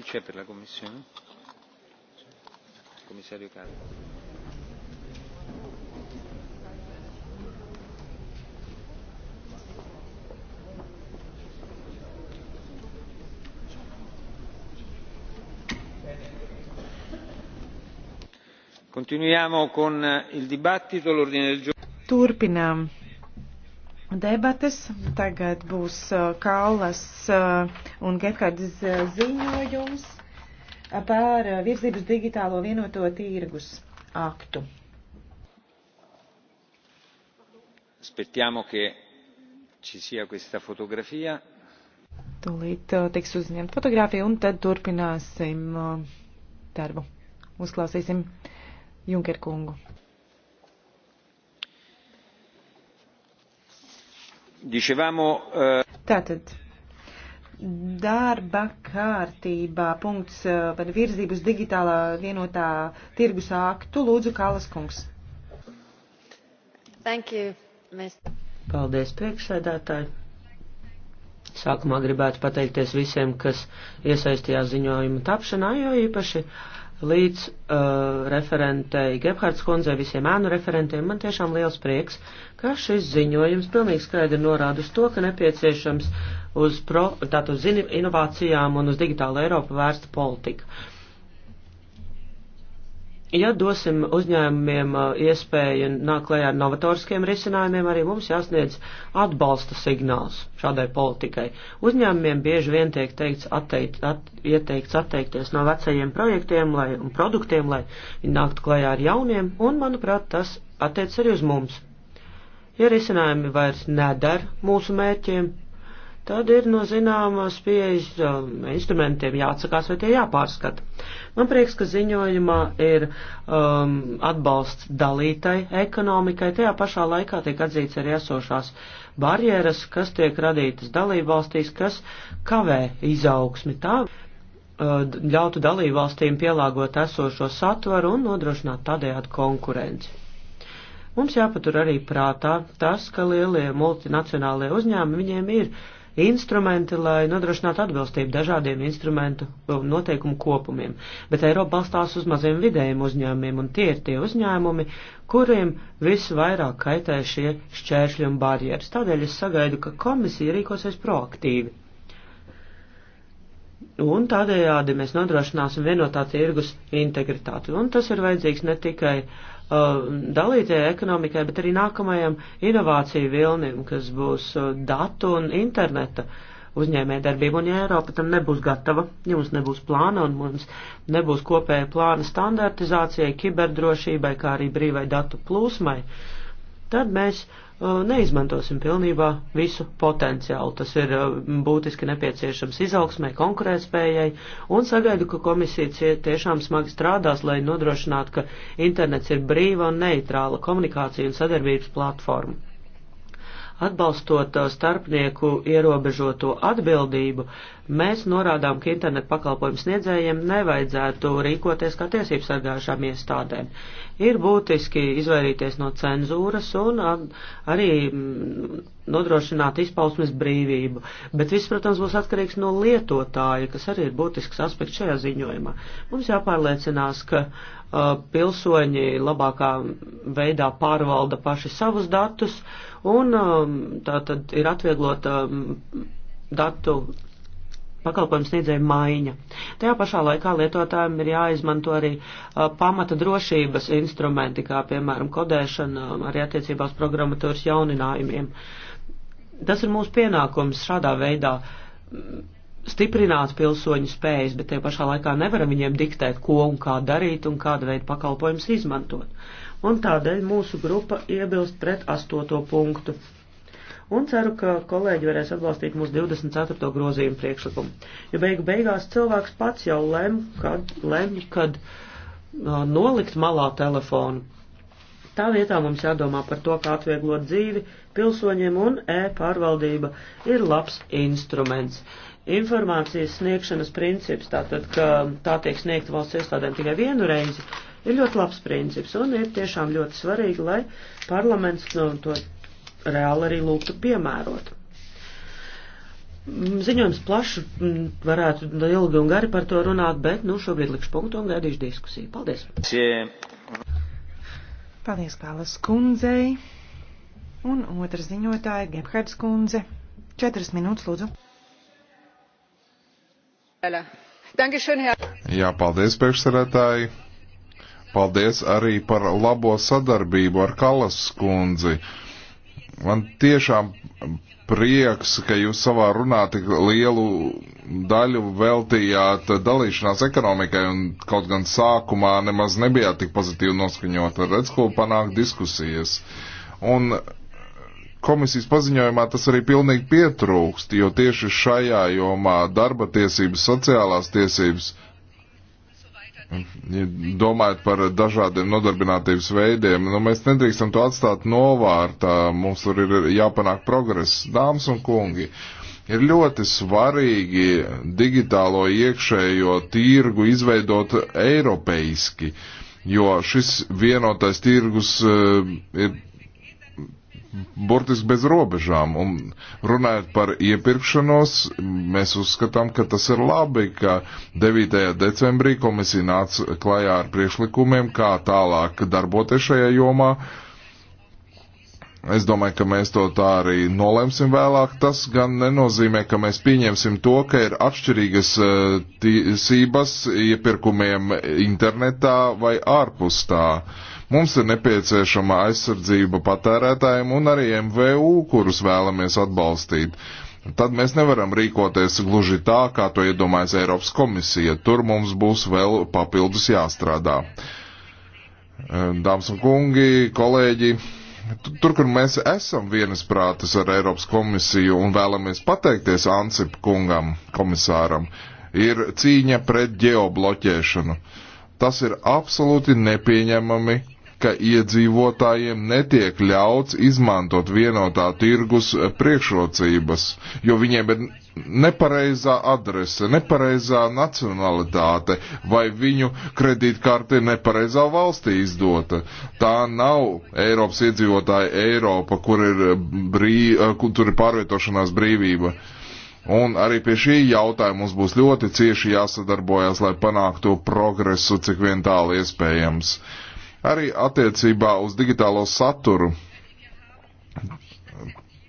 chi c'è per la commissione? il commissario Cali. Continuiamo con il dibattito. L'ordine del giorno. Turpinām debates. Tagad būs uh, Kallas uh, un Gekhardas uh, ziņojums par virzības digitālo vienoto tirgus aktu. Aspettiamo che ci sia questa fotografia. Tūlīt tiks uzņemta fotografija un tad turpināsim darbu. Uzklausīsim Junkerkungu. Dicevamo, uh... Tātad darba kārtībā punkts eh, par virzību uz digitālā vienotā tirgus aktu. Lūdzu, Kālas kungs. Thank you, Mēs... Paldies, priekšsēdētāji. Sākumā gribētu pateikties visiem, kas iesaistījās ziņojuma tapšanā, jo īpaši līdz uh, referentei Gebhards kundzei, visiem ēnu referentiem. Man tiešām liels prieks, ka šis ziņojums pilnīgi skaidri norāda uz to, ka nepieciešams uz, pro, tātad uz inovācijām un uz digitālu Eiropu vērsta politika. Uh, Ja dosim uzņēmumiem uh, iespēju nākt klajā ar novatoriskiem risinājumiem, arī mums jāsniedz atbalsta signāls šādai politikai. Uzņēmumiem bieži vien tiek teikts atteikt, at, ieteikts atteikties no vecajiem projektiem lai, un produktiem, lai viņi nāktu klajā ar jauniem, un, manuprāt, tas attiec arī uz mums. Ja risinājumi vairs nedara mūsu mērķiem, tad ir no nu, zināmas pieejas um, instrumentiem jāatsakās vai tie jāpārskata. Man prieks, ka ziņojumā ir um, atbalsts dalītai ekonomikai, tajā pašā laikā tiek atzīts arī esošās barjeras, kas tiek radītas dalībvalstīs, kas kavē izaugsmi tā, uh, ļautu dalībvalstīm pielāgot esošo satvaru un nodrošināt tādējādi konkurenci. Mums jāpatur arī prātā tas, ka lielie multinacionālie uzņēmumi viņiem ir uh, instrumenti, lai nodrošinātu atbilstību dažādiem instrumentu noteikumu kopumiem. Bet Eiropa balstās uz maziem vidējiem uzņēmumiem, un tie ir tie uzņēmumi, kuriem visvairāk kaitē šie šķēršļi un barjeras. Tādēļ es sagaidu, ka komisija rīkosies proaktīvi. Un tādējādi mēs nodrošināsim vienotā tirgus integritāti. Un tas ir vajadzīgs ne tikai uh, Uh, dalītajai ekonomikai, bet arī nākamajam inovāciju vilnim, kas būs uh, datu un interneta uzņēmē darbību. Un ja Eiropa tam nebūs gatava, ja mums nebūs plāna un mums nebūs kopēja plāna standartizācijai, kiberdrošībai, kā arī brīvai datu plūsmai, tad mēs uh, Uh, neizmantosim pilnībā visu potenciālu. Tas ir uh, būtiski nepieciešams izaugsmai, konkurētspējai, un sagaidu, ka komisija tiešām smagi strādās, lai nodrošinātu, ka internets ir brīva un neitrāla komunikācija un sadarbības platforma. Atbalstot uh, starpnieku ierobežoto atbildību, uh, Mēs norādām, ka internetu pakalpojumu sniedzējiem nevajadzētu rīkoties kā tiesību sargājušām iestādēm. Ir būtiski izvairīties no cenzūras un arī mm, nodrošināt izpausmes brīvību, bet viss, protams, būs atkarīgs no lietotāja, kas arī ir būtisks aspekts šajā ziņojumā. Mums jāpārliecinās, ka uh, pilsoņi labākā veidā pārvalda paši savus datus un um, tā tad ir atvieglota um, datu pakalpojumu sniedzēju maiņa. Tajā pašā laikā lietotājiem ir jāizmanto arī uh, pamata drošības instrumenti, kā piemēram kodēšana, arī attiecībā uz programmatūras jauninājumiem. Tas ir mūsu pienākums šādā veidā stiprināt pilsoņu spējas, bet tajā pašā laikā nevaram viņiem diktēt, ko un kā darīt un kādu veidu pakalpojumus izmantot. Un tādēļ mūsu grupa iebilst pret astoto punktu un ceru, ka kolēģi varēs atbalstīt mūsu 24. grozījumu priekšlikumu. Jo beigu beigās cilvēks pats jau lem, kad, lemj, kad uh, nolikt malā telefonu. Tā vietā mums jādomā par to, kā atvieglot dzīvi pilsoņiem, un e-pārvaldība ir labs instruments informācijas sniegšanas princips, tātad, ka tā tiek sniegta valsts iestādēm tikai vienu reizi, ir ļoti labs princips un ir tiešām ļoti svarīgi, lai parlaments no nu, to reāli arī lūgtu piemērot. Mm, ziņojums plaši, mm, varētu ilgi un gari par to runāt, bet nu šobrīd likšu punktu un gaidīšu diskusiju. Paldies! Paldies Kālas kundzei! Un otrs ziņotāja Gebhards kundze. Četras minūtes, lūdzu. Jā, paldies, priekšsarētāji. Paldies arī par labo sadarbību ar Kalas kundzi Man tiešām prieks, ka jūs savā runā tik lielu daļu veltījāt dalīšanās ekonomikai un kaut gan sākumā nemaz nebijāt tik pozitīvi noskaņot. Redz, ko panāk diskusijas. Un komisijas paziņojumā tas arī pilnīgi pietrūkst, jo tieši šajā jomā darba tiesības, sociālās tiesības domājot par dažādiem nodarbinātības veidiem, nu, mēs nedrīkstam to atstāt novārtā, mums tur ir jāpanāk progress, dāmas un kungi. Ir ļoti svarīgi digitālo iekšējo tirgu izveidot eiropeiski, jo šis vienotais tirgus eh, ir burtiski bez robežām. Un runājot par iepirkšanos, mēs uzskatām, ka tas ir labi, ka 9. decembrī komisija nāca klajā ar priekšlikumiem, kā tālāk darboties šajā jomā. Es domāju, ka mēs to tā arī nolemsim vēlāk. Tas gan nenozīmē, ka mēs pieņemsim to, ka ir atšķirīgas eh, tiesības iepirkumiem internetā vai ārpus tā. Uh, Mums ir nepieciešama aizsardzība patērētājiem un arī MVU, kurus vēlamies atbalstīt. Tad mēs nevaram rīkoties gluži tā, kā to iedomājas Eiropas komisija. Tur mums būs vēl papildus jāstrādā. E, dāmas un kungi, kolēģi, tur, kur mēs esam vienisprātis ar Eiropas komisiju un vēlamies pateikties Ansip kungam, komisāram, ir cīņa pret ģeobloķēšanu. Tas ir absolūti nepieņemami ka iedzīvotājiem netiek ļauts izmantot vienotā tirgus priekšrocības, jo viņiem ir nepareizā adrese, nepareizā nacionalitāte vai viņu kredītkarte ir nepareizā valstī izdota. Tā nav Eiropas iedzīvotāja Eiropa, kur ir, brī, kur ir pārvietošanās brīvība. Un arī pie šī jautājuma mums būs ļoti cieši jāsadarbojas, lai panāktu progresu, cik vien tālu iespējams. Uh, Arī attiecībā uz digitālo saturu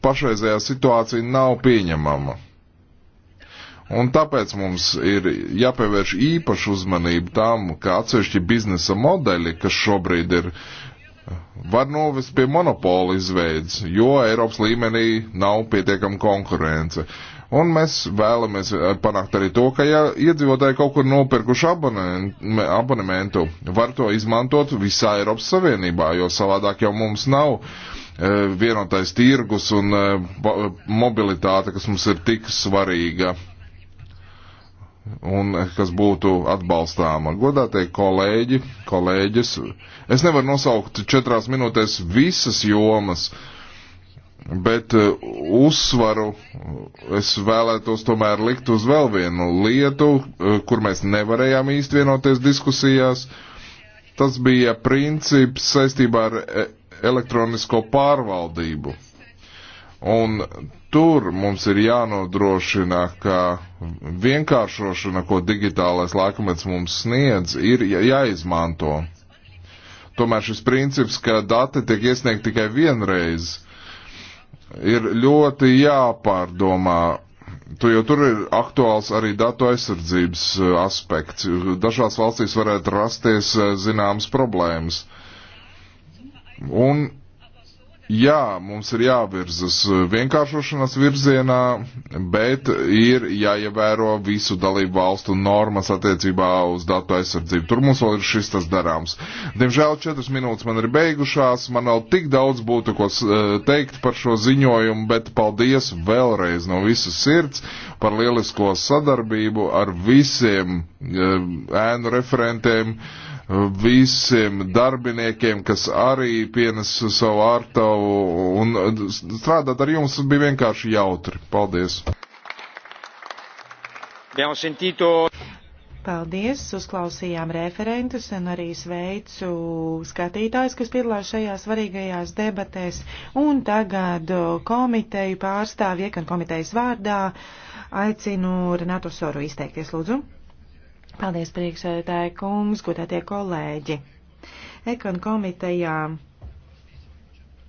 pašreizējā situācija nav pieņemama. Un tāpēc mums ir jāpievērš īpašu uzmanību tam, ka atsevišķi biznesa modeļi, kas šobrīd ir, var novest pie monopola izveids, jo Eiropas līmenī nav pietiekama konkurence. Uh, Un mēs vēlamies eh, panākt arī to, ka ja iedzīvotāji kaut kur nopirkuši abonementu, var to izmantot visā Eiropas Savienībā, jo savādāk jau mums nav eh, vienotais tirgus un eh, mobilitāte, kas mums ir tik svarīga un kas būtu atbalstāma. Godātie kolēģi, kolēģis, es nevaru nosaukt četrās minūtēs visas jomas, uh, Bet eh, uzsvaru eh, es vēlētos tomēr likt uz vēl vienu lietu, eh, kur mēs nevarējām īsti vienoties diskusijās. Tas bija princips saistībā ar elektronisko pārvaldību. Un tur mums ir jānodrošina, ka vienkāršošana, ko digitālais laikmets mums sniedz, ir jāizmanto. Tomēr šis princips, ka dati tiek iesniegti tikai vienreiz, ir ļoti jāpārdomā. Tu jau tur ir aktuāls arī datu aizsardzības e, aspekts. Dažās valstīs varētu rasties e, zināmas problēmas. Un Jā, mums ir jāvirzas vienkāršošanas virzienā, bet ir jāievēro visu dalību valstu normas attiecībā uz datu aizsardzību. Tur mums vēl ir šis tas darāms. Diemžēl četras minūtes man ir beigušās, man vēl tik daudz būtu ko e, teikt par šo ziņojumu, bet paldies vēlreiz no visas sirds par lielisko sadarbību ar visiem e, ēnu referentiem. Uh, visiem darbiniekiem, kas arī pienes savu ārtavu un strādāt ar jums bija vienkārši jautri. Paldies! Paldies, uzklausījām referentus un arī sveicu skatītājus, kas piedalās šajās svarīgajās debatēs. Un tagad komiteju pārstāvju, iekan komitejas vārdā, aicinu Renato Soru izteikties, lūdzu. Paldies, priekšsēdētāji kungs, godētie kolēģi. Ekon komitejā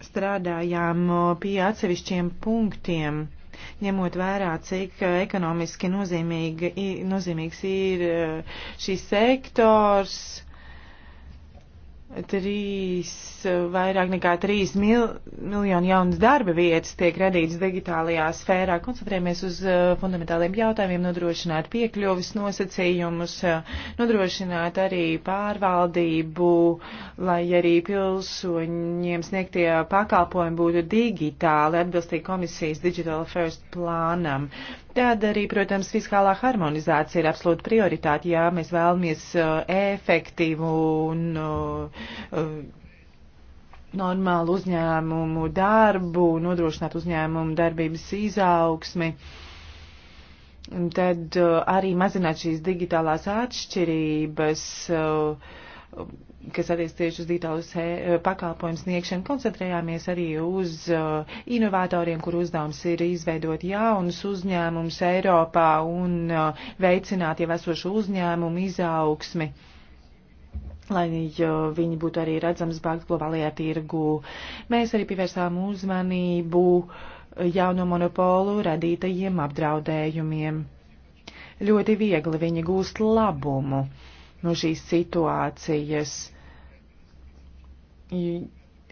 strādājām pie atsevišķiem punktiem, ņemot vērā, cik ekonomiski nozīmīgi, nozīmīgs ir eh, šis sektors trīs, vairāk nekā trīs mil, miljonu jaunas darba vietas tiek radītas digitālajā sfērā. Koncentrējamies uz uh, fundamentāliem jautājumiem, nodrošināt piekļuvis nosacījumus, uh, nodrošināt arī pārvaldību, lai arī pilsoņiem sniegtie pakalpojumi būtu digitāli, atbilstīgi komisijas Digital First plānam. Tad arī, protams, fiskālā harmonizācija ir absolūta prioritāte, ja mēs vēlamies uh, efektīvu un uh, uh, normālu uzņēmumu darbu, nodrošināt uzņēmumu darbības izaugsmi. Tad uh, arī mazināt šīs digitālās atšķirības. Uh, kas attiec tieši uz digitālus eh, pakalpojumu sniegšanu, koncentrējāmies arī uz uh, inovatoriem, kur uzdevums ir izveidot jaunus uzņēmumus Eiropā un uh, veicināt jau esošu uzņēmumu izaugsmi lai viņi būtu arī redzams bāgs globālajā tirgu. Mēs arī pievērsām uzmanību jauno monopolu radītajiem apdraudējumiem. Ļoti viegli viņi gūst labumu. Uh, no šīs situācijas.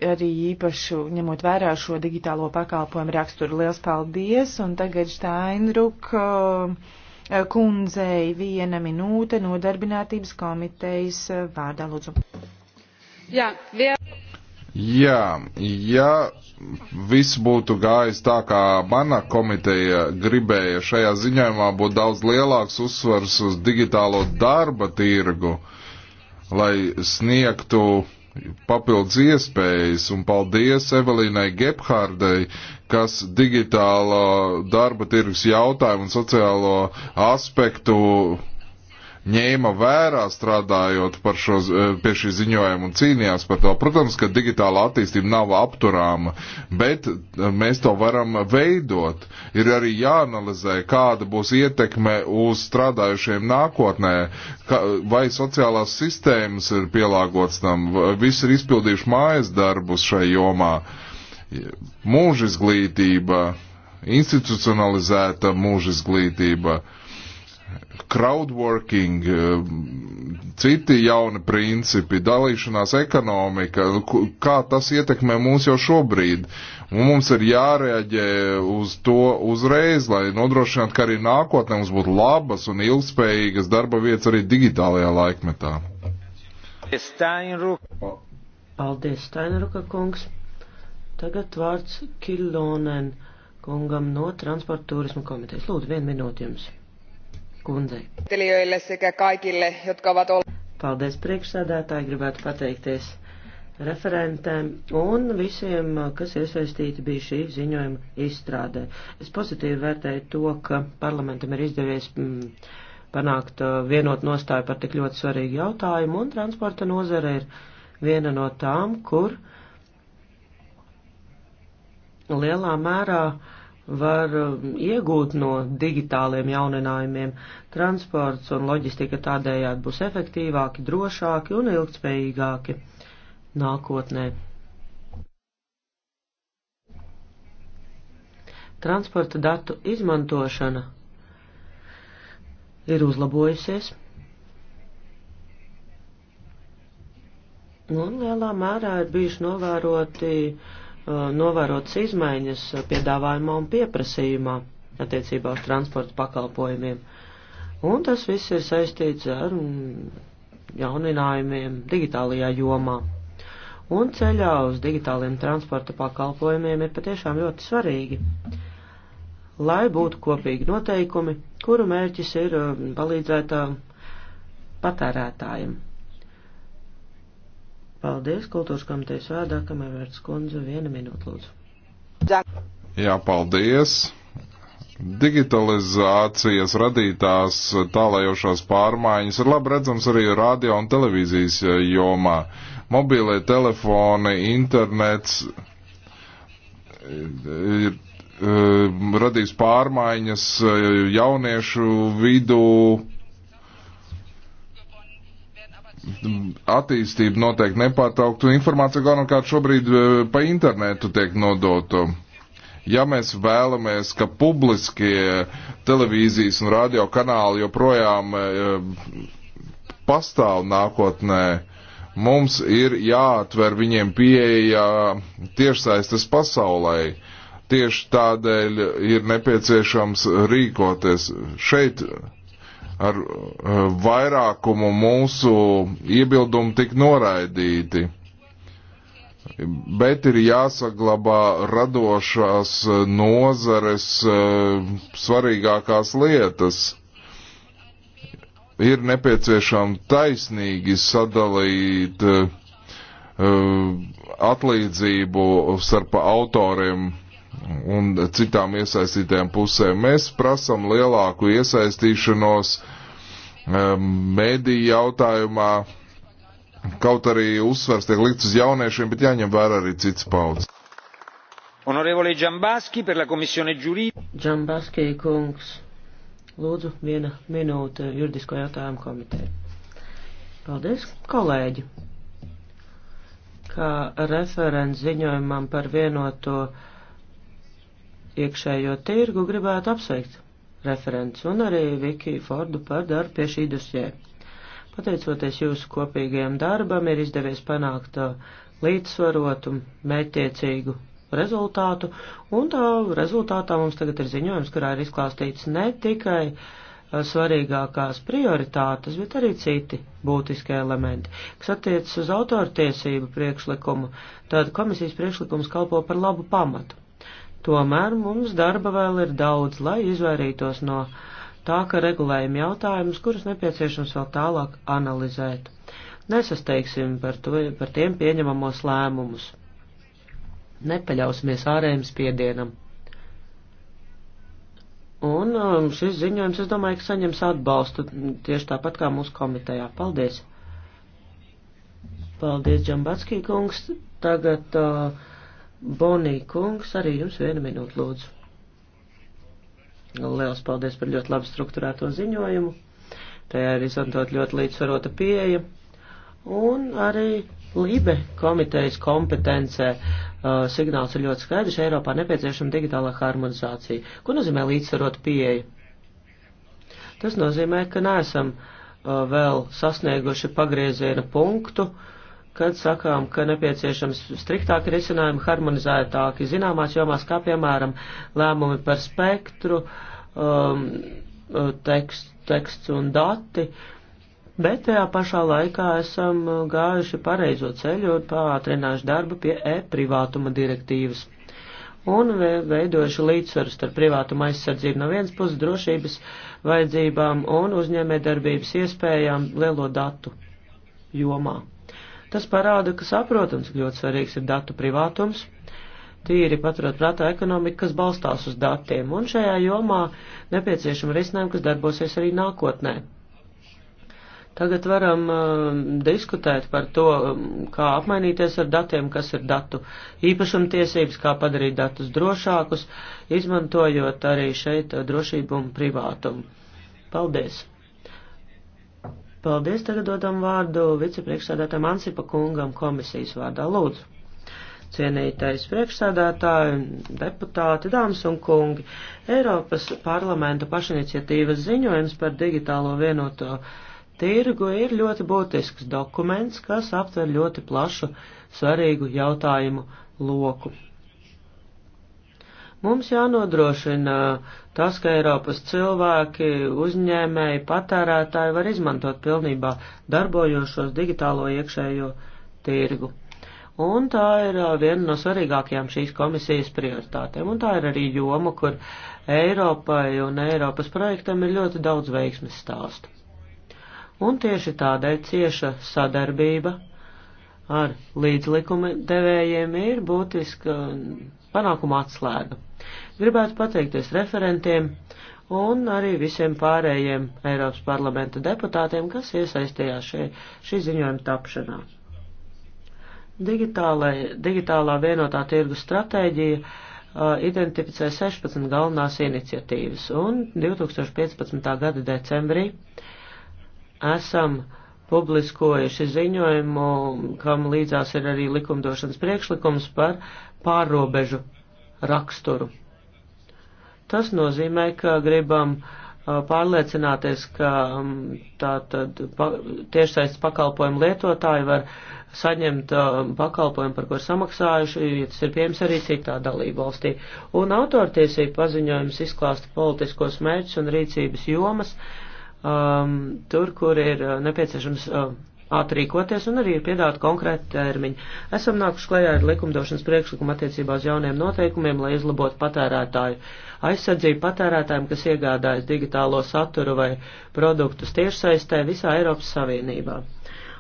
Arī īpašu ņemot vērā šo digitālo pakalpojumu raksturu. Liels paldies! Un tagad Štainruk uh, kundzei viena minūte nodarbinātības komitejas uh, vārdā lūdzu. Jā, vien... Jā, ja viss būtu gājis tā, kā mana komiteja gribēja, šajā ziņojumā būtu daudz lielāks uzsvars uz digitālo darba tirgu, lai sniegtu papildus iespējas. Un paldies Evelīnai Gebhārdei, kas digitālo darba tirgus jautājumu un sociālo aspektu ņēma vērā strādājot šo, eh, pie šī ziņojuma un cīnījās par to. Protams, ka digitāla attīstība nav apturāma, bet eh, mēs to varam veidot. Ir arī jāanalizē, kāda būs ietekme uz strādājušiem nākotnē, ka, vai sociālās sistēmas ir pielāgotas tam, visi ir izpildījuši mājas darbus šai jomā. Mūža izglītība, institucionalizēta mūža izglītība. Uh, crowdworking, eh, citi jauni principi, dalīšanās ekonomika, nu, kā tas ietekmē mūs jau šobrīd. Un mums ir jārēģē uz to uzreiz, lai nodrošinātu, ka arī nākotnē mums būtu labas un ilgspējīgas darba vietas arī digitālajā laikmetā. Paldies, Steinruka kungs. Tagad vārds Kilonen kungam no Transporta turisma komitejas. Lūdzu, vienu minūti jums kundzei. Paldies priekšsēdētāji, gribētu pateikties referentēm un visiem, kas iesaistīti bija šī ziņojuma izstrādē. Es pozitīvi vērtēju to, ka parlamentam ir izdevies m, mm, panākt uh, vienot nostāju par tik ļoti svarīgu jautājumu, un transporta nozare ir viena no tām, kur lielā mērā uh, var um, iegūt no digitāliem jauninājumiem. Transports un loģistika tādējādi būs efektīvāki, drošāki un ilgtspējīgāki nākotnē. Transporta datu izmantošana ir uzlabojusies. Un lielā mērā ir bijuši novēroti uh, Uh, novērotas izmaiņas piedāvājumā un pieprasījumā attiecībā uz transporta pakalpojumiem. Un tas viss ir saistīts ar mm, jauninājumiem digitālajā jomā. Un ceļā uz digitāliem transporta pakalpojumiem ir patiešām ļoti svarīgi, lai būtu kopīgi noteikumi, kuru mērķis ir uh, palīdzēt uh, patērētājiem. Paldies, kultūras komitejas vārdā, Kamēvērts kundze, viena minūte lūdzu. Jā, paldies. Digitalizācijas radītās tālējošās pārmaiņas ir labi redzams arī radio un televīzijas e, jomā. Mobīlē telefoni, internets e, ir e, radījis pārmaiņas jauniešu vidū attīstība noteikti nepārtrauktu. Informācija galvenokārt šobrīd e, pa internetu tiek nodota. Ja mēs vēlamies, ka publiskie televīzijas un radio kanāli joprojām e, pastāv nākotnē, mums ir jāatver viņiem pieeja tiešsaistes pasaulē. Tieši tādēļ ir nepieciešams rīkoties. Šeit ar eh, vairākumu mūsu iebildumu tik noraidīti. Bet ir jāsaglabā radošās nozares eh, svarīgākās lietas ir nepieciešama taisnīgi sadalīt uh, atlīdzību starp autoriem un citām iesaistītajām pusēm. Mēs prasam lielāku iesaistīšanos um, mediju jautājumā, kaut arī uzsvars tiek likts uz jauniešiem, bet jāņem vērā arī cits paudzes. Honorevole Džambaski per la komisione giurī. Džambaski kungs, lūdzu viena minūte juridisko jautājumu komiteju. Paldies, kolēģi. Kā referents ziņojumam par vienoto. No iekšējo tirgu, gribētu apsveikt referents un arī Vikiju Fordu par darbu pie šī dosjē. Pateicoties jūsu kopīgajam darbam, ir izdevies panākt uh, līdzsvarotu, mērķtiecīgu rezultātu, un tā rezultātā mums tagad ir ziņojums, kurā ir izklāstīts ne tikai uh, svarīgākās prioritātes, bet arī citi būtiski elementi, kas attiecas uz autortiesību priekšlikumu, tad komisijas priekšlikums kalpo par labu pamatu. Tomēr mums darba vēl ir daudz, lai izvairītos no tā, ka regulējumi jautājumus, kurus nepieciešams vēl tālāk analizēt. Nesasteigsim par, to, par tiem pieņemamos lēmumus. Nepaļausimies ārējiem spiedienam. Un um, šis ziņojums, es domāju, ka saņems atbalstu tieši tāpat kā mūsu komitejā. Paldies! Paldies, Džambatskī kungs! Tagad uh, Bonī kungs, arī jums viena minūte lūdzu. Liels paldies par ļoti labi strukturēto ziņojumu. Tajā ir izmantot ļoti līdzsvarota pieeja. Un arī Libe komitejas kompetencē uh, signāls ir ļoti skaidrs. Eiropā nepieciešama digitālā harmonizācija. Ko nozīmē līdzsvarota pieeja? Tas nozīmē, ka neesam uh, vēl sasnieguši pagrieziena punktu, uh, kad sakām, ka nepieciešams striktāki risinājumi, harmonizētāki zināmās jomās, kā piemēram lēmumi par spektru, um, tekst, teksts un dati, bet tajā pašā laikā esam gājuši pareizo ceļu un pātrinājuši darbu pie e-privātuma direktīvas un veidojuši līdzsvaru starp privātuma aizsardzību no vienas puses drošības vajadzībām un uzņēmē darbības iespējām lielo datu jomā. Tas parāda, ka saprotams, ka ļoti svarīgs ir datu privātums, tīri paturot prātā ekonomika, kas balstās uz datiem, un šajā jomā nepieciešama risinājuma, kas darbosies arī nākotnē. Tagad varam uh, diskutēt par to, um, kā apmainīties ar datiem, kas ir datu īpašumtiesības, kā padarīt datus drošākus, izmantojot arī šeit uh, drošību un privātumu. Paldies! Paldies, tagad dodam vārdu vicepriekšsādātājam Ansipa kungam komisijas vārdā. Lūdzu. Cienītais priekšsādātāji, deputāti, dāmas un kungi, Eiropas parlamenta pašiniciatīvas ziņojums par digitālo vienoto tirgu ir ļoti būtisks dokuments, kas aptver ļoti plašu svarīgu jautājumu loku. Mums jānodrošina tas, ka Eiropas cilvēki, uzņēmēji, patērētāji var izmantot pilnībā darbojošos digitālo iekšējo tirgu. Un tā ir uh, viena no svarīgākajām šīs komisijas prioritātēm, un tā ir arī joma, kur Eiropai un Eiropas projektam ir ļoti daudz veiksmes stāstu. Un tieši tādēļ cieša sadarbība ar līdzlikuma devējiem ir būtiska uh, panākuma atslēga. Gribētu pateikties referentiem un arī visiem pārējiem Eiropas parlamenta deputātiem, kas iesaistījās šie, šī ziņojuma tapšanā. Digitālai, digitālā vienotā tirgus stratēģija uh, identificē 16 galvenās iniciatīvas, un 2015. gada decembrī esam publiskojuši ziņojumu, kam līdzās ir arī likumdošanas priekšlikums par pārrobežu raksturu. Tas nozīmē, ka gribam uh, pārliecināties, ka um, tātad pa, tiešsaistes pakalpojumu lietotāji var saņemt um, pakalpojumu, par ko ir samaksājuši, ja tas ir pieejams arī citā dalība valstī. Un autortiesība paziņojums izklāsta politiskos mērķus un rīcības jomas, um, tur, kur ir uh, nepieciešams uh, atrīkoties un arī ir piedāvāt konkrēti termiņi. Esam nākuši klajā ar likumdošanas priekšlikumu attiecībā uz jauniem noteikumiem, lai uzlabotu patērētāju aizsardzību patērētājiem, kas iegādājas digitālo saturu vai produktus tiešsaistē visā Eiropas Savienībā.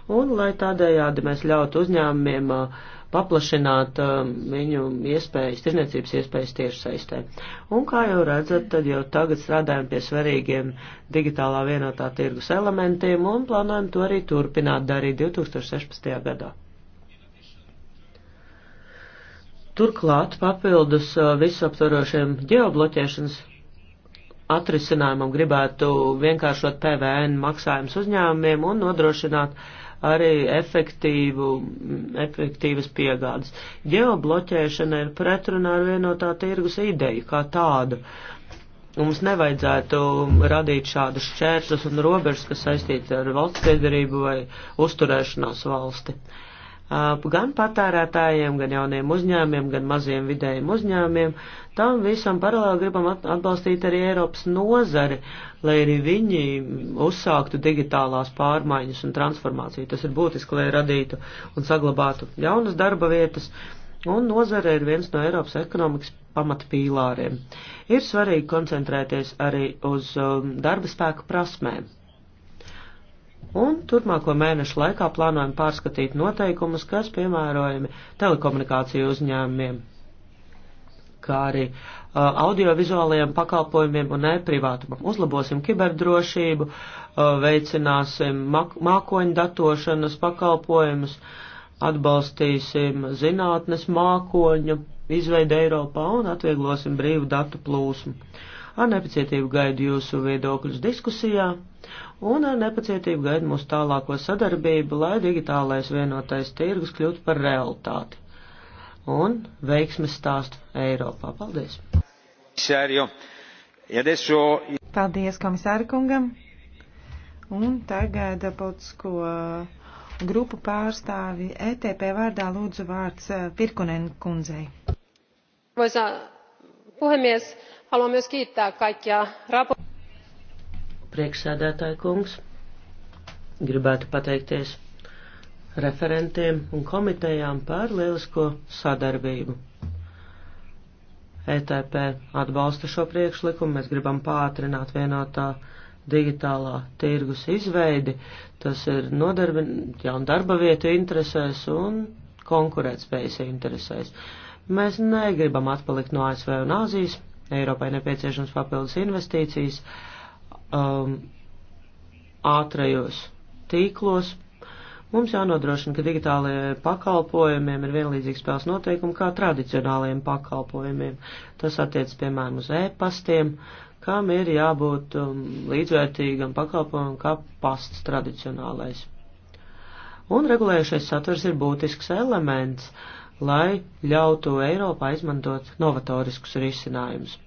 Un lai tādējādi mēs ļautu uzņēmumiem uh, paplašināt um, viņu iespējas, tirniecības iespējas tieši saistē. Un kā jau redzat, tad jau tagad strādājam pie svarīgiem digitālā vienotā tirgus elementiem un plānojam to arī turpināt darīt 2016. gadā. Turklāt papildus uh, visaptvarošiem ģeobloķēšanas atrisinājumam gribētu vienkāršot PVN maksājumus uzņēmumiem un nodrošināt uh, arī efektīvu, efektīvas piegādes. Geobloķēšana ir pretrunā ar vienotā tirgus ideju kā tādu. Mums nevajadzētu radīt šādas šķēršļus un robežas, kas saistīts ar valsts piedarību vai uzturēšanās valsti. Uh, gan patērētājiem, gan jauniem uzņēmiem, gan maziem vidējiem uzņēmiem. Tam visam paralēli gribam atbalstīt arī Eiropas nozari, lai arī viņi uzsāktu digitālās pārmaiņas un transformāciju. Tas ir būtiski, lai radītu un saglabātu jaunas darba vietas, un nozare ir viens no Eiropas ekonomikas pamatpīlāriem. Ir svarīgi koncentrēties arī uz um, darba spēku prasmēm un turpmāko mēnešu laikā plānojam pārskatīt noteikumus, kas piemērojami telekomunikāciju uzņēmumiem, kā arī uh, audiovizuālajiem pakalpojumiem un e-privātumam. Uzlabosim kiberdrošību, uh, veicināsim mākoņu datošanas pakalpojumus, atbalstīsim zinātnes mākoņu izveidu Eiropā un atvieglosim brīvu datu plūsmu. Ar nepacietību gaidu jūsu viedokļus diskusijā un ar nepacietību gaida mūsu tālāko sadarbību, lai digitālais vienotais tirgus kļūtu par realitāti. Un veiksmes stāstu Eiropā. Paldies! Paldies komisāra kungam! Un tagad politisko grupu pārstāvi ETP vārdā lūdzu vārds eh, Virkunen kundzei. Arvoisa puhemies, haluan myös kiittää kaikkia raportoijia priekšsēdētāja kungs. Gribētu pateikties referentiem un komitejām par lielisko sadarbību. ETP atbalsta šo priekšlikumu, mēs gribam pātrināt vienotā digitālā tirgus izveidi, tas ir nodarbin, jaun darba vietu interesēs un konkurētspējas interesēs. Mēs negribam atpalikt no ASV un Āzijas, Eiropai nepieciešams papildus investīcijas, uh, um, ātrajos tīklos. Mums jānodrošina, ka digitālajiem pakalpojumiem ir vienlīdzīgs spēles noteikumi kā tradicionālajiem pakalpojumiem. Tas attiec, piemēram, uz e-pastiem, kam ir jābūt um, līdzvērtīgam pakalpojumam kā pasts tradicionālais. Un regulējušais saturs ir būtisks elements, lai ļautu Eiropā izmantot novatoriskus risinājumus.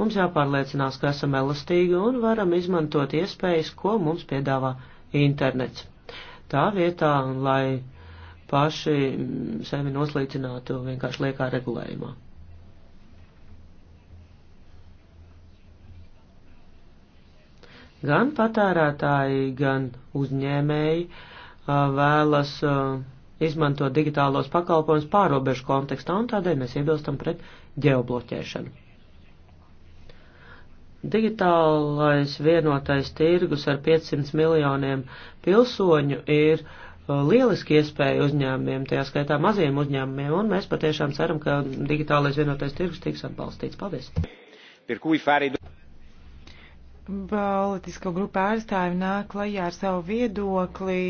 Mums jāpārliecinās, ka esam elastīgi un varam izmantot iespējas, ko mums piedāvā internets. Tā vietā, lai paši sevi noslīcinātu vienkārši liekā regulējumā. Gan patērētāji, gan uzņēmēji uh, vēlas uh, izmantot digitālos pakalpojumus pārobežu kontekstā, un tādēļ mēs iebilstam pret ģeobloķēšanu. Digitālais vienotais tirgus ar 500 miljoniem pilsoņu ir uh, lieliski iespēja uzņēmumiem, tajā skaitā maziem uzņēmumiem, un mēs patiešām ceram, ka digitālais vienotais tirgus tiks atbalstīts. Paldies! Politisko grupu ārstāvi nāk klajā ar savu viedokli.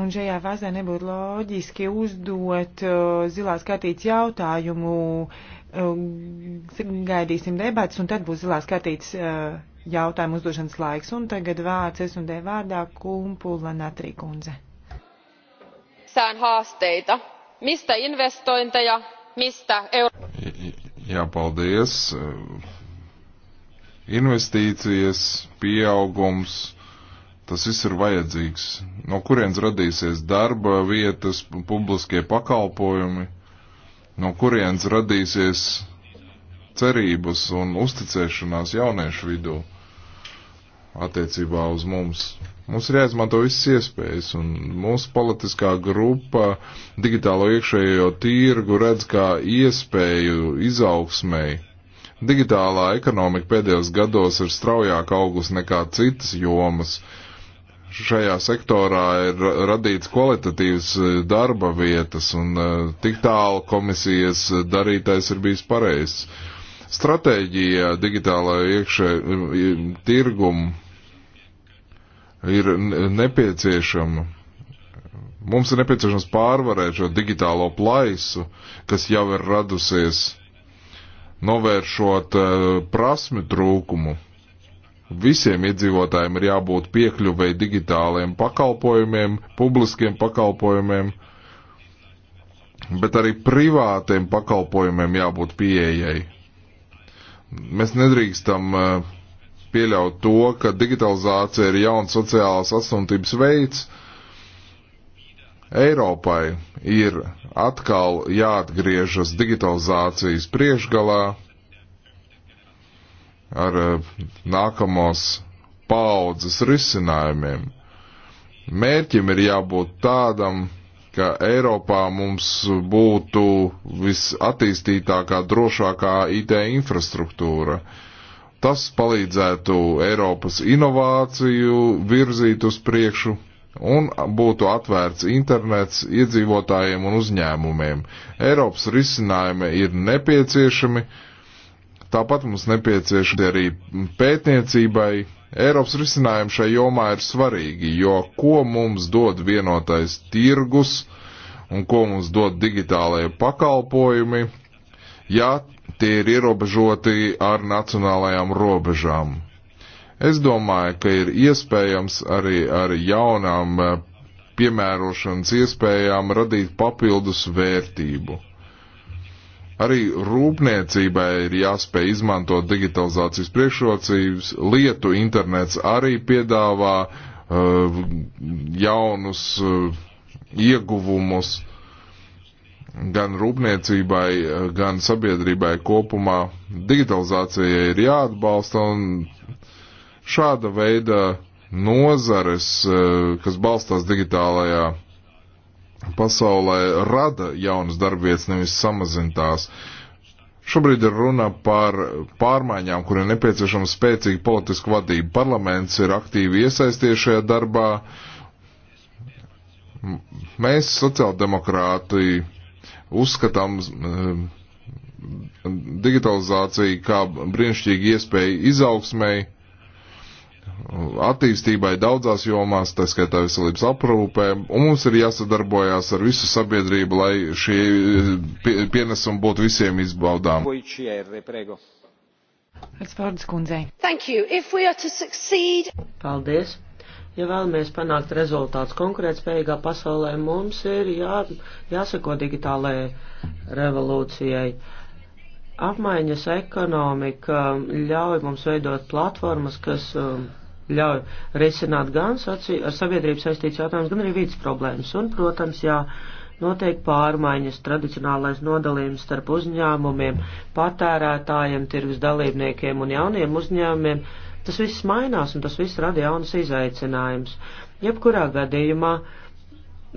Un šajā fazē nebūtu loģiski uzdot uh, zilās kartītes jautājumu uh, Um, gaidīsim debats, un tad būs zilās kartītes uh, jautājumu uzdošanas laiks. Un tagad vārds es un D vārdā Kumpula Natrī kundze. Sään haasteita. Mistä investointeja, mistä euro... Jā, paldies. Investīcijas, pieaugums, tas viss ir vajadzīgs. No kurienes radīsies darba vietas, publiskie pakalpojumi? no kurienes radīsies cerības un uzticēšanās jauniešu vidū attiecībā uz mums. Mums ir jāizmanto visas iespējas, un mūsu politiskā grupa digitālo iekšējo tirgu redz kā iespēju izaugsmēji. Digitālā ekonomika pēdējos gados ir straujāk augus nekā citas jomas, uh, šajā sektorā ir radīts kvalitatīvs e, darba vietas, un e, tik tālu komisijas darītais ir bijis pareizs. Stratēģija digitālajā iekšē e, tirgumu ir nepieciešama. Mums ir nepieciešams pārvarēt šo digitālo plaisu, kas jau ir radusies, novēršot prasmi trūkumu Visiem iedzīvotājiem ir jābūt piekļuvēji digitāliem pakalpojumiem, publiskiem pakalpojumiem, bet arī privātiem pakalpojumiem jābūt pieejai. Mēs nedrīkstam eh, pieļaut to, ka digitalizācija ir jauns sociālās asumtības veids. Eiropai ir atkal jāatgriežas digitalizācijas priekšgalā ar eh, nākamos paudzes risinājumiem. Mērķim ir jābūt tādam, ka Eiropā mums būtu visattīstītākā, drošākā IT infrastruktūra. Tas palīdzētu Eiropas inovāciju virzīt uz priekšu un būtu atvērts internets iedzīvotājiem un uzņēmumiem. Eiropas risinājumi ir nepieciešami, uh, Tāpat mums nepieciešami arī pētniecībai. Eiropas risinājumi šai jomā ir svarīgi, jo ko mums dod vienotais tirgus un ko mums dod digitālajie pakalpojumi, ja tie ir ierobežoti ar nacionālajām robežām. Es domāju, ka ir iespējams arī ar jaunām eh, piemērošanas iespējām radīt papildus vērtību Arī rūpniecībai ir jāspēj izmantot digitalizācijas priekšrocības. Lietu internets arī piedāvā uh, jaunus uh, ieguvumus gan rūpniecībai, uh, gan sabiedrībai kopumā. Digitalizācija ir jāatbalsta un šāda veida nozares, uh, kas balstās digitālajā pasaulē rada jaunas darbvietas, nevis samazina tās. Šobrīd ir runa par pārmaiņām, kur ir nepieciešama spēcīga politiska vadība. Parlaments ir aktīvi iesaisties šajā darbā. Mēs, sociāldemokrāti, uzskatām digitalizāciju kā brīnišķīgu iespēju izaugsmēji attīstībai daudzās jomās, tā skaitā veselības aprūpē, un mums ir jāsadarbojās ar visu sabiedrību, lai šie pienesumi būtu visiem izbaudām. Paldies! Ja vēlamies panākt rezultātus konkurētspējīgā pasaulē, mums ir jā, jāsako digitālajai revolūcijai apmaiņas ekonomika ļauj mums veidot platformas, kas um, ļauj risināt gan soci, ar sabiedrību saistīts jautājums, gan arī vidas problēmas. Un, protams, jā, notiek pārmaiņas, tradicionālais nodalījums starp uzņēmumiem, patērētājiem, tirgus dalībniekiem un jauniem uzņēmumiem. Tas viss mainās un tas viss rada jaunas izaicinājumus. Jebkurā gadījumā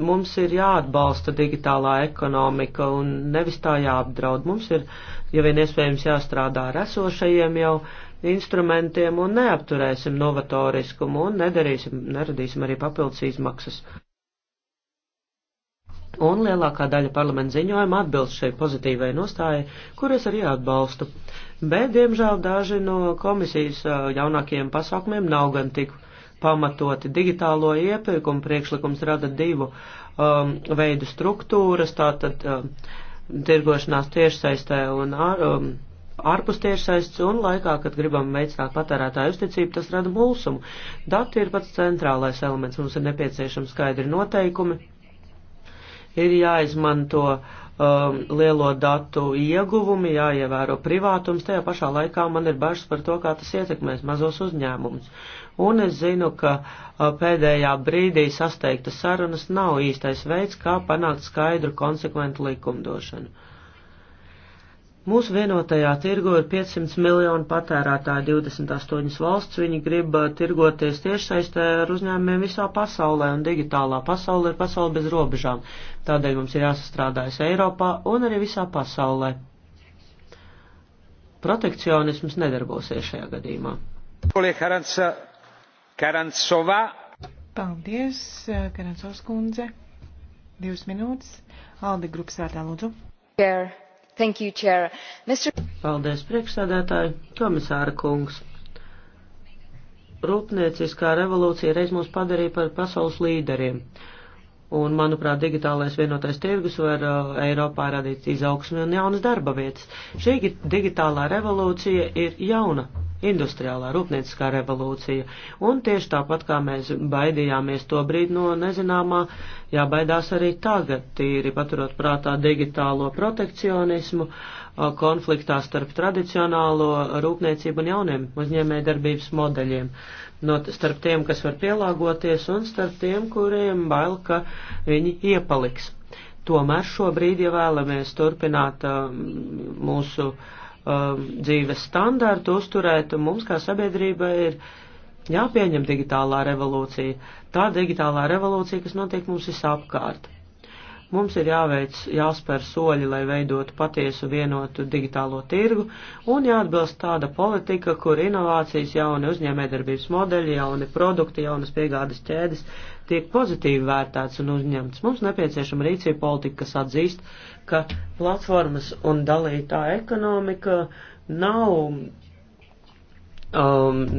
mums ir jāatbalsta digitālā ekonomika un nevis tā jāapdraud. Mums ir, ja vien iespējams, jāstrādā ar esošajiem jau instrumentiem un neapturēsim novatoriskumu un nedarīsim, neradīsim arī papildus izmaksas. Un lielākā daļa parlamenta ziņojuma atbilst šai pozitīvai nostājai, kuras arī atbalstu. Bet, diemžēl, daži no komisijas jaunākajiem pasākumiem nav gan tik pamatoti. Digitālo iepirkumu priekšlikums rada divu um, veidu struktūras, tātad um, tirgošanās tiešsaistē un um, ārpus tiešsaists un laikā, kad gribam veicināt patērētāju uzticību, tas rada mulsumu. Dati ir pats centrālais elements, mums ir nepieciešami skaidri noteikumi, ir jāizmanto um, lielo datu ieguvumi, jāievēro privātums, tajā pašā laikā man ir bažas par to, kā tas ietekmēs mazos uzņēmumus. Un es zinu, ka uh, pēdējā brīdī sasteigtas sarunas nav īstais veids, kā panākt skaidru, konsekventu likumdošanu. Mūsu vienotajā tirgu ir 500 miljoni patērētāji 28 valsts. Viņi grib eh, tirgoties tiešsaistē ar uzņēmumiem visā pasaulē, un digitālā pasaule ir pasaule bez robežām. Tādēļ mums ir jāsastrādājas Eiropā un arī visā pasaulē. Protekcionisms nedarbosies šajā gadījumā. Paldies, Karantsovs kundze. Divas minūtes. Alde grupas vērtā lūdzu. Care You, Mister... Paldies, priekšsēdētāji, komisāra kungs. Rūpnieciskā revolūcija reiz mūs padarīja par pasaules līderiem. Un, manuprāt, digitālais vienotais tirgus var uh, Eiropā radīt izaugsmi un jaunas darba vietas. Šī digitālā revolūcija ir jauna industriālā rūpnieciskā revolūcija. Un tieši tāpat kā mēs baidījāmies to brīdi no nezināmā, jābaidās arī tagad, tīri paturot prātā digitālo protekcionismu, konfliktā starp tradicionālo rūpniecību un jauniem uzņēmējdarbības modeļiem. No starp tiem, kas var pielāgoties, un starp tiem, kuriem bail, ka viņi iepaliks. Tomēr šobrīd, ja vēlamies turpināt uh, mūsu uh, um, dzīves standārtu uzturēt, un mums kā sabiedrība ir jāpieņem digitālā revolūcija. Tā digitālā revolūcija, kas notiek mums visapkārt. Mums ir jāveic, jāspēr soļi, lai veidotu patiesu vienotu digitālo tirgu un jāatbilst tāda politika, kur inovācijas, jauni uzņēmējdarbības modeļi, jauni produkti, jaunas piegādes ķēdes tiek pozitīvi vērtēts un uzņemts. Mums nepieciešama rīcība politika, kas atzīst, ka platformas un dalītā ekonomika nav um,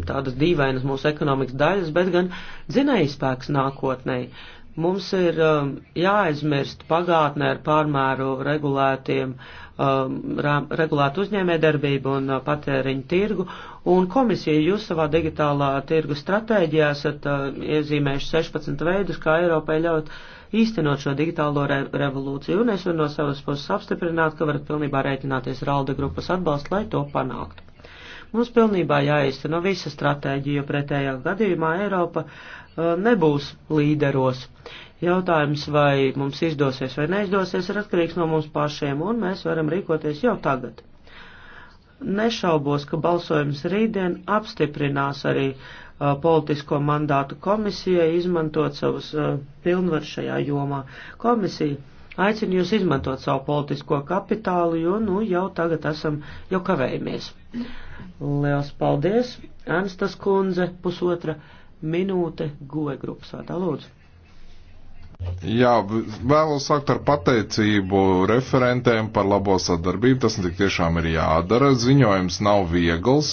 tādas dīvainas mūsu ekonomikas daļas, bet gan dzinējspēks nākotnēji. Mums ir um, jāaizmirst pagātnē ar pārmēru regulētiem uh, um, regulētu uzņēmē darbību un uh, patēriņu tirgu. Un komisija jūs savā digitālā tirgu stratēģijā esat uh, iezīmējuši 16 veidus, kā Eiropai ļaut īstenot šo digitālo re revolūciju. Un es varu no savas puses apstiprināt, ka varat pilnībā rēķināties ar Alde grupas atbalstu, lai to panāktu. Mums pilnībā jāizteno visa stratēģija, jo pretējā gadījumā Eiropa uh, nebūs līderos. Jautājums, vai mums izdosies vai neizdosies, ir atkarīgs no mums pašiem, un mēs varam rīkoties jau tagad. Nešaubos, ka balsojums rītdien apstiprinās arī uh, politisko mandātu komisijai izmantot savus uh, pilnvaru šajā jomā. Komisija aicina jūs izmantot savu politisko kapitālu, jo nu, jau tagad esam jau kavējamies. Liels paldies, Anstas kundze, pusotra minūte goja grupas vārdā lūdzu. Jā, vēlos sākt ar pateicību referentēm par labo sadarbību. Tas tik tiešām ir jādara. Ziņojums nav viegls,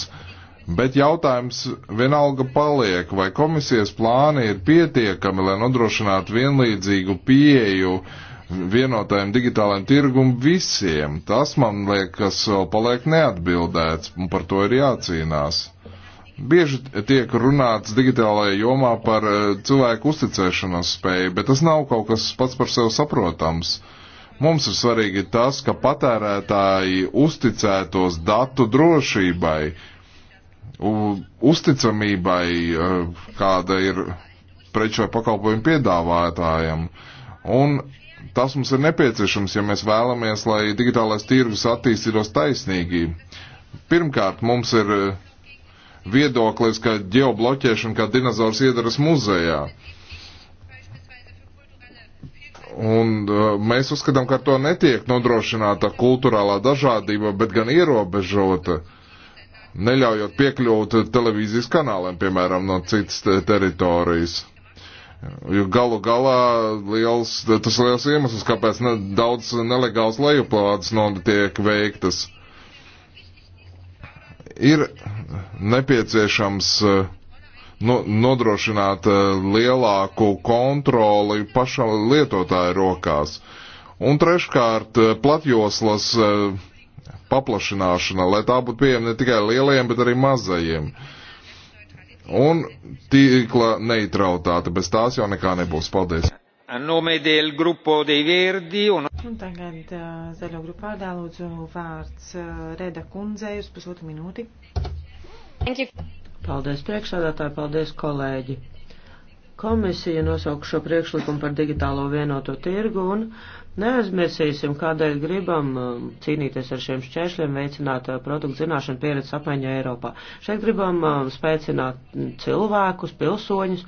bet jautājums vienalga paliek, vai komisijas plāni ir pietiekami, lai nodrošinātu vienlīdzīgu pieeju vienotajam digitālajam tirgum visiem. Tas man liekas vēl paliek neatbildēts, un par to ir jācīnās. Bieži tiek runāts digitālajā jomā par eh, cilvēku uzticēšanos spēju, bet tas nav kaut kas pats par sevi saprotams. Mums ir svarīgi tas, ka patērētāji uzticētos datu drošībai, uzticamībai, eh, kāda ir preču vai pakalpojumu piedāvātājiem. Un tas mums ir nepieciešams, ja mēs vēlamies, lai digitālais tirgus attīstītos taisnīgi. Pirmkārt, mums ir viedoklis, ka ģeobloķēšana kā dinozaurs iedaras muzejā. Un uh, mēs uzskatām, ka ar to netiek nodrošināta kultūrālā dažādība, bet gan ierobežota, neļaujot piekļūt televīzijas kanāliem, piemēram, no citas teritorijas. Jo galu galā liels, tas liels iemesls, kāpēc ne, daudz nelegāls lejuplādes notiek veiktas. Ir nepieciešams nu, nodrošināt eh, lielāku kontroli paša lietotāja rokās. Un treškārt, eh, platjoslas paplašināšana, lai tā būtu pieejama ne tikai lielajiem, bet arī mazajiem. Un tīkla neitrautāte, bez tās jau nekā nebūs. Paldies! A nome del gruppo dei Verdi. Un, un tagad uh, zaļo grupā dālūdzu vārds uh, Reda kundzei uz pusotru minūti. Paldies priekšsādātāji, paldies kolēģi. Komisija nosauka šo priekšlikumu par digitālo vienoto tirgu un Neaizmirsīsim, kādēļ gribam uh, cīnīties ar šiem šķēršļiem, veicināt uh, produktu zināšanu pieredzi apmaiņu Eiropā. Šeit gribam uh, spēcināt cilvēkus, pilsoņus,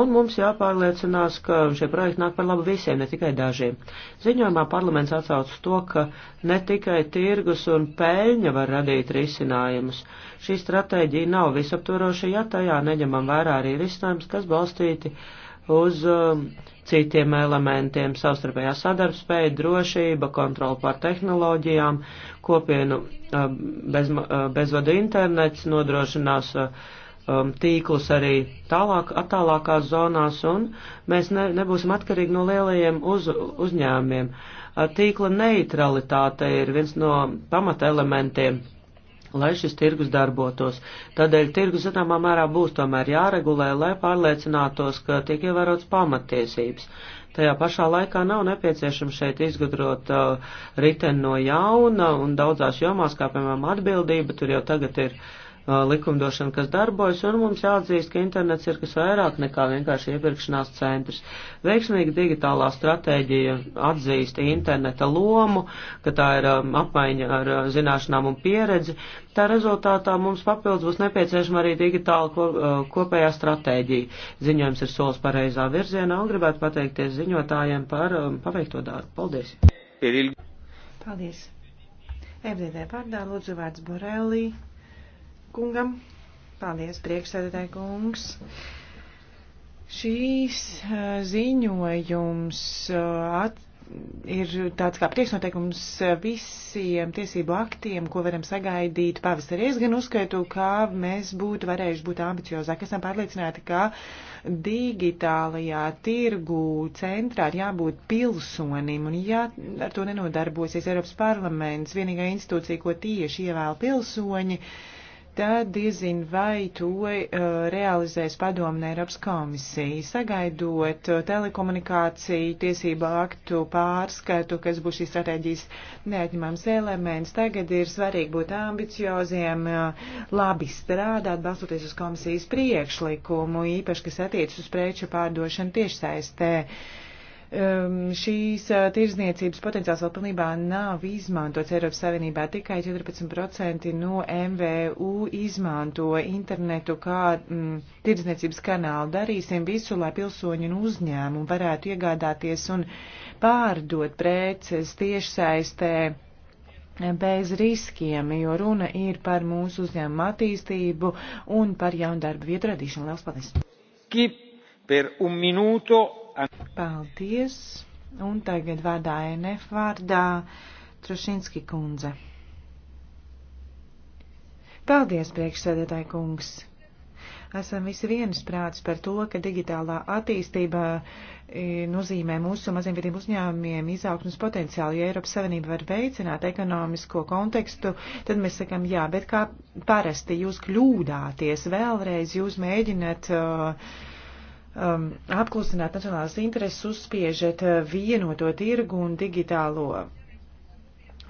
un mums jāpārliecinās, ka šie projekti nāk par labu visiem, ne tikai dažiem. Ziņojumā parlaments atsauc to, ka ne tikai tirgus un peļņa var radīt risinājumus. Šī stratēģija nav visaptvaroša, ja tajā neņemam vērā arī risinājumus, kas balstīti. Uh, uz um, citiem elementiem - savstarpējā sadarbspēja, drošība, kontrola pār tehnoloģijām, kopienu um, bez, uh, bezvadu internets nodrošinās uh, um, tīklus arī tālāk, attālākās zonās, un mēs ne, nebūsim atkarīgi no lielajiem uz, uzņēmumiem. Uh, tīkla neutralitāte ir viens no pamata elementiem lai šis tirgus darbotos. Tādēļ tirgus zināmā mērā būs tomēr jāregulē, lai pārliecinātos, ka tiek ievērots pamatiesības. Tajā pašā laikā nav nepieciešams šeit izgudrot uh, riteni no jauna un daudzās jomās, kā piemēram atbildība, tur jau tagad ir uh, likumdošana, kas darbojas, un mums jāatzīst, ka internets ir kas vairāk nekā vienkārši iepirkšanās centrs. Veiksmīga digitālā stratēģija atzīst interneta lomu, ka tā ir apmaiņa ar zināšanām un pieredzi. Tā rezultātā mums papildus būs nepieciešama arī digitāla kopējā stratēģija. Ziņojums ir solis pareizā virzienā un gribētu pateikties ziņotājiem par paveikto darbu. Paldies! Paldies! FDD pārdā lūdzu vārds Borelī kungam. Paldies, priekšsēdētāji kungs. Šīs uh, ziņojums uh, at, ir tāds kā priekšnoteikums uh, visiem tiesību aktiem, ko varam sagaidīt pavasarī. Es gan uzskaitu, ka mēs būtu varējuši būt ambiciozāki. Esam pārliecināti, ka digitālajā tirgu centrā ir jābūt pilsonim, un ja ar to nenodarbosies Eiropas parlaments, vienīgā institūcija, ko tieši ievēl pilsoņi, uh, tad diezin vai to uh, realizēs padomne Eiropas komisija. Sagaidot eh, telekomunikāciju tiesību aktu pārskatu, kas būs šīs strateģijas neatņemams elements, tagad ir svarīgi būt ambicioziem, uh, labi strādāt, balstoties uz komisijas priekšlikumu, īpaši, kas attiec uz preču pārdošanu tiešsaistē. Uh, Um, šīs uh, tirzniecības potenciāls vēl pilnībā nav izmantots Eiropas Savienībā. Tikai 14% no MVU izmanto internetu kā mm, tirzniecības kanālu. Darīsim visu, lai pilsoņi un uzņēmumi varētu iegādāties un pārdot preces tiešsaistē bez riskiem, jo runa ir par mūsu uzņēmumu attīstību un par jaunu darbu vietu radīšanu. Lielas paldies! Per un minuto Paldies! Un tagad vārdā NF vārdā Trošinski kundze. Paldies, priekšsēdētāji kungs! esam visi viensprāts par to, ka digitālā attīstība e, nozīmē mūsu maziem uzņēmumiem izaugsmas potenciālu. Ja Eiropas Savienība var veicināt ekonomisko kontekstu, tad mēs sakam, jā, bet kā parasti jūs kļūdāties, vēlreiz jūs mēģināt. Uh, um, apklusināt nacionālās intereses, uzspiežat uh, vienoto tirgu un digitālo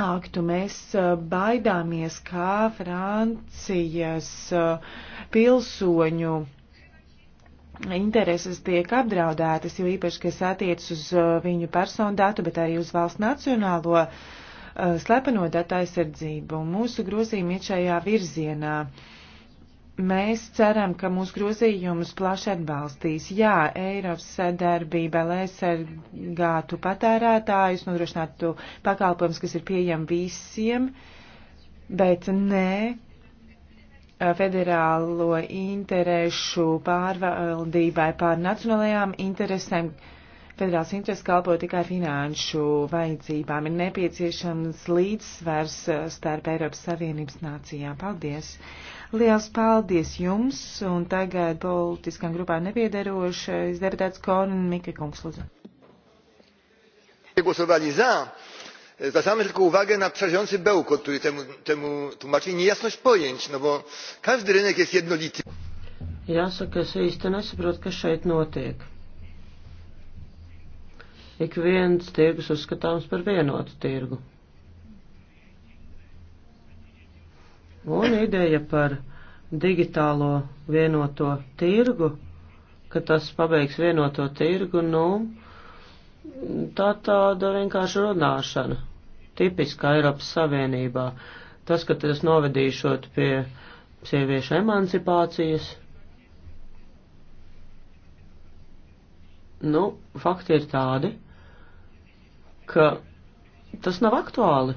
aktu. Mēs uh, baidāmies, kā Francijas uh, pilsoņu intereses tiek apdraudētas, jo īpaši, kas attiec uz viņu personu datu, bet arī uz valsts nacionālo slepeno datu aizsardzību. Mūsu grozījumi ir šajā virzienā. Uh, Mēs ceram, ka mūsu grozījumus plaši atbalstīs. Jā, Eiropas sadarbība, lai aizsargātu patērētājus, nodrošinātu pakalpojumus, kas ir pieejami visiem, bet nē, federālo interešu pārvaldībai pār nacionālajām interesēm. Federāls intereses kalpo tikai finanšu vajadzībām. Ir nepieciešams līdzsvers starp Eiropas Savienības nācijām. Paldies! Liels paldies jums, un tagad politiskām grupām nepiederošais deputāts Korn Mika Kungs. Głosowali za. Zwracamy tylko uwagę na przerażający bełkot, który temu, temu tłumaczy niejasność pojęć, no bo każdy rynek jest jednolity. Jāsaka, es īsti nesaprotu, kas šeit notiek. Ik viens tirgus uzskatāms par vienotu tirgu. Un ideja par digitālo vienoto tirgu, ka tas pabeigs vienoto tirgu, nu, tā tāda vienkārši runāšana, tipiska Eiropas Savienībā. Tas, ka tas novedīšot pie sieviešu emancipācijas, nu, fakti ir tādi, ka tas nav aktuāli.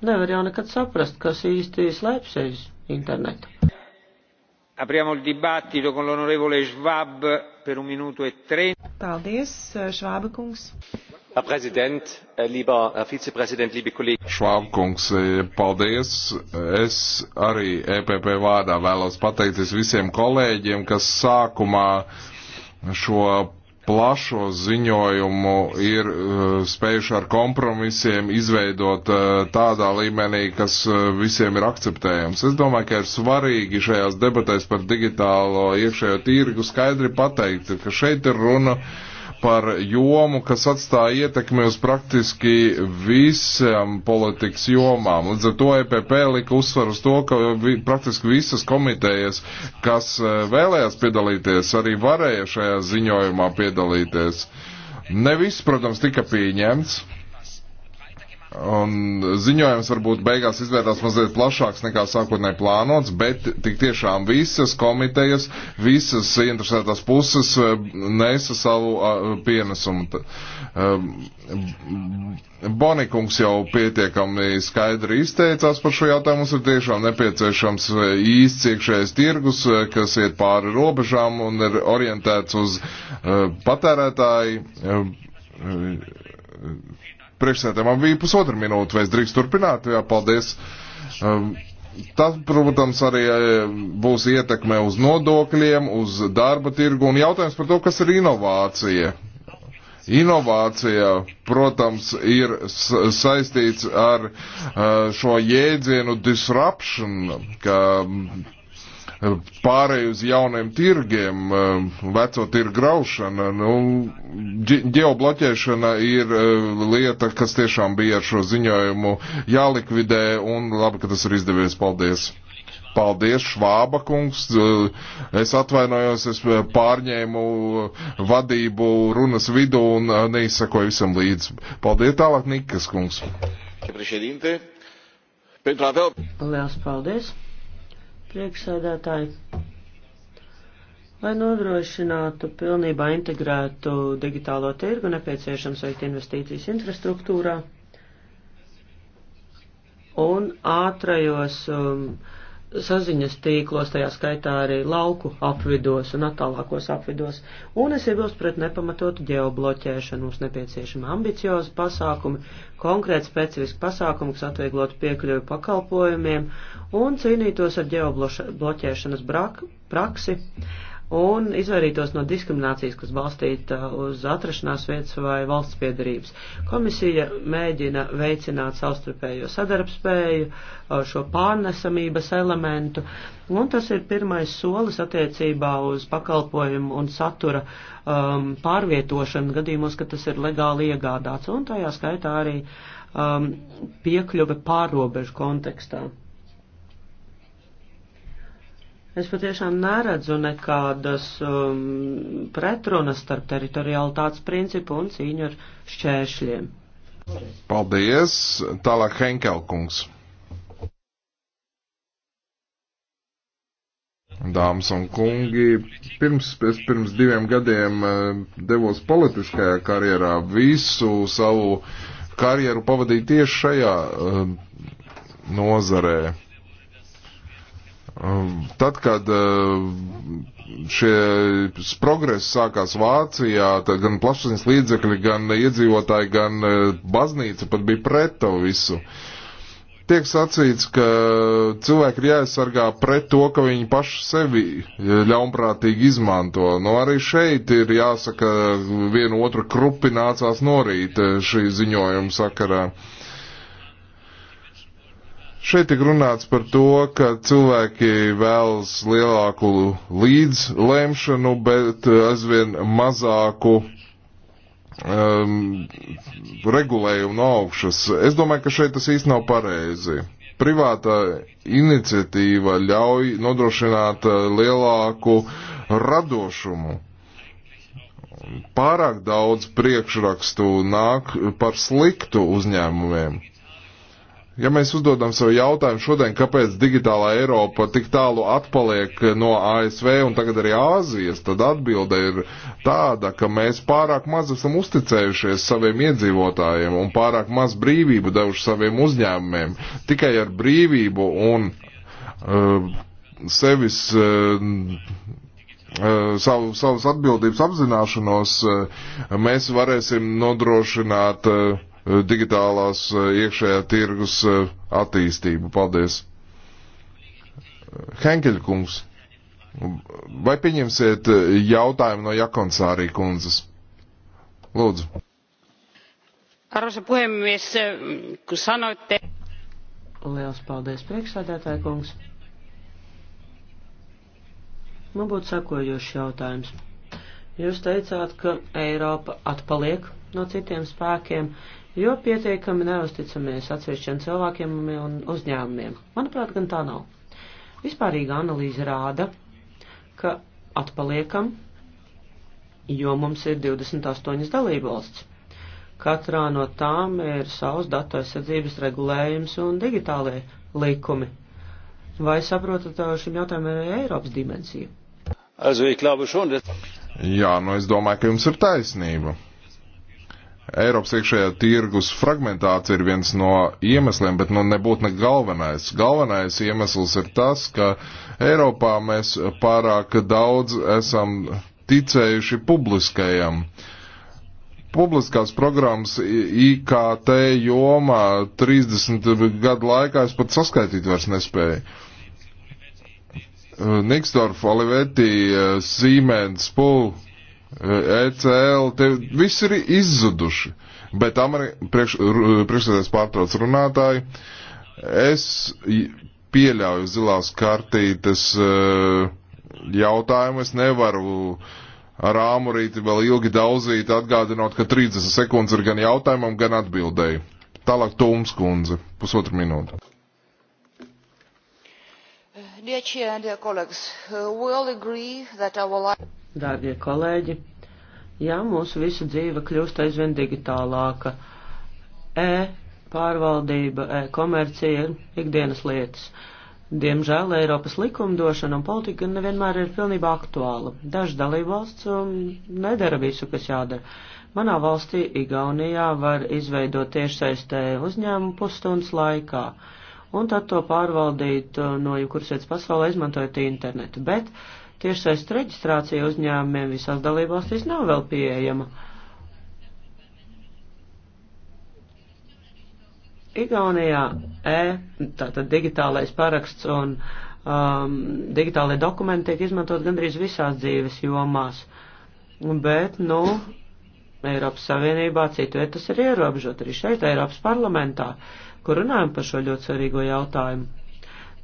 Nevar jau nekad saprast, kas īsti slēpjas aiz interneta. Apriamo il dibattito con l'onorevole Schwab per un minuto e tre. Paldies, Schwab kungs. Herr Präsident, äh, lieber Herr Vizepräsident, liebe Kollegen. Schwab kungs, äh, paldies. Es arī EPP vārdā vēlos pateikties visiem kolēģiem, kas sākumā šo plašo ziņojumu ir uh, spējuši ar kompromisiem izveidot uh, tādā līmenī, kas uh, visiem ir akceptējams. Es domāju, ka ir svarīgi šajās debatēs par digitālo iekšējo tīrgu skaidri pateikt, ka šeit ir runa uh, par jomu, kas atstāja ietekmi uz praktiski visām politikas jomām. Līdz ar to EPP lika uzsver uz to, ka vi, praktiski visas komitejas, kas e, vēlējās piedalīties, arī varēja šajā ziņojumā piedalīties. Ne viss, protams, tika pieņemts Un ziņojums varbūt beigās izvērtās mazliet plašāks nekā sākotnēji plānots, bet tik tiešām visas komitejas, visas interesētās puses eh, nesa savu pienesumu. Eh, Bonikungs jau pietiekami skaidri izteicās par šo jautājumu. Mums ir tiešām nepieciešams eh, īsts iekšējais tirgus, kas iet pāri robežām un ir orientēts uz patērētāju Priekšsēdētājiem man bija pusotra minūte, vai es drīkst turpināt? Jā, paldies. Um, tas, protams, arī eh, būs ietekme uz nodokļiem, uz darba tirgu un jautājums par to, kas ir inovācija. Inovācija, protams, ir saistīts ar eh, šo jēdzienu disruption, ka pārēju uz jauniem tirgiem, eh, veco tirgu graušana, nu, ģeobloķēšana ir eh, lieta, kas tiešām bija ar šo ziņojumu jālikvidē, un labi, ka tas ir izdevies. Paldies! Paldies, Švāba kungs. Eh, es atvainojos, es pārņēmu vadību runas vidū un neizsakoju visam līdzi. Paldies tālāk, Nikas kungs. Lielas paldies! Priekšsēdētāji, lai nodrošinātu pilnībā integrētu digitālo tirgu, nepieciešams veikt investīcijas infrastruktūrā un ātrajos um, saziņas tīklos, tajā skaitā arī lauku apvidos un attālākos apvidos, un es iebilstu pret nepamatotu ģeobloķēšanu. Mums nepieciešama ambiciozi pasākumi, konkrēti specifiski pasākumi, kas atvieglotu piekļuvi pakalpojumiem un cīnītos ar ģeobloķēšanas praksi. Uh, un izvairītos no diskriminācijas, kas balstīta uz atrašanās vietas vai valsts piedarības. Komisija mēģina veicināt savstarpējo sadarbspēju, uh, šo pārnesamības elementu, un tas ir pirmais solis attiecībā uz pakalpojumu un satura um, pārvietošanu gadījumos, ka tas ir legāli iegādāts, un tajā skaitā arī um, piekļuve pārobežu kontekstā. Es patiešām neredzu nekādas um, pretrunas starp teritorialitātes principu un cīņu ar šķēršļiem. Paldies! Tālāk Henkelkungs. Dāmas un kungi, pirms, es pirms diviem gadiem eh, devos politiskajā karjerā. Visu savu karjeru pavadīju tieši šajā uh, nozarē. Ehm, tad, kad ehm, šis progress sākās Vācijā, tad gan plašsaziņas līdzekļi, gan iedzīvotāji, gan ehm, baznīca pat bija pret to visu. Tiek sacīts, ka cilvēki ir jāaizsargā pret to, ka viņi paši sevi ļaunprātīgi izmanto. Nu, arī šeit ir jāsaka, vienu otru krupi nācās norīt šī ziņojuma sakarā. Uh, Šeit tik runāts par to, ka cilvēki vēlas lielāku līdzlēmšanu, bet eh, aizvien mazāku um, regulējumu no augšas. Es domāju, ka šeit tas īsti nav pareizi. Privātā iniciatīva ļauj nodrošināt eh, lielāku radošumu pārāk daudz priekšrakstu nāk par sliktu uzņēmumiem. Ja mēs uzdodam sev jautājumu šodien, kāpēc digitālā Eiropa tik tālu atpaliek no ASV un tagad arī Āzijas, tad atbilde ir tāda, ka mēs pārāk maz esam uzticējušies saviem iedzīvotājiem un pārāk maz brīvību devuši saviem uzņēmumiem. Tikai ar brīvību un uh, sevis. Uh, uh savu, savas atbildības apzināšanos uh, mēs varēsim nodrošināt uh, digitālās eh, iekšējā tirgus eh, attīstību. Paldies! Henkeļkungs, vai pieņemsiet eh, jautājumu no Jakonsārī kundzes? Lūdzu. Arvoisa puhemies, kun sanoitte... Liels paldies, priekšsādātāja kungs. Man būtu sakojošs jautājums. Jūs teicāt, ka Eiropa atpaliek no citiem spēkiem, jo pietiekami neusticamies atsevišķiem cilvēkiem un uzņēmumiem. Manuprāt, gan tā nav. Vispārīga analīze rāda, ka atpaliekam, jo mums ir 28 dalībvalsts. Katrā no tām ir savs datu aizsardzības regulējums un digitālie likumi. Vai saprotat uh, šim jautājumam arī Eiropas dimensiju? Also, ich glaube schon, dass... Jā, nu es domāju, ka jums ir taisnība. Eiropas iekšējā tirgus fragmentācija ir viens no iemesliem, bet nu nebūtu ne galvenais. Galvenais iemesls ir tas, ka Eiropā mēs pārāk daudz esam ticējuši publiskajam. Publiskās programmas IKT jomā 30 gadu laikā es pat saskaitīt vairs nespēju. Niksdorf, Olivetti, Siemens, Pulk ECL, te viss ir izzuduši. Bet Ameri priekš, priekšsēdēs pārtrauc runātāji. Es pieļauju zilās kartītes e, jautājumu. Es nevaru ar āmurīti vēl ilgi daudzīt atgādinot, ka 30 sekundes ir gan jautājumam, gan atbildēji. Tālāk Toms kundze, pusotru minūtu. Dear chair and dear colleagues, uh, we all agree that our life. Dārgie kolēģi, ja mūsu visa dzīve kļūst aizvien digitālāka, e pārvaldība, e komercija ir ikdienas lietas. Diemžēl Eiropas likumdošana un politika nevienmēr ir pilnībā aktuāla. Dažas dalībvalsts um, nedara visu, kas jādara. Manā valstī, Igaunijā, var izveidot tiešsaistē uzņēmumu pusstundas laikā, un tad to pārvaldīt uh, no jebkuras vietas pasaulē, izmantojot internetu. Bet uh, tiešsaistes reģistrācija uzņēmumiem visās dalībvalstīs nav vēl pieejama. Igaunijā e, tātad digitālais paraksts un um, digitālai dokumenti tiek izmantot gandrīz visās dzīves jomās, bet, nu, Eiropas Savienībā citu vietu tas ir ierobežot arī šeit, Eiropas parlamentā, kur runājam par šo ļoti svarīgo jautājumu.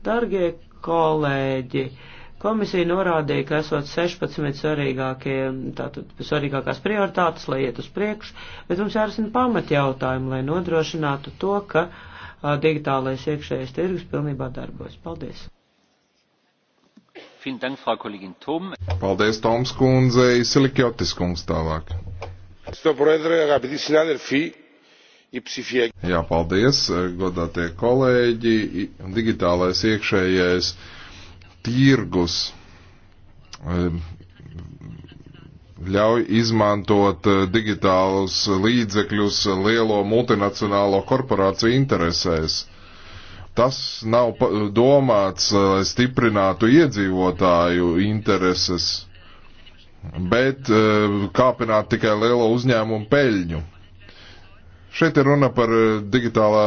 Dargie kolēģi, uh, Komisija norādīja, ka esot 16 svarīgākie, tātad svarīgākās prioritātes, lai iet uz priekšu, bet mums jārisina pamatjautājumi, lai nodrošinātu to, ka a, digitālais iekšējais tirgus pilnībā darbojas. Paldies! Paldies, Toms kundze, Silikjotis kungs tālāk. Jā, paldies, godātie kolēģi, digitālais iekšējais tirgus ļauj izmantot eh, digitālus līdzekļus lielo multinacionālo korporāciju interesēs. Tas nav domāts, lai eh, stiprinātu iedzīvotāju intereses, bet eh, kāpināt tikai lielo uzņēmumu peļņu. Šeit ir runa par eh, digitālā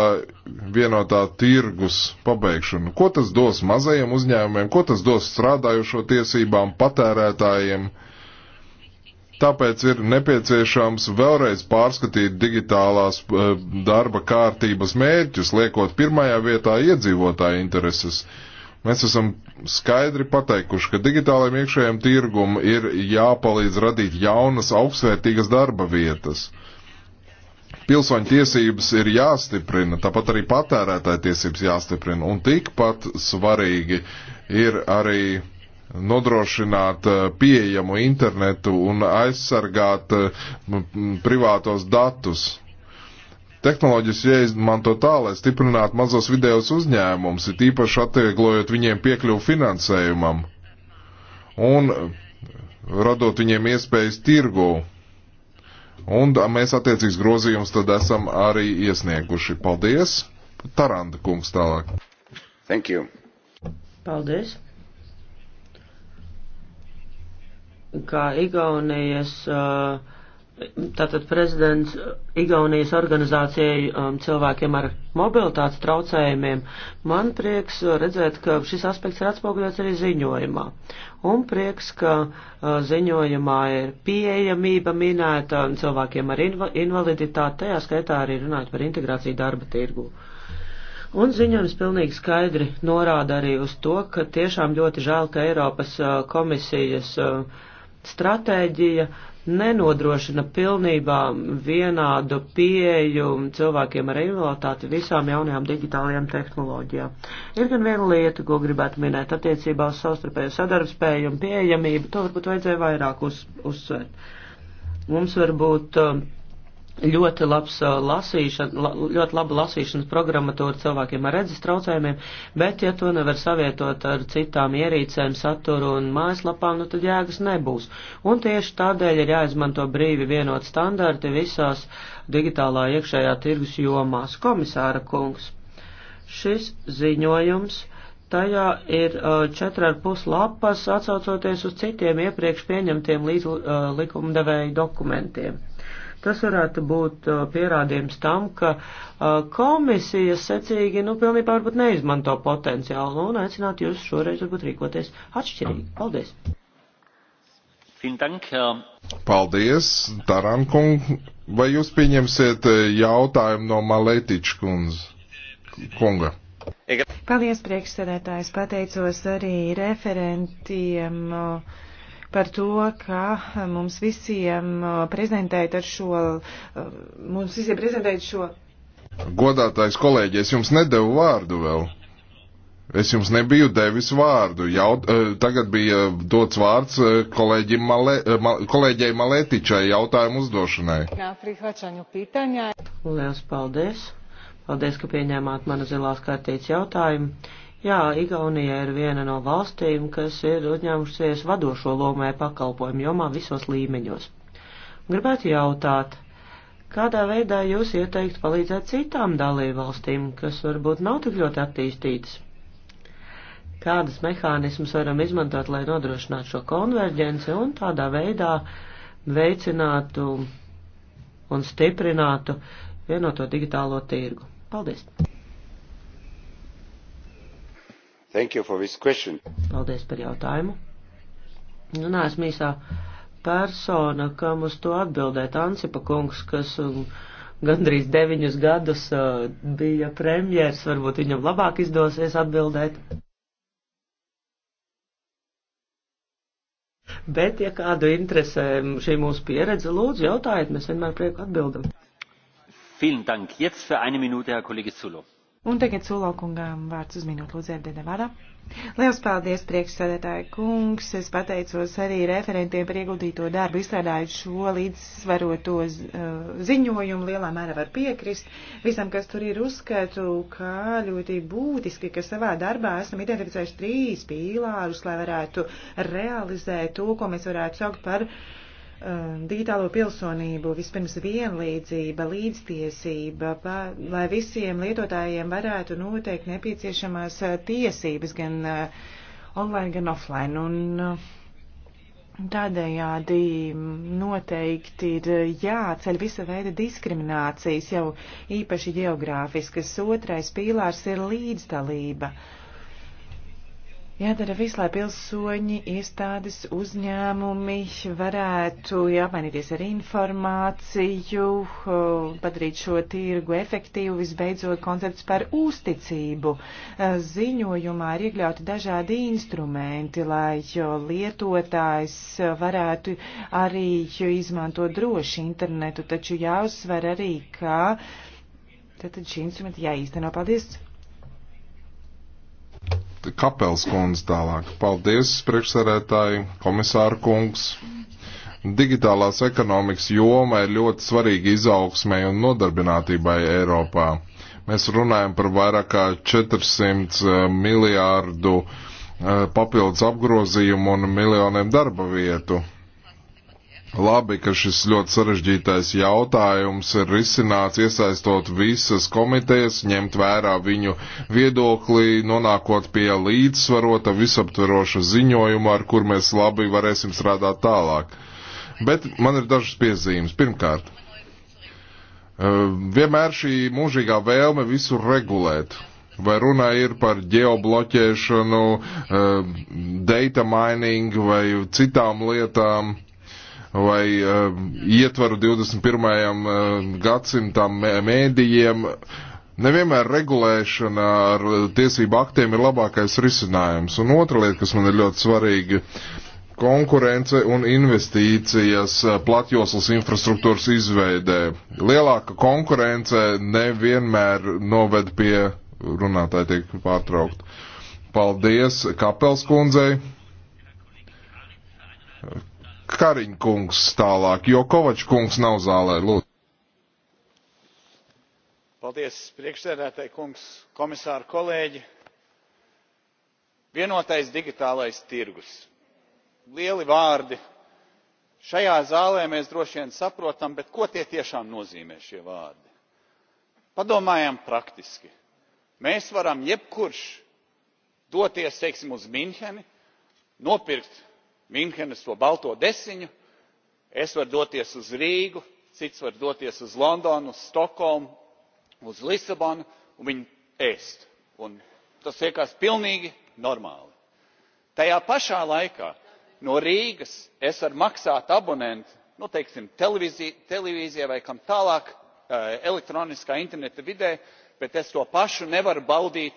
vienotā tirgus pabeigšanu. Ko tas dos mazajiem uzņēmumiem, ko tas dos strādājušo tiesībām, patērētājiem? Tāpēc ir nepieciešams vēlreiz pārskatīt digitālās eh, darba kārtības mērķus, liekot pirmajā vietā iedzīvotāju intereses. Mēs esam skaidri pateikuši, ka digitālajiem iekšējiem tirgum ir jāpalīdz radīt jaunas augstsvērtīgas darba vietas. Uh, Pilsoņu tiesības ir jāstiprina, tāpat arī patērētāja tiesības jāstiprina. Un tikpat svarīgi ir arī nodrošināt eh, pieejamu internetu un aizsargāt eh, privātos datus. Tehnoloģijas jāizmanto tā, lai stiprinātu mazos vidējos uzņēmumus, it īpaši atvieglojot viņiem piekļuvu finansējumam un eh, radot viņiem iespējas tirgū Un mēs attiecīgs grozījums tad esam arī iesnieguši. Paldies! Taranda kungs tālāk. Thank you. Paldies. Kā Igaunijas uh, Tātad prezidents Igaunijas organizācijai um, cilvēkiem ar mobilitātes traucējumiem man prieks uh, redzēt, ka šis aspekts ir atspoguļots arī ziņojumā. Un prieks, ka uh, ziņojumā ir pieejamība minēta um, cilvēkiem ar inv invaliditāti, tajā skaitā arī runājot par integrāciju darba tirgu. Un ziņojums pilnīgi skaidri norāda arī uz to, ka tiešām ļoti žēl, ka Eiropas uh, komisijas uh, stratēģija uh, nenodrošina pilnībā vienādu pieeju cilvēkiem ar invaliditāti visām jaunajām digitālajām tehnoloģijām. Ir gan viena lieta, ko gribētu minēt attiecībā uz savstarpēju sadarbspēju un pieejamību, to varbūt vajadzēja vairāk uz, uzsvērt. Mums varbūt uh, ļoti, labs, lasīšana, ļoti laba lasīšanas programmatūra cilvēkiem ar redzes traucējumiem, bet ja to nevar savietot ar citām ierīcēm, saturu un mājaslapām, nu tad jēgas nebūs. Un tieši tādēļ ir jāizmanto brīvi vienot standarti visās digitālā iekšējā tirgus jomās. Komisāra kungs, šis ziņojums. Tajā ir uh, četri ar pus lapas atsaucoties uz citiem iepriekš pieņemtiem līdz uh, likumdevēju dokumentiem. Tas varētu būt uh, pierādījums tam, ka uh, komisija secīgi, nu, pilnībā varbūt neizmanto potenciālu un aicinātu jūs šoreiz varbūt rīkoties atšķirīgi. Paldies! Paldies, Tarankung. Vai jūs pieņemsiet eh, jautājumu no Maletiča kunga? Paldies, priekšsēdētājs. Pateicos arī referentiem. Uh, par to, ka mums visiem uh, prezentēt ar šo, uh, mums visiem prezentēt šo. Godātais kolēģi, es jums nedevu vārdu vēl. Es jums nebiju devis vārdu. Jaut, uh, tagad bija dots vārds Male, kolēģei Maletičai jautājumu uzdošanai. Lielas paldies! Paldies, ka pieņēmāt mana zilās kārtītas jautājumu. Jā, Igaunija ir viena no valstīm, kas ir uzņēmušies vadošo lomē pakalpojumu jomā visos līmeņos. Gribētu jautāt, kādā veidā jūs ieteikt palīdzēt citām dalībvalstīm, kas varbūt nav tik ļoti attīstītas? Kādas mehānismus varam izmantot, lai nodrošinātu šo konverģenci un tādā veidā veicinātu un stiprinātu vienoto digitālo tirgu? Paldies! Paldies par jautājumu. Nu, nē, esmu īsā persona, kam uz to atbildēt Ansipa kungs, kas um, gandrīz deviņus gadus uh, bija premjers, varbūt viņam labāk izdosies atbildēt. Bet, ja kādu interesē šī mūsu pieredze, lūdzu jautājiet, mēs vienmēr prieku atbildam. Vielen Dank. Jetzt für eine Minute, Herr Kollege Zulo Un tagad solaukungām vārds uz minūtu lūdzu Erdene Vara. Liels paldies, priekšsēdētāji kungs. Es pateicos arī referentiem par ieguldīto darbu, izstrādājot šo līdzsvaroto uh, ziņojumu. Lielā mērā var piekrist visam, kas tur ir uzskatu, kā ļoti būtiski, ka savā darbā esam identificējuši trīs pīlārus, lai varētu realizēt to, ko mēs varētu saukt par uh, Um, digitālo pilsonību, vispirms vienlīdzība, līdztiesība, pa, lai visiem lietotājiem varētu noteikt nepieciešamās uh, tiesības gan uh, online, gan offline. Un uh, tādējādi noteikti ir jāceļ visa veida diskriminācijas, jau īpaši geogrāfiskas. Otrais pīlārs ir līdzdalība. Uh, Jādara viss, lai pilsoņi, iestādes, uzņēmumi varētu apmainīties ar informāciju, padarīt šo tirgu efektīvu, visbeidzot koncepts par uzticību. Eh, ziņojumā ir iekļauti dažādi instrumenti, lai lietotājs varētu arī izmantot droši internetu, taču jāuzsver arī, ka tad šī instrumenta jāīsteno. Paldies! Kapels kundze tālāk. Paldies, priekšsarētāji, komisāra kungs. Digitālās ekonomikas joma ir ļoti svarīga izaugsmai un nodarbinātībai Eiropā. Mēs runājam par vairāk kā 400 eh, miljārdu eh, papildus apgrozījumu un miljoniem darba vietu Labi, ka šis ļoti sarežģītais jautājums ir risināts, iesaistot visas komitejas, ņemt vērā viņu viedoklī, nonākot pie līdzsvarota, visaptveroša ziņojuma, ar kur mēs labi varēsim strādāt tālāk. Bet man ir dažas piezīmes. Pirmkārt, eh, vienmēr šī mūžīgā vēlme visu regulēt. Vai runa ir par geobloķēšanu, eh, data mining vai citām lietām vai uh, ietvaru 21. Um, gadsimtam mēdījiem. Nevienmēr regulēšana ar uh, tiesību aktiem ir labākais risinājums. Un otra lieta, kas man ir ļoti svarīga, konkurence un investīcijas uh, platjoslas infrastruktūras izveidē. Lielāka konkurence nevienmēr noved pie runātāja tiek pārtraukt. Paldies Kapels kundzei. Kariņkungs tālāk, jo Kovačkungs nav zālē. Lūdzu. Paldies, priekšsēdētāji kungs, komisāri, kolēģi. Vienotais digitālais tirgus. Lieli vārdi. Šajā zālē mēs droši vien saprotam, bet ko tie tiešām nozīmē šie vārdi? Padomājam praktiski. Mēs varam jebkurš doties, teiksim, uz Minheni, nopirkt minhenes to balto desiņu es varu doties uz rīgu cits var doties uz londonu uz stokholmu uz lisabonu un viņu ēst. Un tas liekas pilnīgi normāli. Tajā pašā laikā no Rīgas es varu maksāt abonentu, nu, teiksim, televīzijai vai kam tālāk, eh, elektroniskā interneta vidē, bet es to pašu nevaru baudīt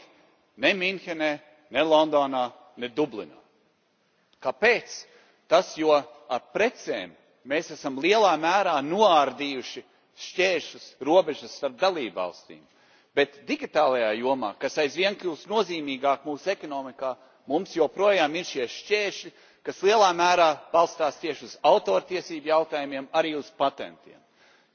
ne Minhenē, ne Londonā, ne Dublinā kāpēc? tas jo ar precēm mēs esam lielā mērā noārdījuši šķēršļus robežas starp dalībvalstīm bet digitālajā jomā kas aizvien kļūst nozīmīgāka mūsu ekonomikā mums joprojām ir šie šķēršļi kas lielā mērā balstās tieši uz autortiesību jautājumiem arī uz patentiem.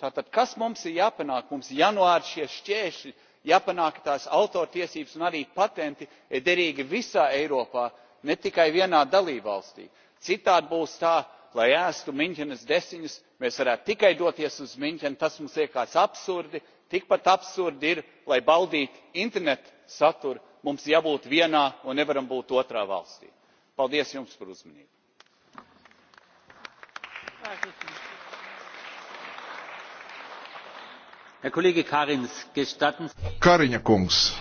tātad kas mums ir jāpanāk? mums ir jānoārda šie šķēršļi jāpanāk ka tās autortiesības un arī patenti ir derīgi visā eiropā ne tikai vienā dalībvalstī citādi būs tā lai ēstu miunchenas desiņas mēs varētu tikai doties uz miunchenu tas mums liekas absurdi. tikpat absurdi ir lai baudītu interneta saturu mums jābūt vienā un nevaram būt otrā valstī. paldies jums par uzmanību. kariņa kungs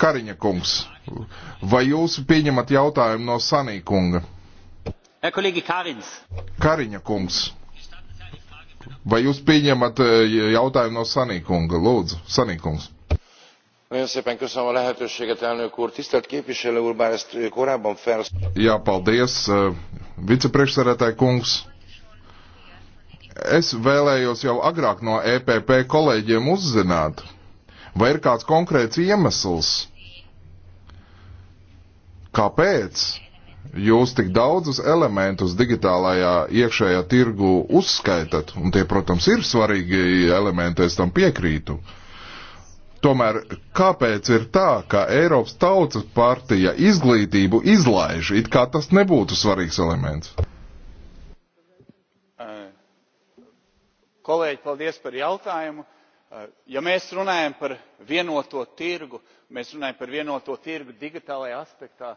Kariņa kungs, vai jūs pieņemat jautājumu no Sanīkunga? Kolēģi Karins. Kariņa kungs, vai jūs pieņemat e, jautājumu no Sanīkunga? Lūdzu, Sanīkungs. Nagyon szépen köszönöm a lehetőséget, elnök úr. Tisztelt képviselő úr, bár ezt korábban fel... Jā, paldies, e, vicepriekšsarētāji kungs. Es vēlējos jau agrāk no EPP kolēģiem uzzināt, Vai ir kāds konkrēts iemesls, kāpēc jūs tik daudzus elementus digitālajā iekšējā tirgu uzskaitat? Un tie, protams, ir svarīgi elementi, es tam piekrītu. Tomēr kāpēc ir tā, ka Eiropas Tautas partija izglītību izlaiž, it kā tas nebūtu svarīgs elements? Kolēģi, paldies par jautājumu ja mēs runājam par vienoto tirgu mēs runājam par vienoto tirgu digitālajā aspektā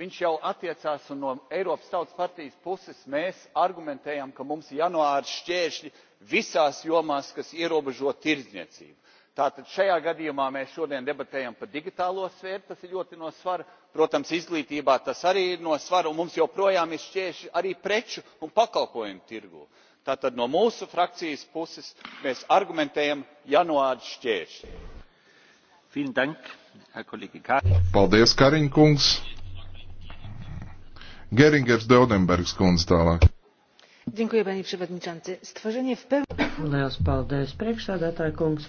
viņš jau attiecās un no eiropas tautas partijas puses mēs argumentējam ka mums janvāra šķēršļi visās jomās kas ierobežo tirdzniecību. tātad šajā gadījumā mēs šodien debatējam par digitālo sfēru tas ir ļoti no svara protams izglītībā tas arī ir no svara un mums joprojām ir šķēršļi arī preču un pakalpojumu tirgū tātad no mūsu frakcijas puses mēs argumentējam janvāra šķēršļi. Paldies, Kariņ kungs. Geringers Deodenbergs kundze tālāk. Dziękuję, panie przewodniczący. Stworzenie w pełni... Liels paldies, priekšsādātāja kungs.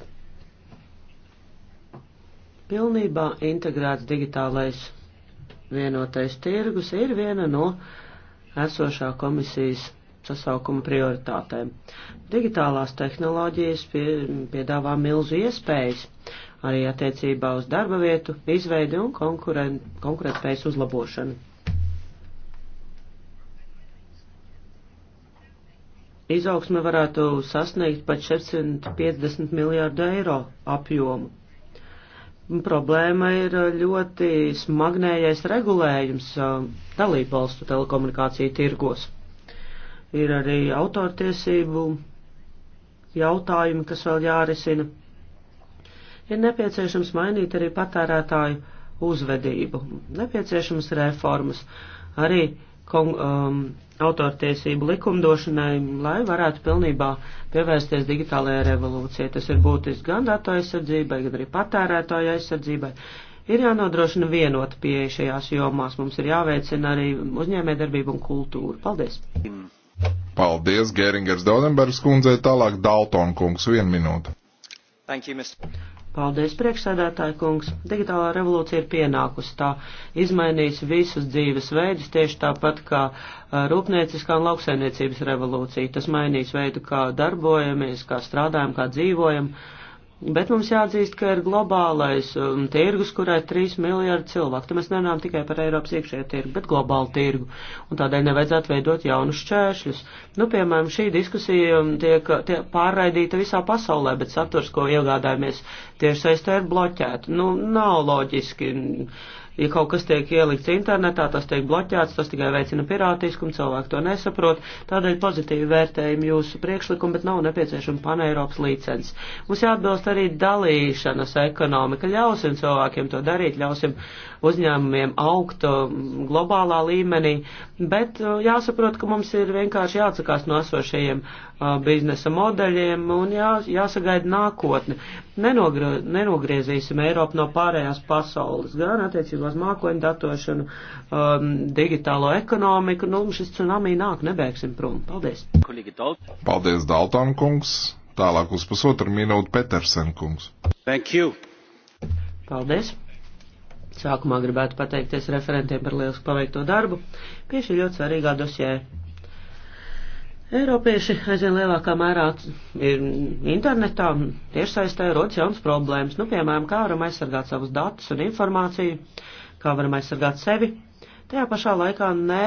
Pilnībā integrēts digitālais vienotais tirgus ir viena no esošā komisijas sasaukuma prioritātēm. Digitālās tehnoloģijas pie, piedāvā milzu iespējas arī attiecībā uz darba vietu, izveidi un konkurētspējas uzlabošanu. Izaugsme varētu sasniegt pat 650 miljārdu eiro apjomu. Problēma ir ļoti smagnējais regulējums uh, dalībvalstu telekomunikāciju tirgos ir arī autortiesību jautājumi, kas vēl jārisina. Ir nepieciešams mainīt arī patērētāju uzvedību, nepieciešamas reformas, arī kom, um, autortiesību likumdošanai, lai varētu pilnībā pievērsties digitālajai revolūcijai. Tas ir būtiski gan datu aizsardzībai, gan arī patērētāju aizsardzībai. Ir jānodrošina vienota pieeja šajās jomās. Mums ir jāveicina arī uzņēmējdarbība un kultūra. Paldies! Mm. Paldies, Gēringers Daudenbergs kundzei, tālāk Dalton kungs, vienu minūtu. Thank you, Mr. Paldies, priekšsēdētāji kungs. Digitālā revolūcija ir pienākusi. Tā izmainīs visus dzīves veidus, tieši tāpat kā rūpnieciskā un lauksainiecības revolūcija. Tas mainīs veidu, kā darbojamies, kā strādājam, kā dzīvojam. Uh, Bet mums jāatzīst, ka ir globālais um, tirgus, kurā ir 3 miljardi cilvēku. Te mēs nerunājam tikai par Eiropas iekšējo tirgu, bet globālu tirgu. Un tādēļ nevajadzētu veidot jaunus šķēršļus. Nu, piemēram, šī diskusija um, tiek, tiek pārraidīta visā pasaulē, bet saturs, ko iegādājamies tieši saistē, ir bloķēta. Nu, nav loģiski. Uh, Ja kaut kas tiek ielikts internetā, tas tiek bloķēts, tas tikai veicina pirātiskumu, cilvēki to nesaprot. Tādēļ pozitīvi vērtējam jūsu priekšlikumu, bet nav nepieciešama paneiropas licences. Mums jāatbilst arī dalīšanas ekonomika. Ļausim cilvēkiem to darīt, ļausim uh, uzņēmumiem augt um, globālā līmenī, bet uh, jāsaprot, ka mums ir vienkārši jāatsakās no esošajiem uh, biznesa modeļiem un jā, jāsagaida nākotne. Nenogri, nenogriezīsim Eiropu no pārējās pasaules, gan attiecībā uz mākoņu datošanu, um, digitālo ekonomiku, nu, šis tsunami nāk, nebēgsim prom. Paldies! Paldies, Dalton kungs! Tālāk uz pusotru minūtu Petersen kungs. Thank you. Paldies. Sākumā gribētu pateikties referentiem par lielisku paveikto darbu pie šī ļoti svarīgā dosjē. Eiropieši aizvien lielākā mērā ir internetā, tiešsaistē rodas jaunas problēmas. Nu, piemēram, kā varam aizsargāt savus datus un informāciju, kā varam aizsargāt sevi. Tajā pašā laikā ne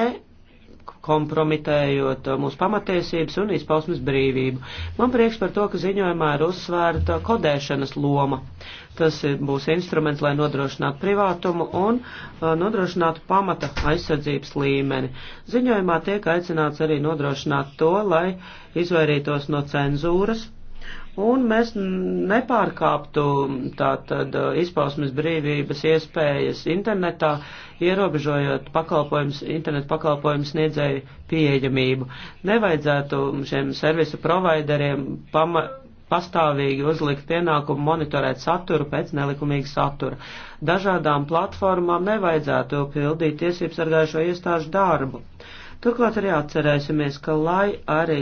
kompromitējot uh, mūsu pamatiesības un izpausmes brīvību. Man prieks par to, ka ziņojumā ir uzsvērta kodēšanas loma. Tas būs instruments, lai nodrošinātu privātumu un uh, nodrošinātu pamata aizsardzības līmeni. Ziņojumā tiek aicināts arī nodrošināt to, lai izvairītos no cenzūras. Un mēs nepārkāptu tātad uh, izpausmes brīvības iespējas internetā, uh, ierobežojot pakalpojums, internetu pakalpojumu sniedzēju pieejamību. Nevajadzētu šiem servisu provideriem pama, pastāvīgi uzlikt pienākumu monitorēt saturu pēc nelikumīga satura. Dažādām platformām nevajadzētu pildīt tiesību sargājušo iestāžu darbu. Turklāt arī atcerēsimies, ka lai arī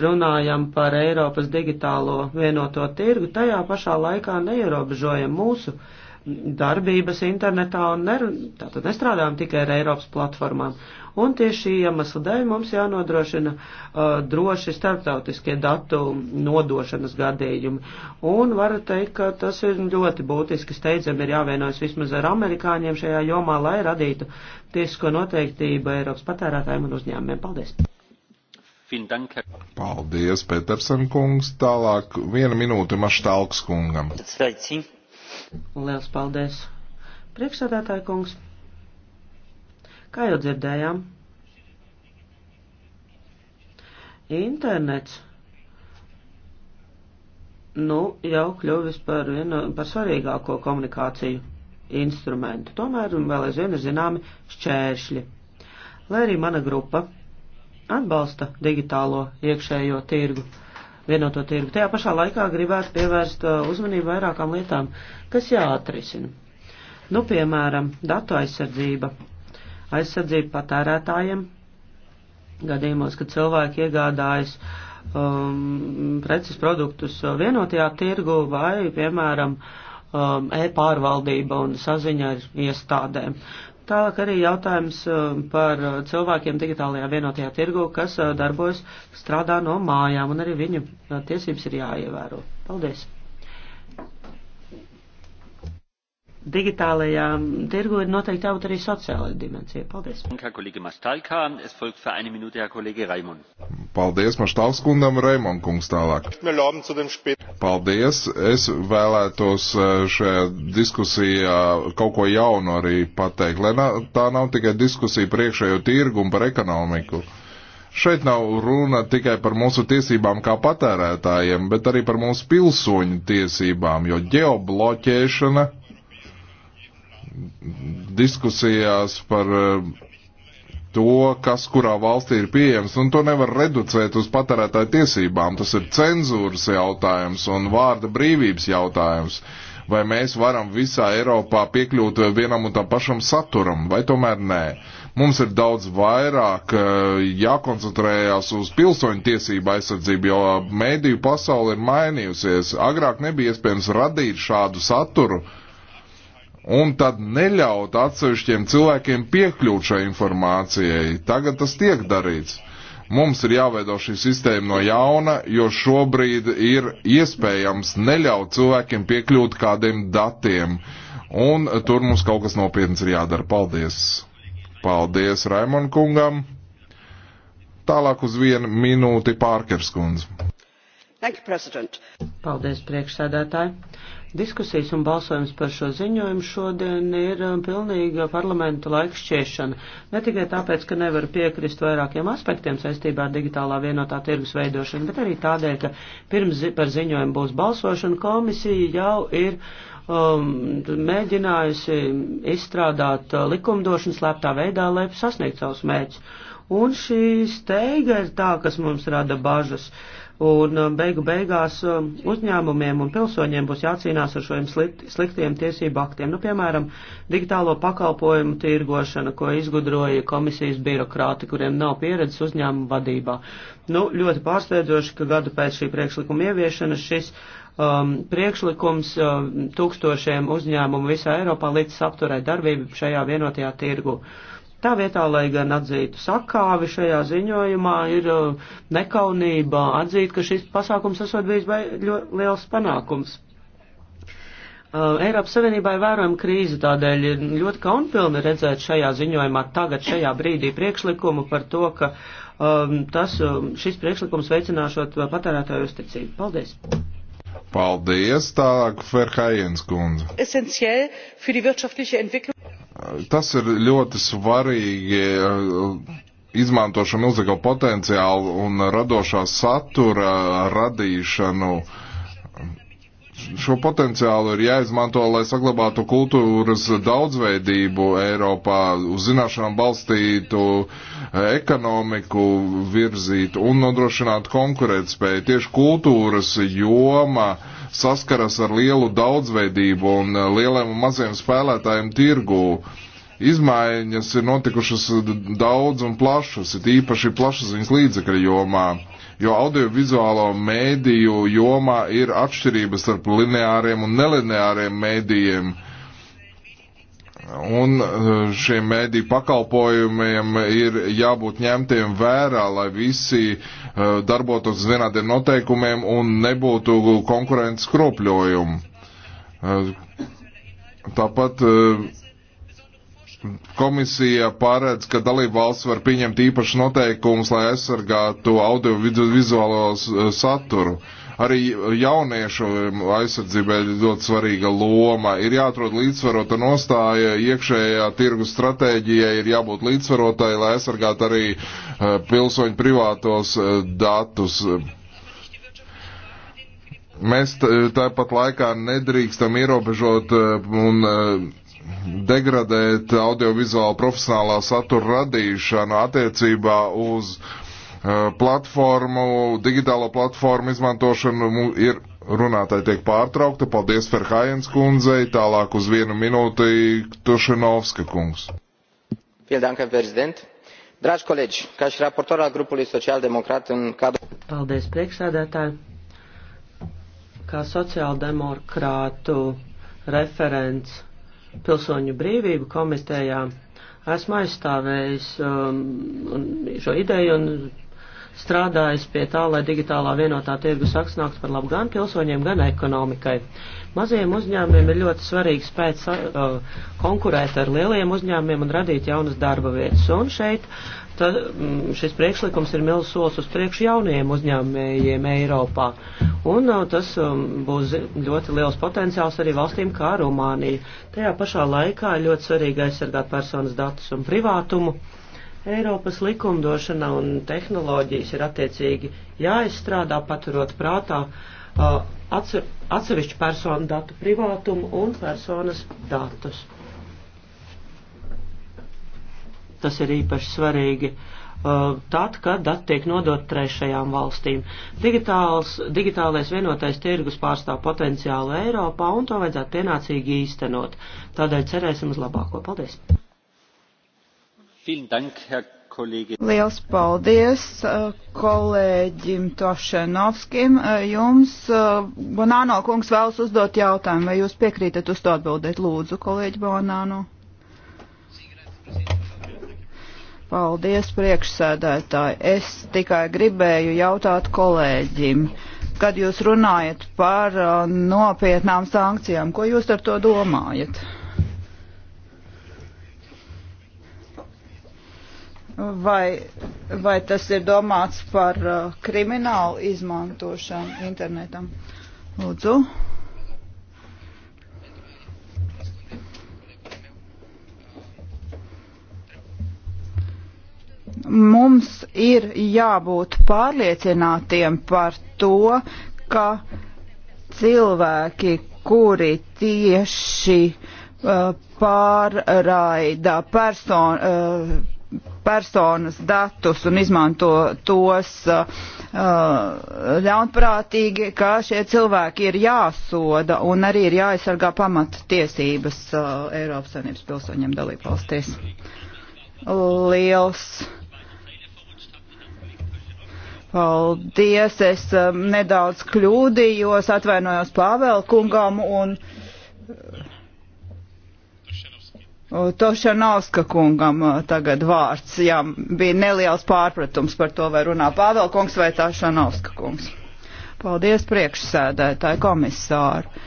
runājam par Eiropas digitālo vienoto tirgu, tajā pašā laikā neierobežojam mūsu uh, darbības internetā un ner, tātad nestrādājam tikai ar Eiropas platformām. Un tieši šī iemesla dēļ mums jānodrošina uh, droši starptautiskie datu nodošanas gadījumi. Un var teikt, ka tas ir ļoti būtiski. Steidzam ir jāvienojas vismaz ar amerikāņiem šajā jomā, lai radītu tiesisko noteiktību Eiropas patērētājiem un uzņēmumiem. Paldies! Paldies, Petersen kungs. Tālāk viena minūte maštālks kungam. Sveicin. Liels paldies! Priekšsādātāja kungs, kā jau dzirdējām, internets nu, jau kļuvis par, vienu, par svarīgāko komunikāciju instrumentu. Tomēr vēl aizvien ir zināmi šķēršļi. Lai arī mana grupa atbalsta digitālo iekšējo tirgu vienoto tirgu. Tajā pašā laikā gribētu pievērst uh, uzmanību vairākām lietām, kas jāatrisina. Nu, piemēram, datu aizsardzība, aizsardzība patērētājiem, gadījumos, kad cilvēki iegādājas um, preces produktus uh, vienotajā tirgu vai, piemēram, um, e-pārvaldība un saziņa ar iestādēm. Tālāk arī jautājums uh, par uh, cilvēkiem digitālajā vienotajā tirgu, kas uh, darbojas, strādā no mājām, un arī viņu tiesības ir jāievēro. Paldies! digitālajā tirgu ir noteikti jābūt arī sociālajai dimensijai. Paldies. Paldies, Maštāvs kundam, Raimond kungs tālāk. Paldies. Es vēlētos e, šajā diskusijā kaut ko jaunu arī pateikt, lai tā nav tikai diskusija priekšējo tirgu un par ekonomiku. Šeit nav runa tikai par mūsu tiesībām kā patērētājiem, bet arī par mūsu pilsoņu tiesībām, jo ģeobloķēšana diskusijās par eh, to, kas kurā valstī ir pieejams, un to nevar reducēt uz patērētāju tiesībām. Tas ir cenzūras jautājums un vārda brīvības jautājums. Vai mēs varam visā Eiropā piekļūt vienam un tam pašam saturam, vai tomēr nē? Mums ir daudz vairāk eh, jākoncentrējās uz pilsoņu tiesību aizsardzību, jo mēdīju pasauli ir mainījusies. Agrāk nebija iespējams radīt šādu saturu, uh, un tad neļaut atsevišķiem cilvēkiem piekļūt šai informācijai. Tagad tas tiek darīts. Mums ir jāveido šī sistēma no jauna, jo šobrīd ir iespējams neļaut cilvēkiem piekļūt kādiem datiem. Un tur mums kaut kas nopietns ir jādara. Paldies! Paldies Raimon kungam! Tālāk uz vienu minūti Pārkers kundze. Paldies, priekšsēdētāji! Diskusijas un balsojums par šo ziņojumu šodien ir um, pilnīga parlamenta laika šķiešana. Ne tikai tāpēc, ka nevaru piekrist vairākiem aspektiem saistībā ar digitālā vienotā tirgus veidošanu, bet arī tādēļ, ka pirms par ziņojumu būs balsošana, komisija jau ir um, mēģinājusi izstrādāt uh, likumdošanu slēptā veidā, lai sasniegtu savus mērķus. Un šī steiga ir tā, kas mums rada bažas. Uh, Un um, beigu beigās um, uzņēmumiem un pilsoņiem būs jācīnās ar šiem slikt, sliktiem tiesību aktiem. Nu, piemēram, digitālo pakalpojumu tirgošana, ko izgudroja komisijas birokrāti, kuriem nav pieredzes uzņēmuma vadībā. Nu, ļoti pārsteidzoši, ka gadu pēc šī priekšlikuma ieviešanas šis um, priekšlikums um, tūkstošiem uzņēmumu visā Eiropā līdz apturēt darbību šajā vienotajā tirgu. Uh, Tā vietā, lai gan atzītu sakāvi šajā ziņojumā, ir uh, nekaunība atzīt, ka šis pasākums esot bijis ļoti liels panākums. Uh, Eiropas Savienībā ir vērojama krīze, tādēļ ir ļoti kaunpilni redzēt šajā ziņojumā tagad šajā brīdī priekšlikumu par to, ka um, tas, um, šis priekšlikums veicināšot patērētāju uzticību. Paldies! Paldies, tālāk Ferhajens kundze. Esenciāli für die wirtschaftliche Entwicklung. Tas ir ļoti svarīgi eh, izmantošana milzīgo potenciālu un radošā satura radīšanu. Šo potenciālu ir jāizmanto, lai saglabātu kultūras daudzveidību Eiropā, uz zināšanām balstītu ekonomiku virzītu un nodrošinātu konkurētspēju. Tieši kultūras joma uh, saskaras ar lielu daudzveidību un eh, lieliem un maziem spēlētājiem tirgū. Izmaiņas ir notikušas daudz un plašas, it īpaši plašsaziņas līdzekļu jomā, jo audiovizuālo mēdīju jomā ir atšķirības starp lineāriem un nelineāriem mēdījiem. Uh, Un e, šiem mēdīju pakalpojumiem ir jābūt ņemtiem vērā, lai visi e, darbotos vienādiem noteikumiem un nebūtu konkurences kropļojumu. E, tāpat komisija paredz, ka dalība valsts var pieņemt īpašus noteikumus, lai aizsargātu audiovizuālo saturu. Uh, Arī jauniešu aizsardzībai ļoti svarīga loma. Ir jāatrod līdzsvarota nostāja, iekšējā tirgus stratēģijai ir jābūt līdzsvarotai, lai aizsargātu arī eh, pilsoņu privātos eh, datus mēs tāpat laikā nedrīkstam ierobežot eh, un degradēt audiovizuālu profesionālā satura radīšanu attiecībā uz uh, Eh, platformu, digitālo platformu izmantošanu ir runātāji tiek pārtraukta. Paldies Ferhājens kundzei, tālāk uz vienu minūti Tušanovska kungs. Dragi colegi, ca și raportor al grupului social-democrat în cadrul... Paldies, priekšsēdētāji. Kā sociāldemokrātu referents pilsoņu brīvību komitejā esmu aizstāvējis um, šo ideju un strādājis pie tā, lai digitālā vienotā tirgus akts nāks par labu gan pilsoņiem, gan ekonomikai. Mazajiem uzņēmumiem ir ļoti svarīgi spēt uh, konkurēt ar lielajiem uzņēmumiem un radīt jaunas darba vietas. Un šeit ta, šis priekšlikums ir milz solis uz priekšu jaunajiem uzņēmējiem Eiropā. Un uh, tas um, būs ļoti liels potenciāls arī valstīm kā Rumānija. Tajā pašā laikā ļoti svarīgi aizsargāt personas datus un privātumu. Uh, Eiropas likumdošana un tehnoloģijas ir attiecīgi jāizstrādā, paturot prātā uh, atsevišķu personu datu privātumu un personas datus. Tas ir īpaši svarīgi uh, tad, kad dati tiek nodot trešajām valstīm. Digitāls, digitālais vienotais tirgus pārstāv potenciālu Eiropā un to vajadzētu pienācīgi īstenot. Tādēļ cerēsim uz labāko. Paldies! Liels paldies uh, kolēģim Tošenovskim. Uh, jums, uh, Bonāno kungs, vēlas uzdot jautājumu, vai jūs piekrītat uz to atbildēt? Lūdzu, kolēģi Bonāno. Paldies, priekšsēdētāji. Es tikai gribēju jautāt kolēģim, kad jūs runājat par nopietnām sankcijām, ko jūs ar to domājat? vai, vai tas ir domāts par uh, kriminālu izmantošanu internetam. Lūdzu. Mums ir jābūt pārliecinātiem par to, ka cilvēki, kuri tieši uh, pārraida person, uh, personas datus un izmanto tos uh, uh, ļaunprātīgi, ka šie cilvēki ir jāsoda un arī ir jāaizsargā pamata tiesības uh, Eiropas Savienības pilsoņiem dalībvalstīs. Liels! Paldies, es um, nedaudz kļūdījos, atvainojos Pāvēlkungam un. Uh, Tošanovska kungam uh, tagad vārds. Jā, bija neliels pārpratums par to, vai runā Pāvēl kungs vai Tošanovska kungs. Paldies priekšsēdētāji komisāru.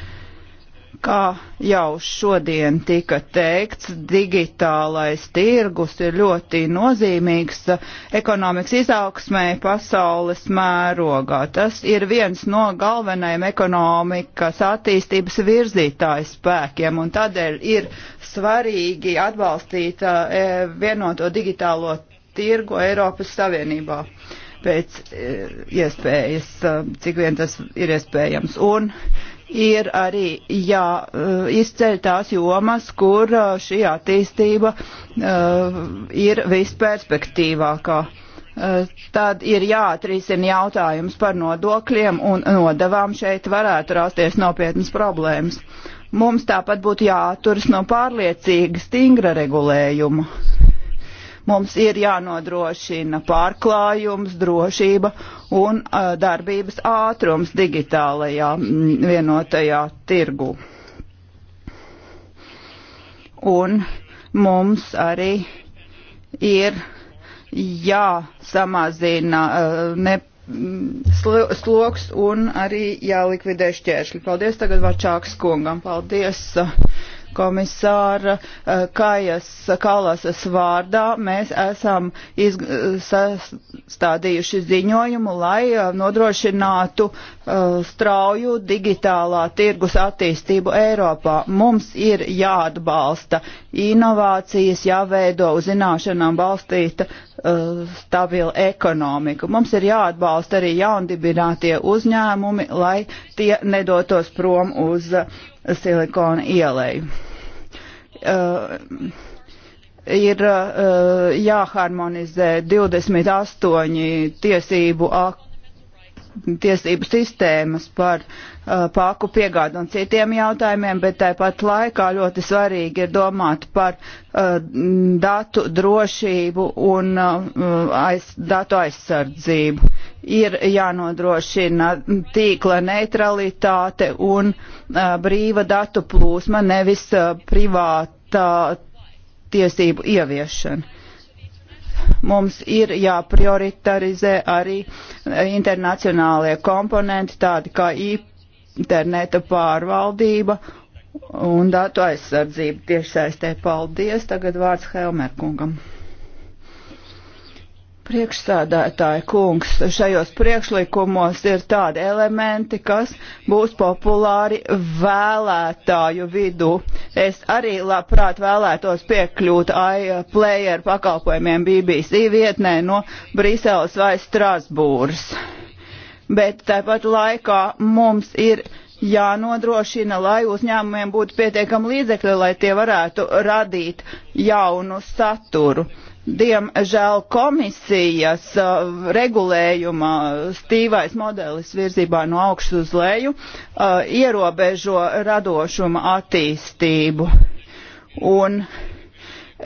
Kā jau šodien tika teikts, digitālais tirgus ir ļoti nozīmīgs ekonomikas izaugsmē pasaules mērogā. Tas ir viens no galvenajiem ekonomikas attīstības virzītāju spēkiem, un tādēļ ir svarīgi atbalstīt eh, vienoto digitālo tirgu Eiropas Savienībā pēc eh, iespējas, eh, cik vien tas ir iespējams. Un, uh, ir arī jāizceļ eh, tās jomas, kur eh, šī attīstība eh, ir visperspektīvākā. Tad ir jāatrisina jautājums par nodokļiem un nodavām šeit varētu rasties nopietnas problēmas. Mums tāpat būtu jāatturas no pārliecīga stingra regulējuma Mums ir jānodrošina pārklājums, drošība un uh, darbības ātrums digitālajā vienotajā tirgu. Un mums arī ir jāsamazina uh, ne sloks un arī jālikvidē šķēršļi. Paldies tagad Vačāks kungam. Paldies. Uh, komisāra eh, Kājas Kalasas vārdā mēs esam sastādījuši ziņojumu, lai eh, nodrošinātu eh, strauju digitālā tirgus attīstību Eiropā. Mums ir jāatbalsta inovācijas, jāveido uz zināšanām balstīta stabila ekonomika. Mums ir jāatbalsta arī jaundibinātie uzņēmumi, lai tie nedotos prom uz uh, Silikona ielēju. Uh, ir uh, jāharmonizē 28 tiesību akti tiesību sistēmas par uh, pāku piegādu un citiem jautājumiem, bet tāpat laikā ļoti svarīgi ir domāt par uh, datu drošību un uh, aiz, datu aizsardzību. Ir jānodrošina tīkla neutralitāte un uh, brīva datu plūsma, nevis uh, privātā tiesību ieviešana mums ir jāprioritarizē arī internacionālie komponenti, tādi kā interneta pārvaldība un datu aizsardzība tiešsaistē. Paldies! Tagad vārds Helmerkungam. Priekšsādātāja kungs, šajos priekšlikumos ir tādi elementi, kas būs populāri vēlētāju vidū. Es arī labprāt vēlētos piekļūt iPlayer pakalpojumiem BBC vietnē no Briseles vai Strasbūras. Bet tāpat laikā mums ir jānodrošina, lai uzņēmumiem būtu pietiekami līdzekļi, lai tie varētu radīt jaunu saturu Diemžēl komisijas uh, regulējuma stīvais modelis virzībā no augšas uz leju uh, ierobežo radošuma attīstību. Un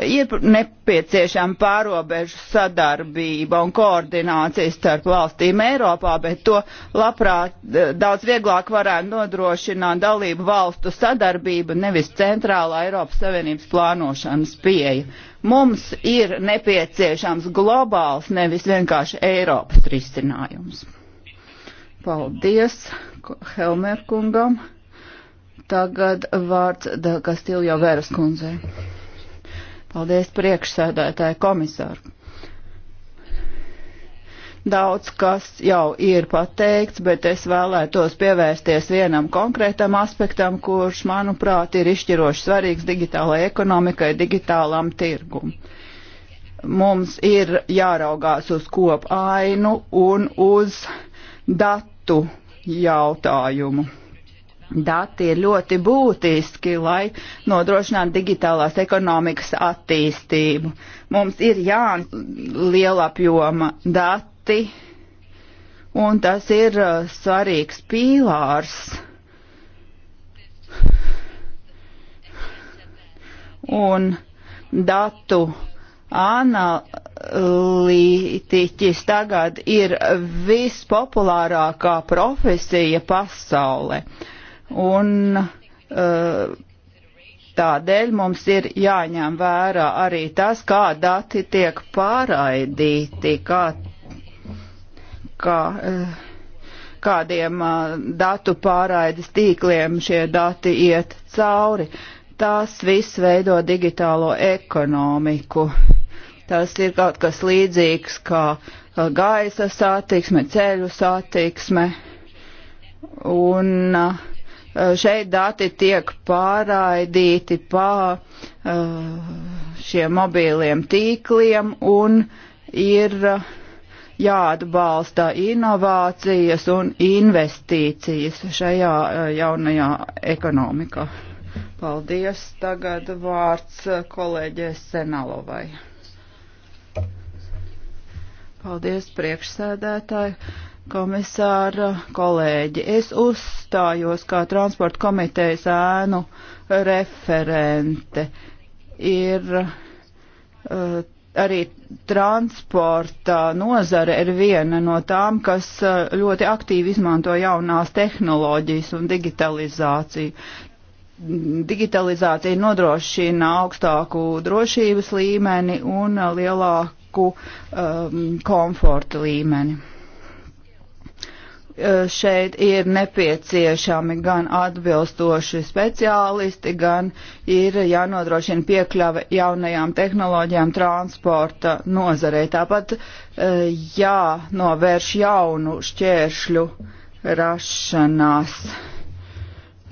ir nepieciešama pārobežu sadarbība un koordinācija starp valstīm Eiropā, bet to labprāt uh, daudz vieglāk varētu nodrošināt dalību valstu sadarbība, nevis centrālā Eiropas Savienības plānošanas pieeja. Mums ir nepieciešams globāls, nevis vienkārši Eiropas risinājums. Paldies Helmer kungam. Tagad vārds Kastiljo Veras kundzei. Paldies priekšsēdētāju komisāru Daudz kas jau ir pateikts, bet es vēlētos pievērsties vienam konkrētam aspektam, kurš, manuprāt, ir izšķiroši svarīgs digitālajai ekonomikai, digitālam tirgumam mums ir jāraugās uz kopu ainu un uz datu jautājumu. Dati ir ļoti būtiski, lai nodrošinātu digitālās ekonomikas attīstību. Mums ir jālielapjoma dati dati, un tas ir uh, svarīgs pīlārs. Un datu analītiķis tagad ir vispopulārākā profesija pasaulē. Un uh, tādēļ mums ir jāņem vērā arī tas, kā dati tiek pārraidīti, kā kā, eh, kādiem eh, datu pārraides tīkliem šie dati iet cauri. Tas viss veido digitālo ekonomiku. Tas ir kaut kas līdzīgs kā eh, gaisa satiksme, ceļu satiksme. Un uh, šeit dati tiek pārraidīti pa šiem mobīliem tīkliem un ir jāatbalsta inovācijas un investīcijas šajā jaunajā ekonomikā. Paldies. Tagad vārds kolēģē Senalovai. Paldies, priekšsēdētāji komisāra kolēģi, es uzstājos kā transporta komitejas ēnu referente. Ir uh, arī transporta nozare ir viena no tām, kas uh, ļoti aktīvi izmanto jaunās tehnoloģijas un digitalizāciju. Digitalizācija nodrošina augstāku drošības līmeni un uh, lielāku um, komforta līmeni. Eh, šeit ir nepieciešami gan atbilstoši speciālisti, gan ir jānodrošina piekļava jaunajām tehnoloģijām transporta nozarei. Tāpat eh, jānovērš jaunu šķēršļu rašanās.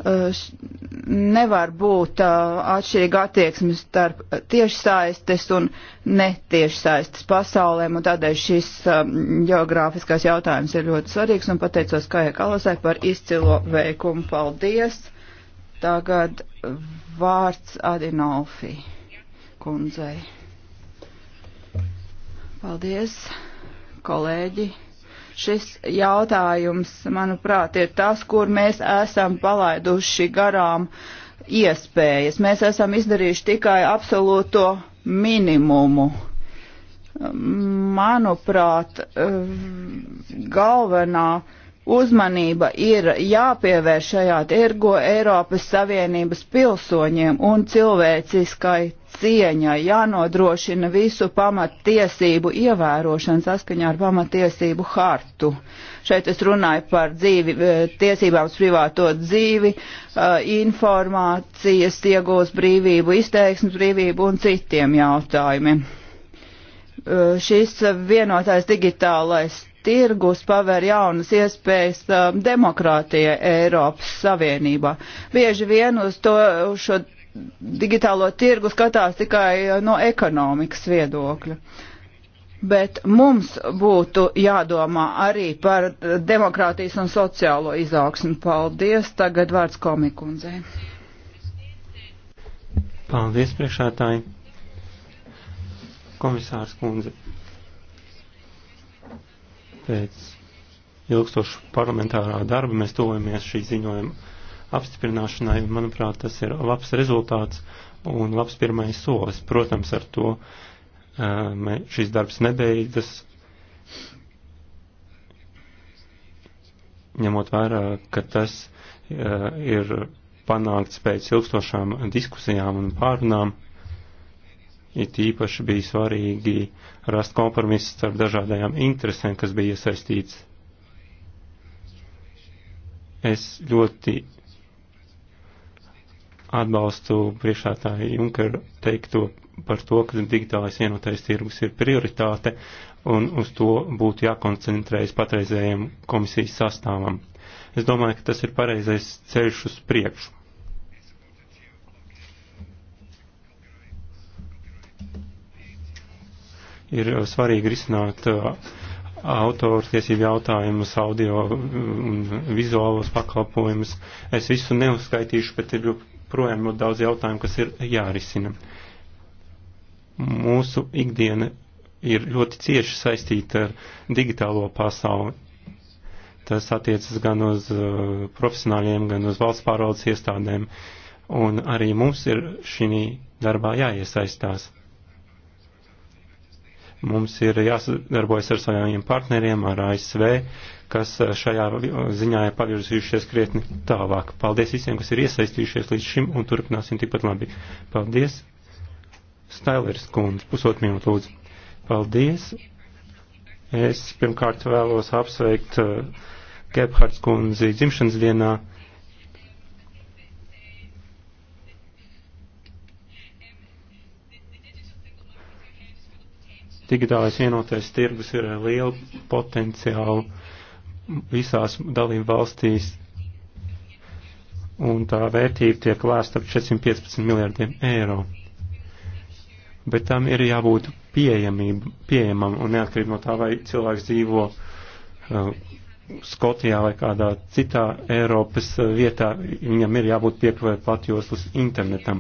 Eh, nevar būt eh, atšķirīga attieksme starp tiešsaistes un netiešsaistes pasaulēm, un tādēļ šis eh, geogrāfiskais jautājums ir ļoti svarīgs, un pateicos Kajai Kalasai par izcilo veikumu. Paldies! Tagad vārds Adinolfi kundzei. Paldies, kolēģi! Šis jautājums, manuprāt, ir tas, kur mēs esam palaiduši garām iespējas. Mēs esam izdarījuši tikai absolūto minimumu. Manuprāt, galvenā uzmanība ir jāpievērš šajā tirgo Eiropas Savienības pilsoņiem un cilvēciskai cieņai, jānodrošina visu pamattiesību ievērošanu saskaņā ar pamattiesību hartu. Šeit es runāju par dzīvi, eh, tiesībām uz privāto dzīvi, eh, informācijas iegūs brīvību, izteiksmes brīvību un citiem jautājumiem. Eh, šis vienotais digitālais tirgus paver jaunas iespējas um, demokrātijai Eiropas Savienībā. Bieži vien uz to uz šo digitālo tirgu skatās tikai uh, no ekonomikas viedokļa. Bet mums būtu jādomā arī par uh, demokrātijas un sociālo izaugsmu. Paldies. Tagad vārds komikundzei. Paldies, priekšētāji. Komisārs kundze. Pēc ilgstošu parlamentārā darba mēs tojamies šī ziņojuma apstiprināšanai, un, manuprāt, tas ir labs rezultāts un labs pirmais solis. Protams, ar to mē, šis darbs nebeidzas, ņemot vērā, ka tas ir panākts pēc ilgstošām diskusijām un pārunām. It īpaši bija svarīgi rast kompromisu starp dažādajām interesēm, kas bija iesaistīts. Es ļoti atbalstu priekšētāju Junkeru teikto par to, ka digitālais vienotais tirgus ir prioritāte un uz to būtu jākoncentrējas patreizējiem komisijas sastāvam. Es domāju, ka tas ir pareizais ceļš uz priekšu. ir uh, svarīgi risināt uh, autortiesību jautājumus, audio un mm, vizuālos pakalpojumus. Es visu neuzskaitīšu, bet ir joprojām ļoti daudz jautājumu, kas ir jārisina. Mūsu ikdiena ir ļoti cieši saistīta ar digitālo pasauli. Tas attiecas gan uz uh, profesionāļiem, gan uz valsts pārvaldes iestādēm. Un arī mums ir šī darbā jāiesaistās. Mums ir jāsadarbojas ar saviem partneriem, ar ASV, kas šajā ziņā ir pavirzījušies krietni tālāk. Paldies visiem, kas ir iesaistījušies līdz šim un turpināsim tikpat labi. Paldies! Stailers kundze, pusot minūtu lūdzu. Paldies! Es pirmkārt vēlos apsveikt uh, Gebhards kundzi dzimšanas dienā. digitālais vienotais tirgus ir eh, liela potenciāla visās dalību valstīs, un tā vērtība tiek lēsta ap 415 miljardiem eiro. Bet tam ir jābūt pieejamam un neatkarīgi no tā, vai cilvēks dzīvo uh, Skotijā vai kādā citā Eiropas eh, vietā, viņam ir jābūt piekļuvai platjoslas internetam.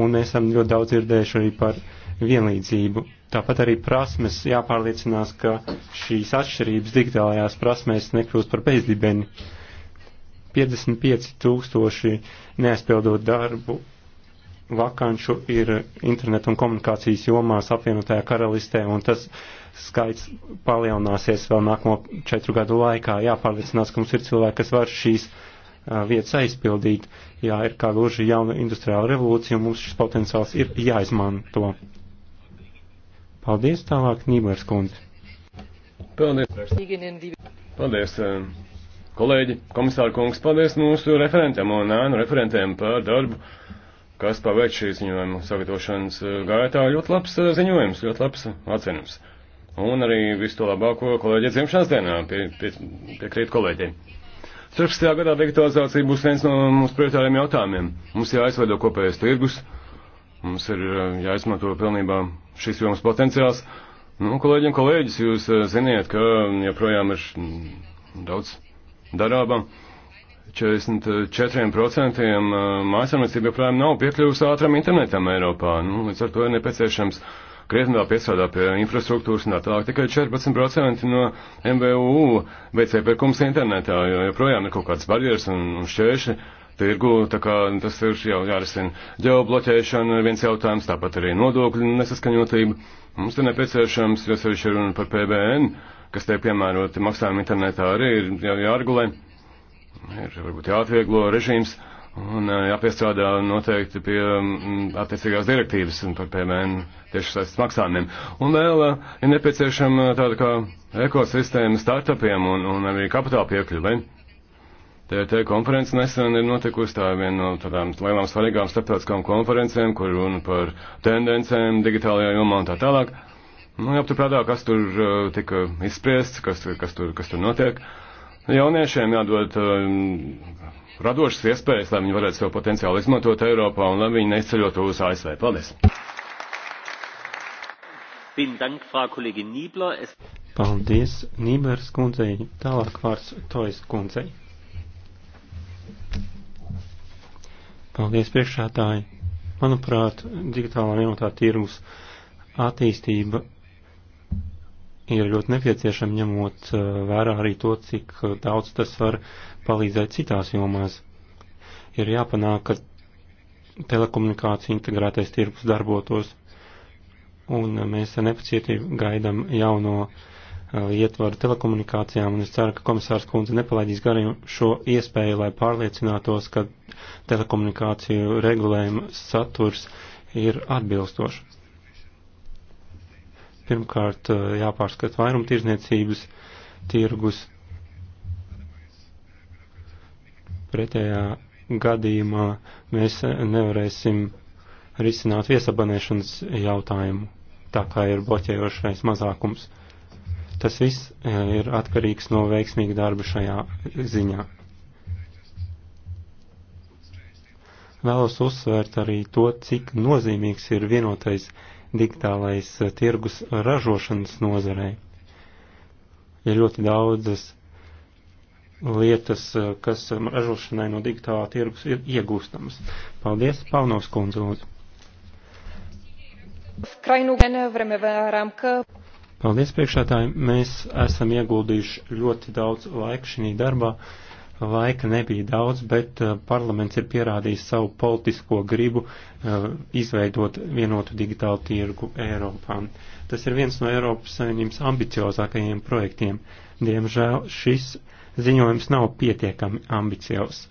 Un esam ļoti daudz dzirdējuši arī par uh, vienlīdzību. Tāpat arī prasmes jāpārliecinās, ka šīs atšķirības digitālajās prasmēs nekļūst par bezdibeni. 55 tūkstoši neaizpildot darbu vakanšu ir internetu un komunikācijas jomās apvienotajā karalistē, un tas skaits palielināsies vēl nākamo četru gadu laikā. Jāpārliecinās, ka mums ir cilvēki, kas var šīs vietas aizpildīt. Jā, ir kā gluži jauna industriāla revolūcija, un mums šis potenciāls ir jāizmanto. Paldies tālāk, Nībārs kundze. Paldies. Paldies, eh, kolēģi, komisāra kungs, paldies mūsu referentiem un ēnu referentiem par darbu, kas paveic šī ziņojuma sagatavošanas eh, gaitā. Ļoti labs eh, ziņojums, ļoti labs atcenums. Un arī visu to labāko kolēģi dzimšanas dienā pie, pie, piekrīt kolēģiem. 16. gadā digitalizācija būs viens no mūsu prioritāriem jautājumiem. Mums jāizveido kopējais tirgus. Mums ir eh, jāizmanto pilnībā šis jomas potenciāls. Nu, kolēģi un kolēģis, jūs eh, ziniet, ka mm, joprojām ir mm, daudz darābā. 44% eh, mājasemniecība joprojām nav piekļuvusi ātram internetam Eiropā. Nu, līdz ar to ir nepieciešams krietni vēl piestrādā pie infrastruktūras un tā tālāk. Tikai 14% no MVU veicēja pirkums internetā, jo joprojām ir kaut kādas barjeras un, un šķēršļi tirgu, tā kā tas ir jau jārisina ģeobloķēšana viens jautājums, tāpat arī nodokļu nesaskaņotība. Mums ir nepieciešams, jo sevišķi runa par PBN, kas tiek piemēroti maksājumi internetā arī ir jā, jāregulē, ir varbūt jāatvieglo režīms un jāpiestrādā noteikti pie attiecīgās direktīvas par PBN tieši saistas maksājumiem. Un vēl ir nepieciešama tāda kā ekosistēma startupiem un, un arī kapitāla piekļuvei. TRT konference nesen ir notikusi, tā ir viena no tādām lielām svarīgām starptautiskām konferencēm, kur runa par tendencēm digitālajā jomā un tā tālāk. Nu, jāpaturprātā, kas tur uh, tika izspriests, kas, kas, tur, kas tur notiek. Jauniešiem jādod uh, radošas iespējas, lai viņi varētu savu potenciālu izmantot Eiropā un lai viņi neizceļotu uz ASV. Paldies! Paldies, Nībērs kundzei. Tālāk vārds Tojas kundzei. Paldies priekšētāji. Manuprāt, digitālā vienotā tirgus attīstība ir ļoti nepieciešama ņemot uh, vērā arī to, cik uh, daudz tas var palīdzēt citās jomās. Ir jāpanāk, ka telekomunikācija integrētais tirgus darbotos, un uh, mēs ar nepacietību gaidam jauno Uh, ietvaru telekomunikācijām, un es ceru, ka komisārs kundze nepalaidīs gariem šo iespēju, lai pārliecinātos, ka telekomunikāciju regulējuma saturs ir atbilstošs. Pirmkārt, uh, jāpārskat vairumtirdzniecības tirgus. Pretējā gadījumā mēs nevarēsim risināt viesabanēšanas jautājumu, tā kā ir bloķējošais mazākums. Tas viss e, ir atkarīgs no veiksmīga darba šajā ziņā. Vēlos uzsvērt arī to, cik nozīmīgs ir vienotais digitālais e, tirgus ražošanas nozarei. Ir ļoti daudzas lietas, e, kas ražošanai no digitālā tirgus ir iegūstamas. Paldies, Paunovs kundze, lūdzu. Paldies priekšētāji, mēs esam ieguldījuši ļoti daudz laika šī darbā. Laika nebija daudz, bet eh, parlaments ir pierādījis savu politisko gribu eh, izveidot vienotu digitālu tirgu Eiropā. Tas ir viens no Eiropas Savienības ambiciozākajiem projektiem. Diemžēl šis ziņojums nav pietiekami ambiciozs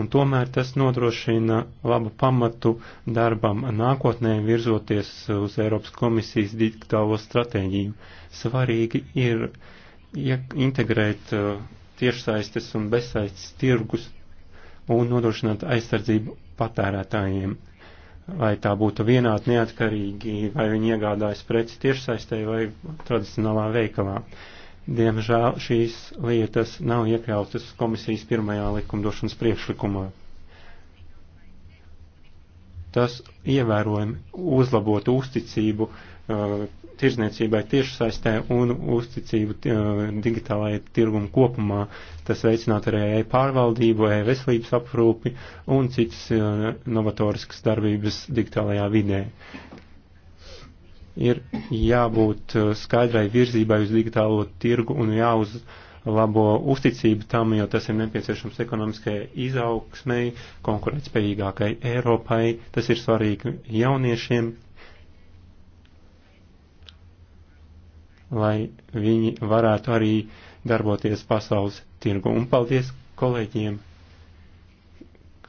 un tomēr tas nodrošina labu pamatu darbam nākotnē virzoties uz Eiropas komisijas digitālo stratēģiju. Svarīgi ir integrēt uh, tiešsaistes un bezsaistes tirgus un nodrošināt aizsardzību patērētājiem, lai tā būtu vienādi neatkarīgi, vai viņi iegādājas preci tiešsaistē vai tradicionālā veikalā. Uh, Diemžēl šīs lietas nav iekļautas komisijas pirmajā likumdošanas priekšlikumā. Tas ievērojami uzlabotu uzticību uh, tirzniecībai tiešsaistē un uzticību uh, digitālajai tirgumu kopumā. Tas veicinātu arī e-pārvaldību, e-veselības aprūpi un citas uh, novatoriskas darbības digitālajā vidē ir jābūt uh, skaidrai virzībai uz digitālo tirgu un jāuzlabo uzticība tam, jo tas ir nepieciešams ekonomiskajai izaugsmai, konkurētspējīgākai Eiropai. Tas ir svarīgi jauniešiem, lai viņi varētu arī darboties pasaules tirgu. Un paldies kolēģiem,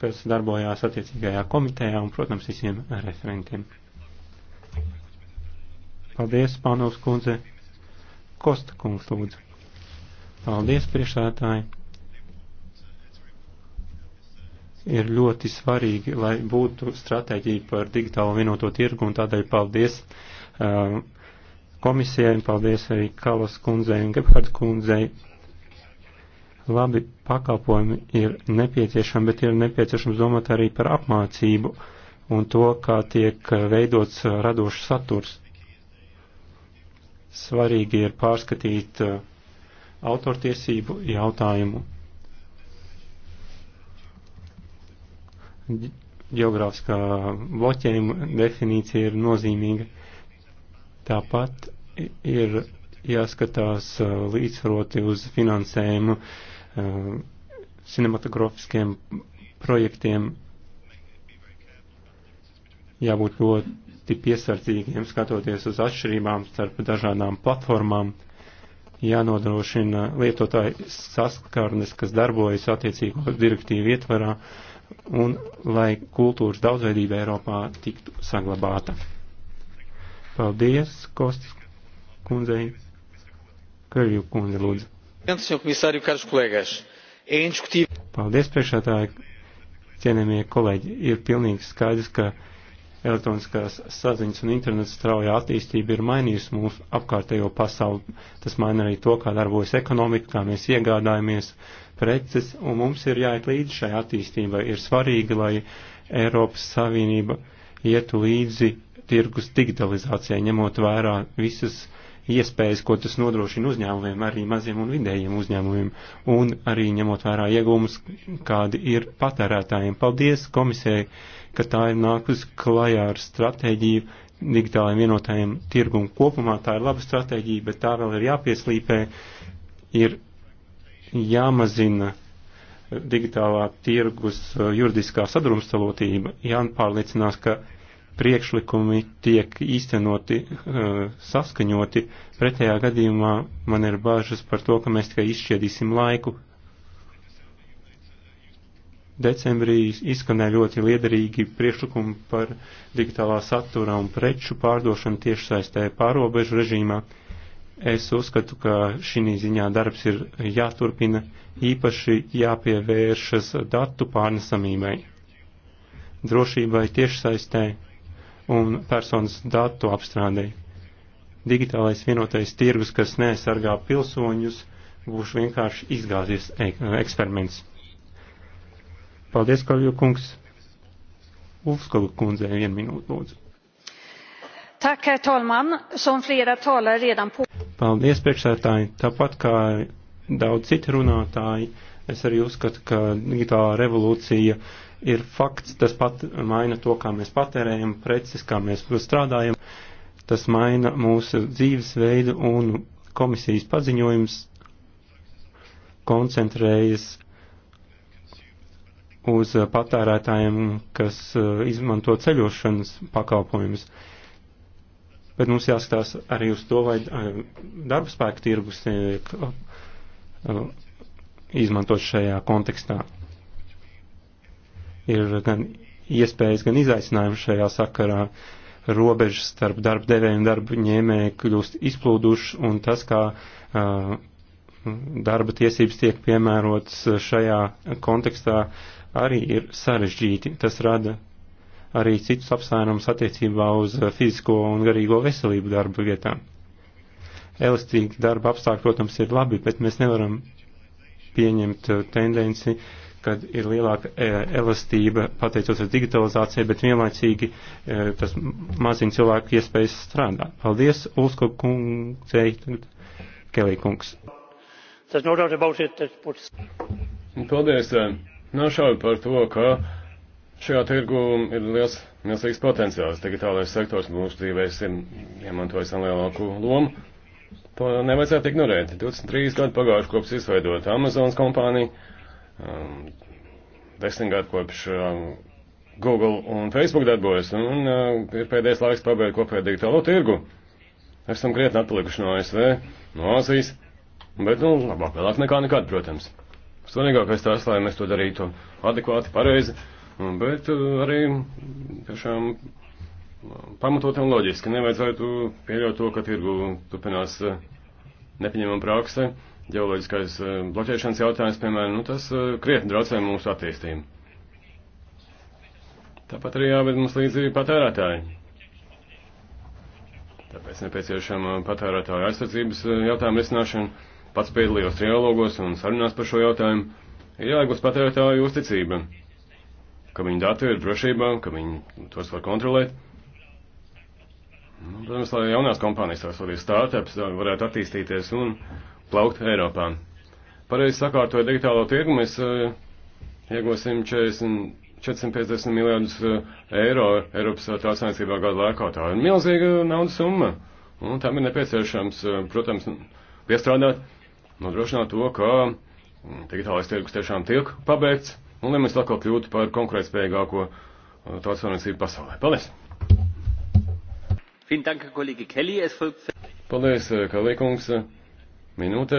kas darbojās attiecīgajā komitejā un, protams, visiem referentiem. Paldies, Pānovs kundze. Kosta kungs, lūdzu. Paldies, priekšētāji. Ir ļoti svarīgi, lai būtu stratēģija par digitālo vienoto tirgu, un tādēļ paldies um, komisijai, un paldies arī Kalas kundzei un Gebhard kundzei. Labi pakalpojumi ir nepieciešami, bet ir nepieciešams domāt arī par apmācību un to, kā tiek veidots radošs saturs svarīgi ir pārskatīt uh, autortiesību jautājumu geogrāfiskā bloķējuma definīcija ir nozīmīga. Tāpat ir jāskatās uh, līdzsvaroti uz finansējumu uh, cinematogrāfiskiem projektiem. Jābūt ļoti ļoti piesardzīgiem skatoties uz atšķirībām starp dažādām platformām, jānodrošina lietotāju saskarnes, kas darbojas attiecīgo direktīvu ietvarā, un lai kultūras daudzveidība Eiropā tiktu saglabāta. Paldies, Kostis kundzei. Kaļu kundze, lūdzu. Paldies, priekšētāji, cienījamie kolēģi. Ir pilnīgi skaidrs, ka elektroniskās saziņas un internets straujā attīstība ir mainījusi mūsu apkārtējo pasauli. Tas maina arī to, kā darbojas ekonomika, kā mēs iegādājamies preces, un mums ir jāiet līdzi šai attīstībai. Ir svarīgi, lai Eiropas Savienība ietu līdzi tirgus digitalizācijai, ņemot vērā visas iespējas, ko tas nodrošina uzņēmumiem, arī maziem un vidējiem uzņēmumiem, un arī ņemot vērā iegūmus, kādi ir patērētājiem. Paldies komisijai! ka tā ir nākus klajā ar stratēģiju digitālajiem vienotajiem tirgum kopumā. Tā ir laba stratēģija, bet tā vēl ir jāpieslīpē, ir jāmazina digitālā tirgus uh, juridiskā sadrumstalotība, jāpārliecinās, ka priekšlikumi tiek īstenoti, uh, saskaņoti. Pretējā gadījumā man ir bāžas par to, ka mēs tikai izšķiedīsim laiku Decembrī izskanēja ļoti liederīgi priekšlikumi par digitālā satura un preču pārdošanu tiešsaistē pārobežu režīmā. Es uzskatu, ka šī ziņā darbs ir jāturpina, īpaši jāpievēršas datu pārnesamībai, drošībai tiešsaistē un personas datu apstrādei. Digitālais vienotais tirgus, kas nesargā pilsoņus, būs vienkārši izgāzies e, eksperiments. Paldies, Kalju kungs. Ufskalu kundze, vienu minūtu lūdzu. Tak, herr talman, som flera talare redan på. Paldies, priekšsētāji. Tāpat kā daudz citi runātāji, es arī uzskatu, ka digitālā revolūcija ir fakts, tas pat maina to, kā mēs patērējam preces, kā mēs strādājam, tas maina mūsu dzīvesveidu un komisijas paziņojums koncentrējas uz uh, patērētājiem, kas uh, izmanto ceļošanas pakalpojumus. Bet mums jāskatās arī uz to, vai uh, darba spēka tirgus tiek izmantot šajā kontekstā. Ir gan iespējas, gan izaicinājumi šajā sakarā. Robežas starp darba devēju un darba ņēmēju kļūst izplūduši, un tas, kā uh, darba tiesības tiek piemērotas šajā kontekstā, uh, arī ir sarežģīti. Tas rada arī citus apsvērumus attiecībā uz fizisko un garīgo veselību darba vietā. Elastīgi darba apstākļi, protams, ir labi, bet mēs nevaram pieņemt tendenci, kad ir lielāka e, elastība pateicoties digitalizācijai, bet vienlaicīgi e, tas mazina cilvēku iespējas strādāt. Paldies, Ulsko kungcei, Kelī kungs. Paldies. Nav šaubu par to, ka šajā tirgu ir liels, milzīgs potenciāls. Digitālais sektors mūsu dzīvēs ir iemantojis ar lielāku lomu. To nevajadzētu ignorēt. 23 gadu pagājuši kopš izveidot Amazonas kompāniju, um, 10 gadu kopš um, Google un Facebook darbojas, un uh, ir pēdējais laiks pabeigt kopējo digitālo tirgu. Esam krietni atpalikuši no ASV, no Āzijas, bet, nu, labāk vēlāk nekā nekad, protams. Svarīgākais tās, lai mēs to darītu adekvāti, pareizi, bet uh, arī tiešām uh, pamatot un loģiski. Nevajadzētu pieļaut to, ka tirgu turpinās uh, nepieņemama prakse, ģeoloģiskais bloķēšanas jautājums, piemēram, nu, tas krietni draucē mūsu attīstību. Tāpat arī jāved mums līdzi patērētāji. Tāpēc nepieciešama patērētāju aizsardzības jautājuma risināšana pats piedalījos trialogos un sarunās par šo jautājumu, ir jāiegūst patērētāju uzticība, ka viņu dati ir drošībā, ka viņi tos var kontrolēt. Nu, protams, lai jaunās kompānijas, tās arī startups, varētu attīstīties un plaukt Eiropā. Pareizi sakārtojot digitālo tirgu, mēs uh, iegūsim 40 450 miljardus eiro Eiropas tautsainicībā gadu laikā. Tā ir milzīga naudas summa. Un tam ir nepieciešams, protams, piestrādāt nodrošināt to, ka mm, digitālais tirgus tiešām tiek pabeigts un lai mēs atkal kļūtu par konkurētspējīgāko eh, tautsvērnesību pasaulē. Paldies! Paldies, eh, Kalī kungs. Minūte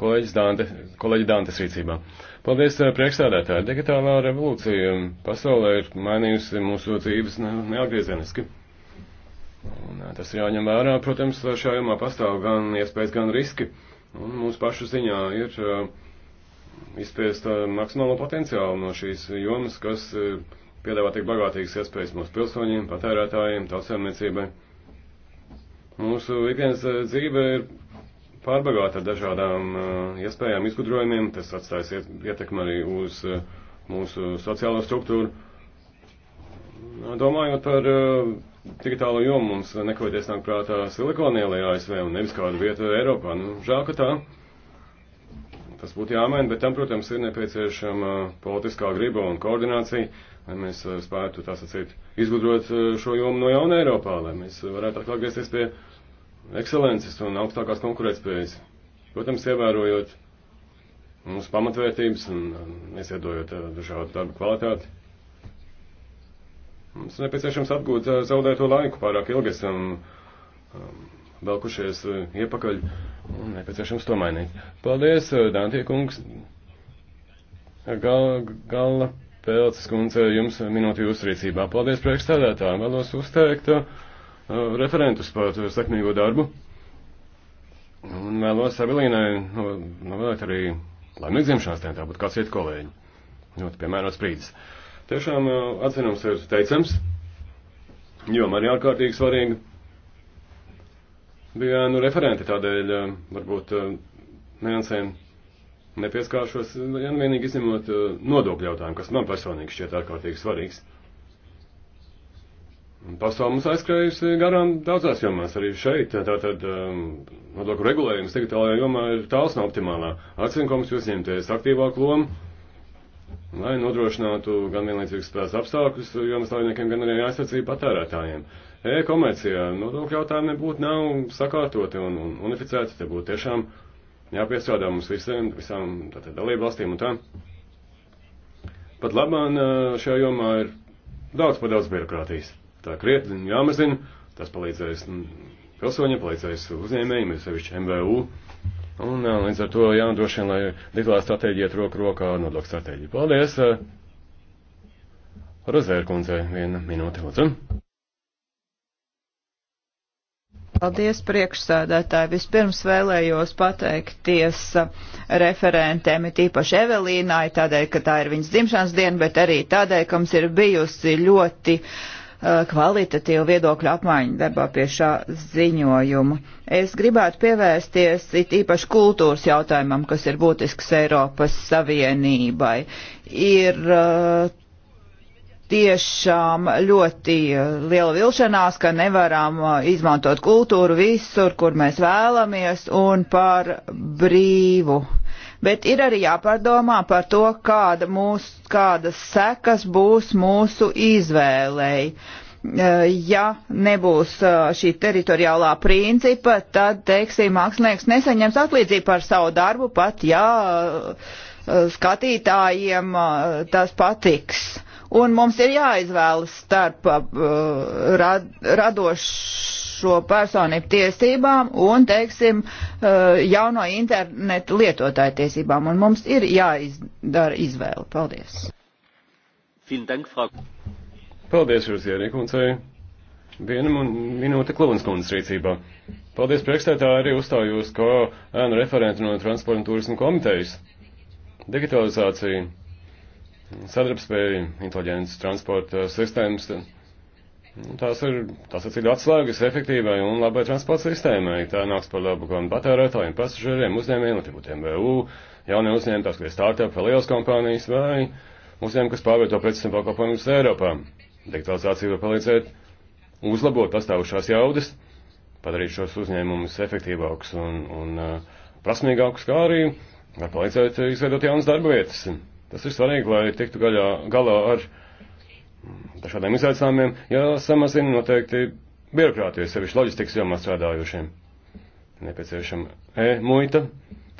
kolēģis Dante, kolēģi Dantes rīcībā. Paldies, eh, priekšstādētāji. Digitālā revolūcija pasaulē ir mainījusi mūsu dzīves neatgriezeniski. Un tas ir jāņem vērā, protams, šajā jomā pastāv gan iespējas, gan riski. Uh, Un mūsu pašu ziņā ir eh, izspiest eh, maksimālo potenciālu no šīs jomas, kas eh, piedāvā tik bagātīgas iespējas mūsu pilsoņiem, patērētājiem, tautsēmniecībai. Mūsu ikdienas dzīve ir pārbagāta ar dažādām iespējām, izgudrojumiem, tas atstājas ietekmi arī uz mūsu sociālo struktūru. Domājot par digitālo jomu mums nekoties nāk prātā silikonielē ASV un nevis kādu vietu Eiropā. Nu, žēl, ka tā. Tas būtu jāmaina, bet tam, protams, ir nepieciešama politiskā griba un koordinācija, lai mēs eh, spētu, tā sacīt, izgudrot eh, šo jomu no jauna Eiropā, lai mēs varētu atkal griezties pie ekscelences un augstākās konkurētspējas. Protams, ievērojot mūsu pamatvērtības un nesiedojot eh, dažādu darbu kvalitāti. Mums nepieciešams atgūt zaudēto laiku, pārāk ilgi esam um, velkušies uh, iepakaļ un nepieciešams to mainīt. Paldies, uh, Dantie kungs. Gal, gala pēlces kundze jums minūti jūsu rīcībā. Paldies priekšstādātājiem. Vēlos uzteikt uh, referentus par sakmīgo darbu. Un vēlos Abilīnai novēlēt nu, nu, arī laimīgu dzimšanas dienu, tāpat kā cieti kolēģi. Ļoti piemērots brīdis. Tiešām eh, atzinums ir teicams, jo man ir ārkārtīgi svarīgi. Bija nu referenti tādēļ, eh, varbūt eh, neansēm nepieskāršos, ja vienīgi izņemot nodokļu jautājumu, kas man personīgi šķiet ārkārtīgi svarīgs. Pasaule mums aizskrējusi garām daudzās jomās, arī šeit. Tātad um, nodokļu regulējums digitālajā jomā ir tāls no optimālā. Atcīm, ka mums jūs ņemties aktīvāku lomu lai nodrošinātu gan vienlaicīgas spēles apstākļus jomas dalībniekiem, gan arī aizsardzību patērētājiem. E-komercijā nodokļu jautājumi nebūtu nav sakārtoti un, un unificēti, te būtu tiešām jāpiestrādā mums visiem, visām dalību valstīm un tā. Pat labāk šajā jomā ir daudz par daudz birokrātijas. Tā krietni jāmazina, tas palīdzēs mm, pilsoņiem, palīdzēs uzņēmējiem, sevišķi MVU. Un līdz ar to jānodrošina, lai digitālā stratēģija iet roku rokā ar nodokļu stratēģiju. Paldies! Rozēra kundzei viena minūte, lūdzu. Paldies, priekšsēdētāji. Vispirms vēlējos pateikties referentēm, it īpaši Evelīnai, tādēļ, ka tā ir viņas dzimšanas diena, bet arī tādēļ, ka mums ir bijusi ļoti uh, Uh, kvalitatīvu viedokļu apmaiņu darbā pie šā ziņojuma. Es gribētu pievērsties it īpaši kultūras jautājumam, kas ir būtisks Eiropas Savienībai. Ir uh, tiešām ļoti uh, liela vilšanās, ka nevaram izmantot kultūru visur, kur mēs vēlamies, un par brīvu bet ir arī jāpadomā par to, kāda mūs, kādas sekas būs mūsu izvēlei. E, ja nebūs e, šī teritoriālā principa, tad, teiksim, mākslinieks nesaņems atlīdzību par savu darbu, pat ja e, skatītājiem tas patiks un mums ir jāizvēlas starp uh, rad, radošu šo personību tiesībām un, teiksim, eh, jauno internetu lietotāju tiesībām. Un mums ir jāizdara izvēle. Paldies. Paldies, Rūzienī kundzei. Viena minūte Klūnas kundzes rīcībā. Paldies, priekšstētā arī uzstājos, kā ēnu referenti no Transporta un Turismu komitejas. Digitalizācija sadarbspēja, inteliģents transporta sistēmas, Tās ir, tās ir cik atslēgas efektīvai un labai transporta sistēmai. Tā nāks par labu gan patērētājiem, pasažieriem, uzņēmējiem, lai būtu MVU, jaunie uzņēmumi, tās, kas ir startup, lielas kompānijas vai uzņēmumi, kas pārvieto preces un pakalpojumus Eiropā. Digitalizācija var palīdzēt uzlabot pastāvušās jaudas, padarīt šos uzņēmumus efektīvākus un, un uh, prasmīgākus, kā arī var palīdzēt izveidot jaunas darba vietas. Tas ir svarīgi, lai tiktu gaļā, galā ar dažādiem izaicinājumiem, jāsamazina noteikti birokrātija, sevišķi loģistikas jomā strādājošiem. Nepieciešama e-muita,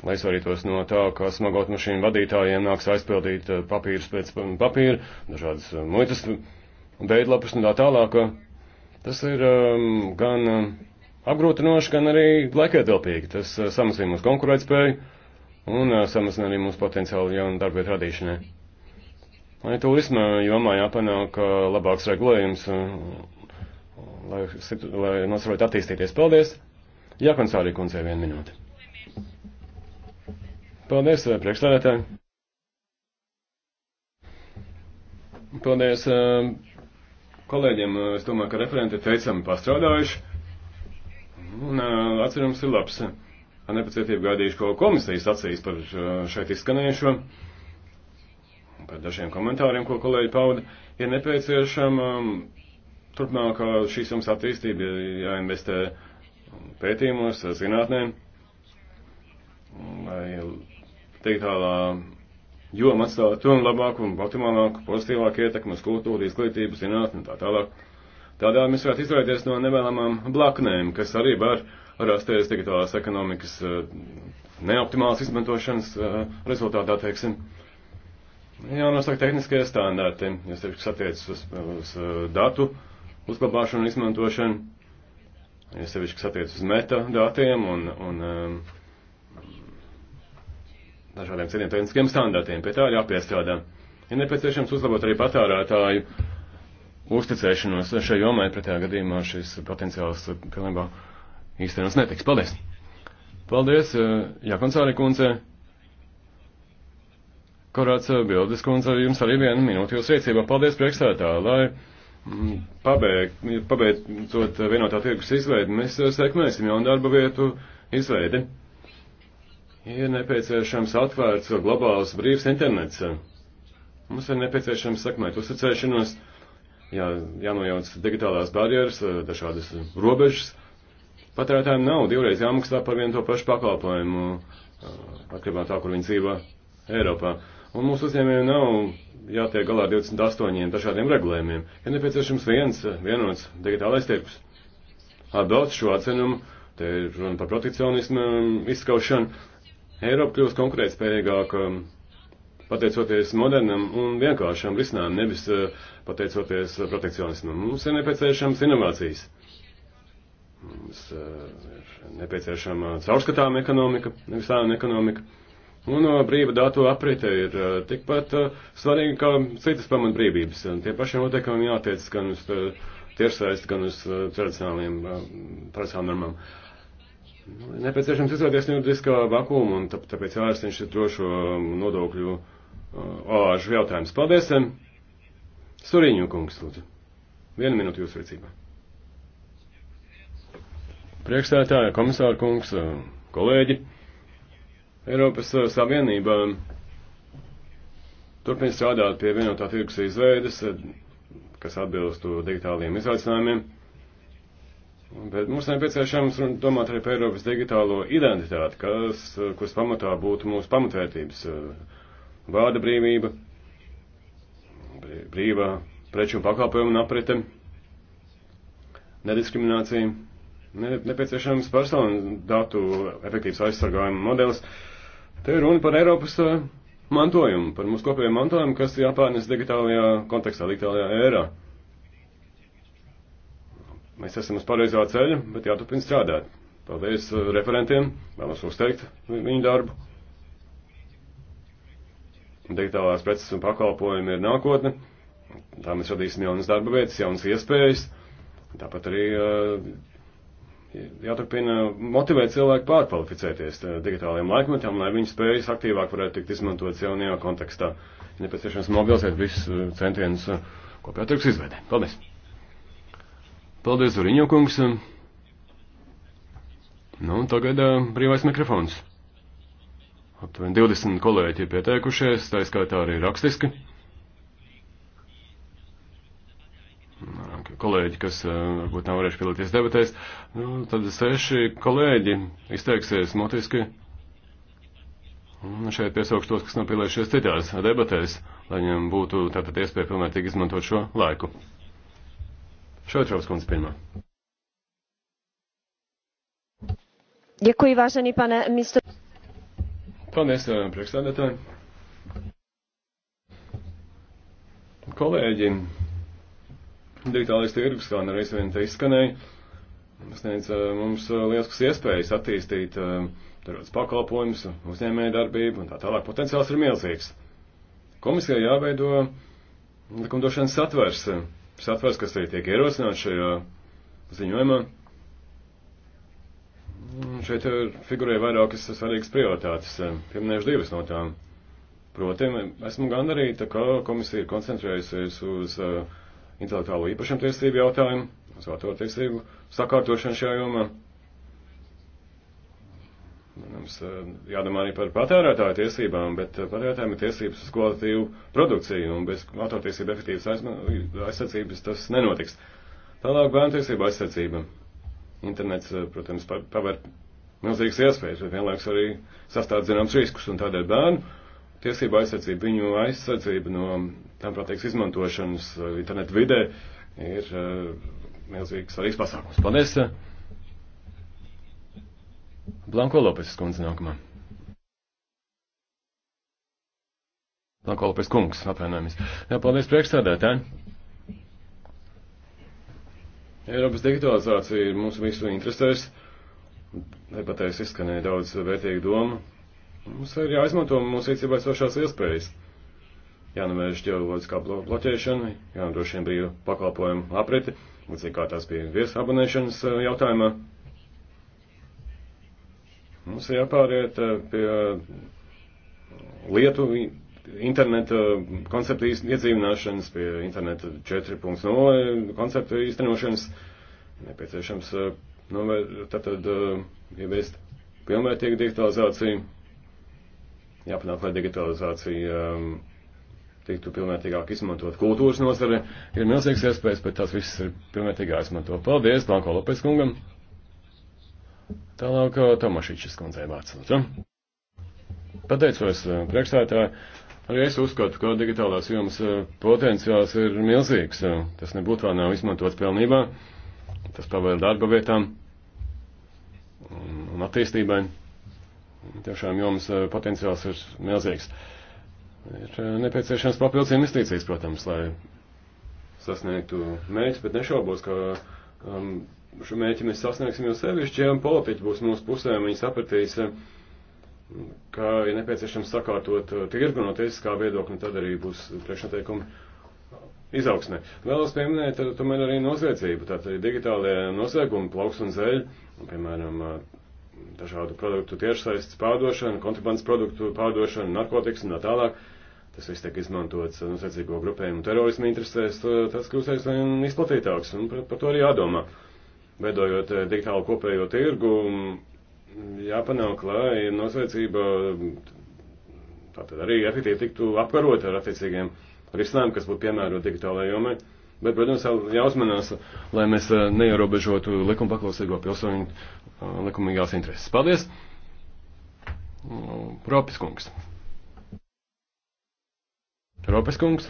lai izvairītos no tā, ka smagot mašīnu vadītājiem nāks aizpildīt eh, papīrus pēc papīra, dažādas eh, muitas veidlapas un tā tālāk. Tas ir um, gan eh, apgrūtinoši, gan arī laikietilpīgi. Tas uh, samazina mūsu konkurētspēju un uh, samazina arī mūsu potenciālu jaunu darbvietu radīšanai. Lai turisma jomā jāpanāk uh, labāks regulējums, uh, lai, lai nos varētu attīstīties. Paldies! Jākonsārī kundzei vienu minūti. Paldies, uh, priekšstādētāji! Paldies kolēģiem. Es domāju, ka referenti teicami pastrādājuši. Un atcerums ir labs. Ar nepacietību gaidīšu, ko komisijas acīs par šeit izskanējušo par dažiem komentāriem, ko kolēģi pauda, ir nepieciešama um, turpmākā šīs jums attīstība, jāinvestē pētījumos, zinātnē, lai digitālā joma atstāja to labāku un optimālāku, pozitīvāku ietekmu uz kultūru, izglītību, zinātni un tā tālāk. Tādā mēs varētu izvairīties no nevēlamām blaknēm, kas arī var rasties digitālās ekonomikas eh, neoptimālas izmantošanas eh, rezultātā, teiksim jānosaka tehniskie standarti, jo sevišķi, kas attiecas uz, uz datu uzglabāšanu un izmantošanu, jo sevišķi, kas attiecas uz metadatiem un, un um, dažādiem citiem tehniskiem standartiem. Pie tā ir jāpiestrādā. Ir ja nepieciešams uzlabot arī patērētāju uzticēšanos šai jomai, pretējā gadījumā šis potenciāls pilnībā īstenos netiks. Paldies! Paldies, uh, Jākonsāri kundze! Korāts eh, Bildes kundze, jums arī viena minūte jūsu rīcībā. Paldies priekšstādā, lai mm, pabeigt, pabeidzot eh, vienotā tirgus izveidi, mēs eh, sekmēsim jaunu darba vietu izveidi. Ir nepieciešams atvērts globāls brīvs internets. Mums ir nepieciešams sekmēt uzticēšanos, jā, jānojauc digitālās barjeras, dažādas robežas. Patērētājiem nav divreiz jāmaksā par vienu to pašu pakalpojumu, atkarībā no tā, kur viņi dzīvo Eiropā. Un mūsu uzņēmējiem nav jātiek galā ar 28 dažādiem regulējumiem. Ir ja nepieciešams viens vienots digitālais tirgus. Atbalstu šo atcenumu, te ir runa par protekcionismu um, izskaušanu. Eiropa kļūst konkurētspējīgāka um, pateicoties modernam un vienkāršam risinājumam, nevis uh, pateicoties uh, protekcionismam. Mums ir nepieciešams inovācijas. Mums uh, ir nepieciešama caurskatāma ekonomika, nevis ēna ekonomika. Un brīva datu aprite ir tikpat svarīga kā citas pamatbrīvības. Tie pašiem noteikumiem jātiec gan uz tiešsaisti, gan uz tradicionāliem prasām normām. Nu, nepieciešams izvēlēties juridiskā vakuuma, un tāpēc jārisina šis drošo nodokļu oāžu jautājums. Paldies! Suriņu kungs, lūdzu. Vienu minūtu jūsu rīcībā. Priekšstādātāja, komisāra kungs, kolēģi. Eiropas eh, Savienība um, turpina strādāt pie vienotā tirgus izveides, eh, kas atbilstu digitāliem izaicinājumiem. Bet mums nepieciešams domāt arī par Eiropas digitālo identitāti, kas, eh, kuras pamatā būtu mūsu pamatvērtības vārda brīvība, brīvā preču un pakalpojumu aprite, nediskriminācija, ne, nepieciešams personu datu efektīvs aizsargājuma modelis. Uh, Te ir runa par Eiropas mantojumu, par mūsu kopējo mantojumu, kas jāpārnes digitālajā kontekstā, digitālajā ērā. Mēs esam uz pareizā ceļa, bet jāturpina strādāt. Paldies referentiem, vēlos uzteikt viņu darbu. Digitālās preces un pakalpojumi ir nākotne. Tā mēs radīsim jaunas darba vietas, jaunas iespējas. Tāpat arī uh, jāturpina motivēt cilvēku pārkvalificēties eh, digitālajiem laikmetam, lai viņu spējas aktīvāk varētu tikt izmantotas jaunajā kontekstā. Ir nepieciešams mobilizēt visus eh, centienus eh, kopējā tirgus izveidē. Paldies! Paldies, Zuriņo kungs! Nu, tagad brīvais mikrofons. Aptuveni 20 kolēģi ir pieteikušies, tā skaitā arī rakstiski kolēģi, kas eh, varbūt nav varējuši piedalīties debatēs, nu, tad seši kolēģi izteiksies motiski. Un šeit piesaukšu tos, kas nav piedalījušies citās debatēs, lai viņiem būtu tātad iespēja pilnvērtīgi izmantot šo laiku. Šoitrovs kundze pirmā. Děkuji, vážený pane místo. Paldies, eh, priekšstādātāji. Kolēģi, Digitālais tirgus, kā nereiz vien te izskanēja, sniedz eh, mums eh, lieliskas iespējas attīstīt eh, dažādas pakalpojumus, uzņēmēju darbību un tā tālāk. Potenciāls ir milzīgs. Komisijai jāveido likumdošanas satvers, satvers, kas arī tiek ierosināts šajā ziņojumā. Šeit figurē vairākas svarīgas prioritātes, pieminēšu divas no tām. Protams, esmu gandarīta, ka komisija ir koncentrējusies uz uh, intelektuālo īpašumu tiesību jautājumu, uz autora tiesību sakārtošanu šajā jomā. Mums eh, jādomā arī par patērētāju tiesībām, bet eh, patērētājiem ir tiesības uz kvalitīvu produkciju, un bez autortiesību efektīvas aizsardzības tas nenotiks. Tālāk bērnu tiesību aizsardzība. Internets, eh, protams, paver milzīgas iespējas, bet vienlaiks arī sastāv zināms riskus, un tādēļ bērnu tiesību aizsardzība, viņu aizsardzība no ļaunprātīgas izmantošanas uh, internetu vidē ir uh, milzīgs svarīgs pasākums. Paldies! Uh, Blanko Lopes skundze nākamā. Blanko Lopes kungs, atvainojamies. Jā, paldies priekšsādētāji. Eiropas digitalizācija ir mūsu visu interesēs. Debatēs izskanēja daudz vērtīgu domu. Mums ir jāizmanto mūsu rīcībā esošās iespējas jānovērš ģeoloģiskā bloķēšana, jānodrošina brīvu pakalpojumu apriti, līdzīgi kā tās bija viesu abonēšanas eh, jautājumā. Mums ir jāpāriet eh, pie eh, lietu interneta koncepta iedzīvināšanas, pie interneta 4.0 koncepta īstenošanas. Nepieciešams, nu, tātad ieviest pilnvērtīgu digitalizāciju, jāpanāk, lai digitalizācija um, tiktu pilnvērtīgāk izmantot kultūras nozare. Ir milzīgs iespējas, bet tās visas ir pilnvērtīgāk izmanto. Paldies, Blanko Lopes kungam. Tālāk eh, Tomašičs kundzei vārds. Pateicos eh, priekšstādātāji. Arī es uzskatu, ka digitālās jomas eh, potenciāls ir milzīgs. Tas nebūtu vēl nav izmantots pilnībā. Tas pavēl darba vietām un attīstībai. Tiešām jomas potenciāls ir milzīgs. Uh, Ir eh, nepieciešams papildus investīcijas, protams, lai sasniegtu mērķus, bet nešaubos, ka um, šo mērķi mēs sasniegsim jau sevišķi, ja politiķi būs mūsu pusē, viņi sapratīs, eh, ka ir ja nepieciešams sakārtot eh, tirgu no tiesiskā viedokļa, tad arī būs priekšnoteikumi izaugsmē. Vēlos pieminēt, tomēr arī noziedzību, tātad digitālajie noziegumi, plauks un zeļi, piemēram, dažādu produktu tiešsaistes pārdošana, kontrabandas produktu pārdošana, narkotikas un tā tālāk. Uh, tas viss tiek izmantots noziedzīgo nu, grupējumu terorismu interesēs, tas kļūs aizvien izplatītāks, un par, par to arī jādomā. Veidojot eh, digitālu kopējo tirgu, jāpanāk, lai noziedzība tātad arī efektīvi tiktu apkarota ar attiecīgiem risinājumiem, kas būtu piemērot digitālajai jomai. Bet, protams, jāuzmanās, lai mēs eh, neierobežotu likuma paklausīgo pilsoņu eh, likumīgās intereses. Paldies! Propis nu, kungs! Ropes kungs.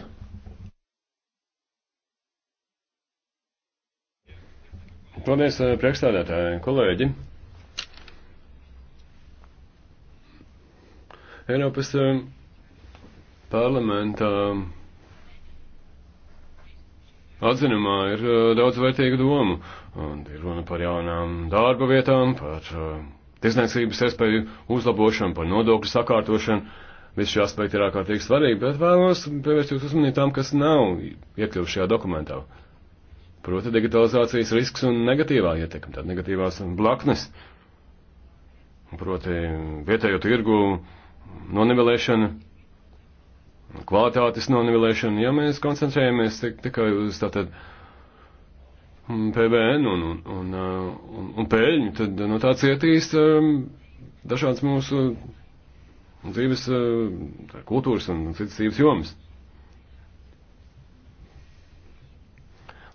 Paldies, eh, priekšstādātāji, kolēģi. Eiropas eh, parlamentā eh, atzinumā ir daudz vērtīgu domu. Un ir runa par jaunām darba vietām, par tiesniecības iespēju uzlabošanu, par nodokļu sakārtošanu. Visi šie aspekti ir ārkārtīgi svarīgi, bet vēlos pievērst jūs uzmanību tām, kas nav iekļuvuši šajā dokumentā. Proti digitalizācijas risks un negatīvā ietekme, tātad negatīvās blaknes. Proti vietējo tirgu nonivelēšana, kvalitātes nonivelēšana, ja mēs koncentrējamies tikai uz tātad. Mm, PVN un, un, un, un, un pēļņu, tad no tā cietīs um, dažādas mūsu dzīves eh, kultūras un citas dzīves jomas.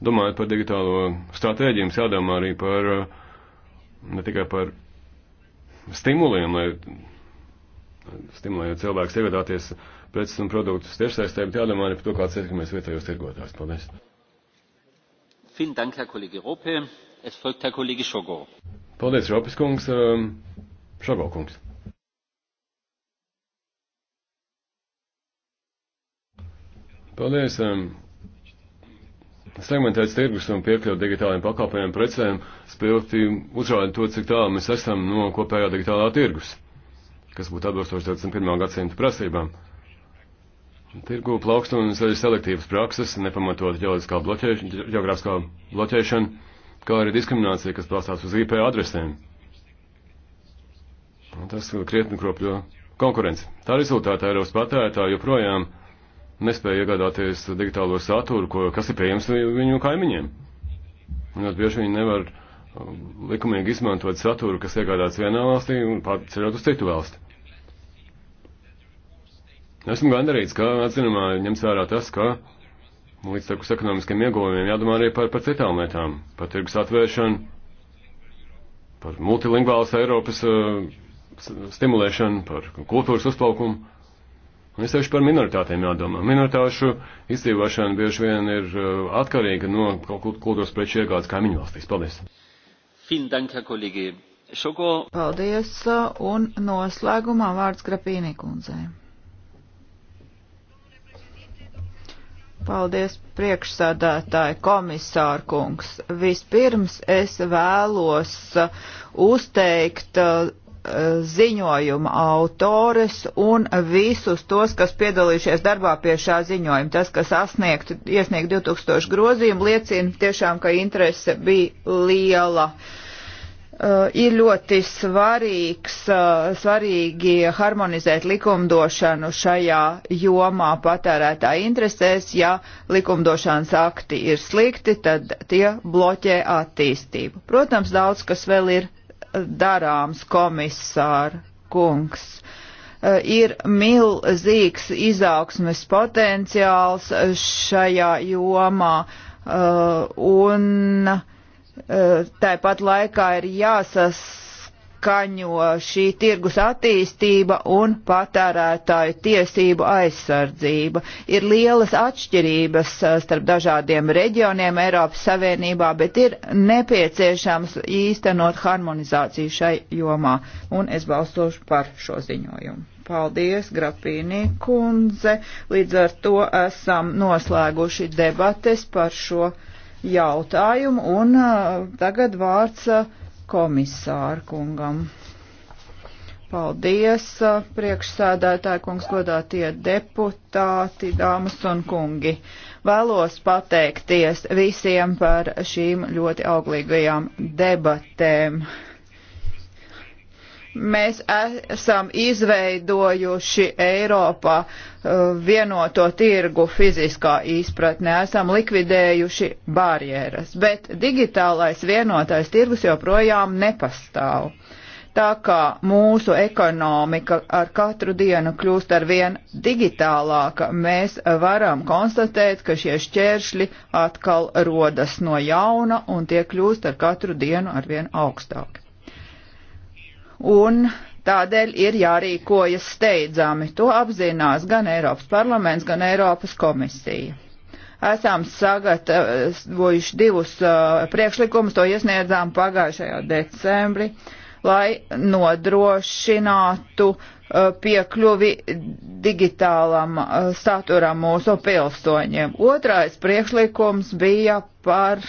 Domājot par digitālo stratēģiju, mums jādomā arī par eh, ne tikai par stimuliem, lai stimulējot cilvēkus iegādāties preces un produktus tiešsaistē, bet jādomā arī par to, kāds ietekmēs vietējos tirgotājs. Paldies! Vielen Dank, Herr Kollege Rope. Es folgt Herr Kollege Schogo. Paldies, Ropes kungs. Šogo eh, kungs. Paldies! Um, segmentēts tirgus un piekļuva digitāliem pakalpojumiem precēm spilgti uzrāda to, cik tālu mēs esam no kopējā digitālā tirgus, kas būtu atbilstoši 21. gadsimta prasībām. Tirgu plaukstunas arī selektīvas prakses, nepamatot ģeogrāfiskā bloķēšana, ģeogrāfiskā bloķēšana, kā arī diskriminācija, kas plāstās uz IP adresēm. Un tas krietni kropļo konkurenci. Tā rezultātā Eiropas patērētāji joprojām nespēja iegādāties digitālo saturu, ko, kas ir pieejams viņu kaimiņiem. Un bieži viņi nevar um, likumīgi izmantot saturu, kas iegādāts vienā valstī un pārceļot uz citu valsti. Esmu gandarīts, ka atzinumā ņems vērā tas, ka līdz tekus ekonomiskiem ieguvumiem jādomā arī par, par citām lietām, par tirgus atvēršanu, par multilingvālas Eiropas uh, stimulēšanu, par kultūras uzplaukumu. Un es sevišķi par minoritātēm jādomā. Minoritāšu izdzīvošana bieži vien ir uh, atkarīga no kaut kādos preču iegādes kaimiņu valstīs. Paldies! Paldies, uh, un noslēgumā vārds Grapīnī kundzei. Paldies, priekšsādātāji komisāra kungs. Vispirms es vēlos uh, uzteikt Eh, ziņojuma autores un visus tos, kas piedalījušies darbā pie šā ziņojuma. Tas, kas asniegt, iesniegt 2000 grozījumu, liecina tiešām, ka interese bija liela. Uh, ir ļoti svarīgs, uh, svarīgi harmonizēt likumdošanu šajā jomā patērētā interesēs. Ja likumdošanas akti ir slikti, tad tie bloķē attīstību. Protams, daudz kas vēl ir darāms, komisāra kungs. Eh, ir milzīgs izaugsmes potenciāls eh, šajā jomā eh, un tāpat laikā ir jāsas jāsaskaņo šī tirgus attīstība un patērētāju tiesību aizsardzība. Ir lielas atšķirības uh, starp dažādiem reģioniem Eiropas Savienībā, bet ir nepieciešams īstenot harmonizāciju šai jomā, un es balstošu par šo ziņojumu. Paldies, Grapīnī kundze. Līdz ar to esam noslēguši debates par šo jautājumu, un uh, tagad vārds. Uh, komisāru kungam. Paldies, uh, priekšsēdētāji kungs, godātie deputāti, dāmas un kungi. Vēlos pateikties visiem par šīm ļoti auglīgajām debatēm mēs esam izveidojuši Eiropā uh, vienoto tirgu fiziskā izpratnē, esam likvidējuši barjeras, bet digitālais vienotais tirgus joprojām nepastāv. Tā kā mūsu ekonomika ar katru dienu kļūst ar vien digitālāka, mēs varam konstatēt, ka šie šķēršļi atkal rodas no jauna un tie kļūst ar katru dienu ar vien augstāki un tādēļ ir jārīkojas steidzami. To apzinās gan Eiropas parlaments, gan Eiropas komisija. Esam sagatavojuši divus uh, priekšlikumus, to iesniedzām pagājušajā decembrī, lai nodrošinātu uh, piekļuvi digitālam uh, saturam mūsu pilsoņiem. Otrais priekšlikums bija par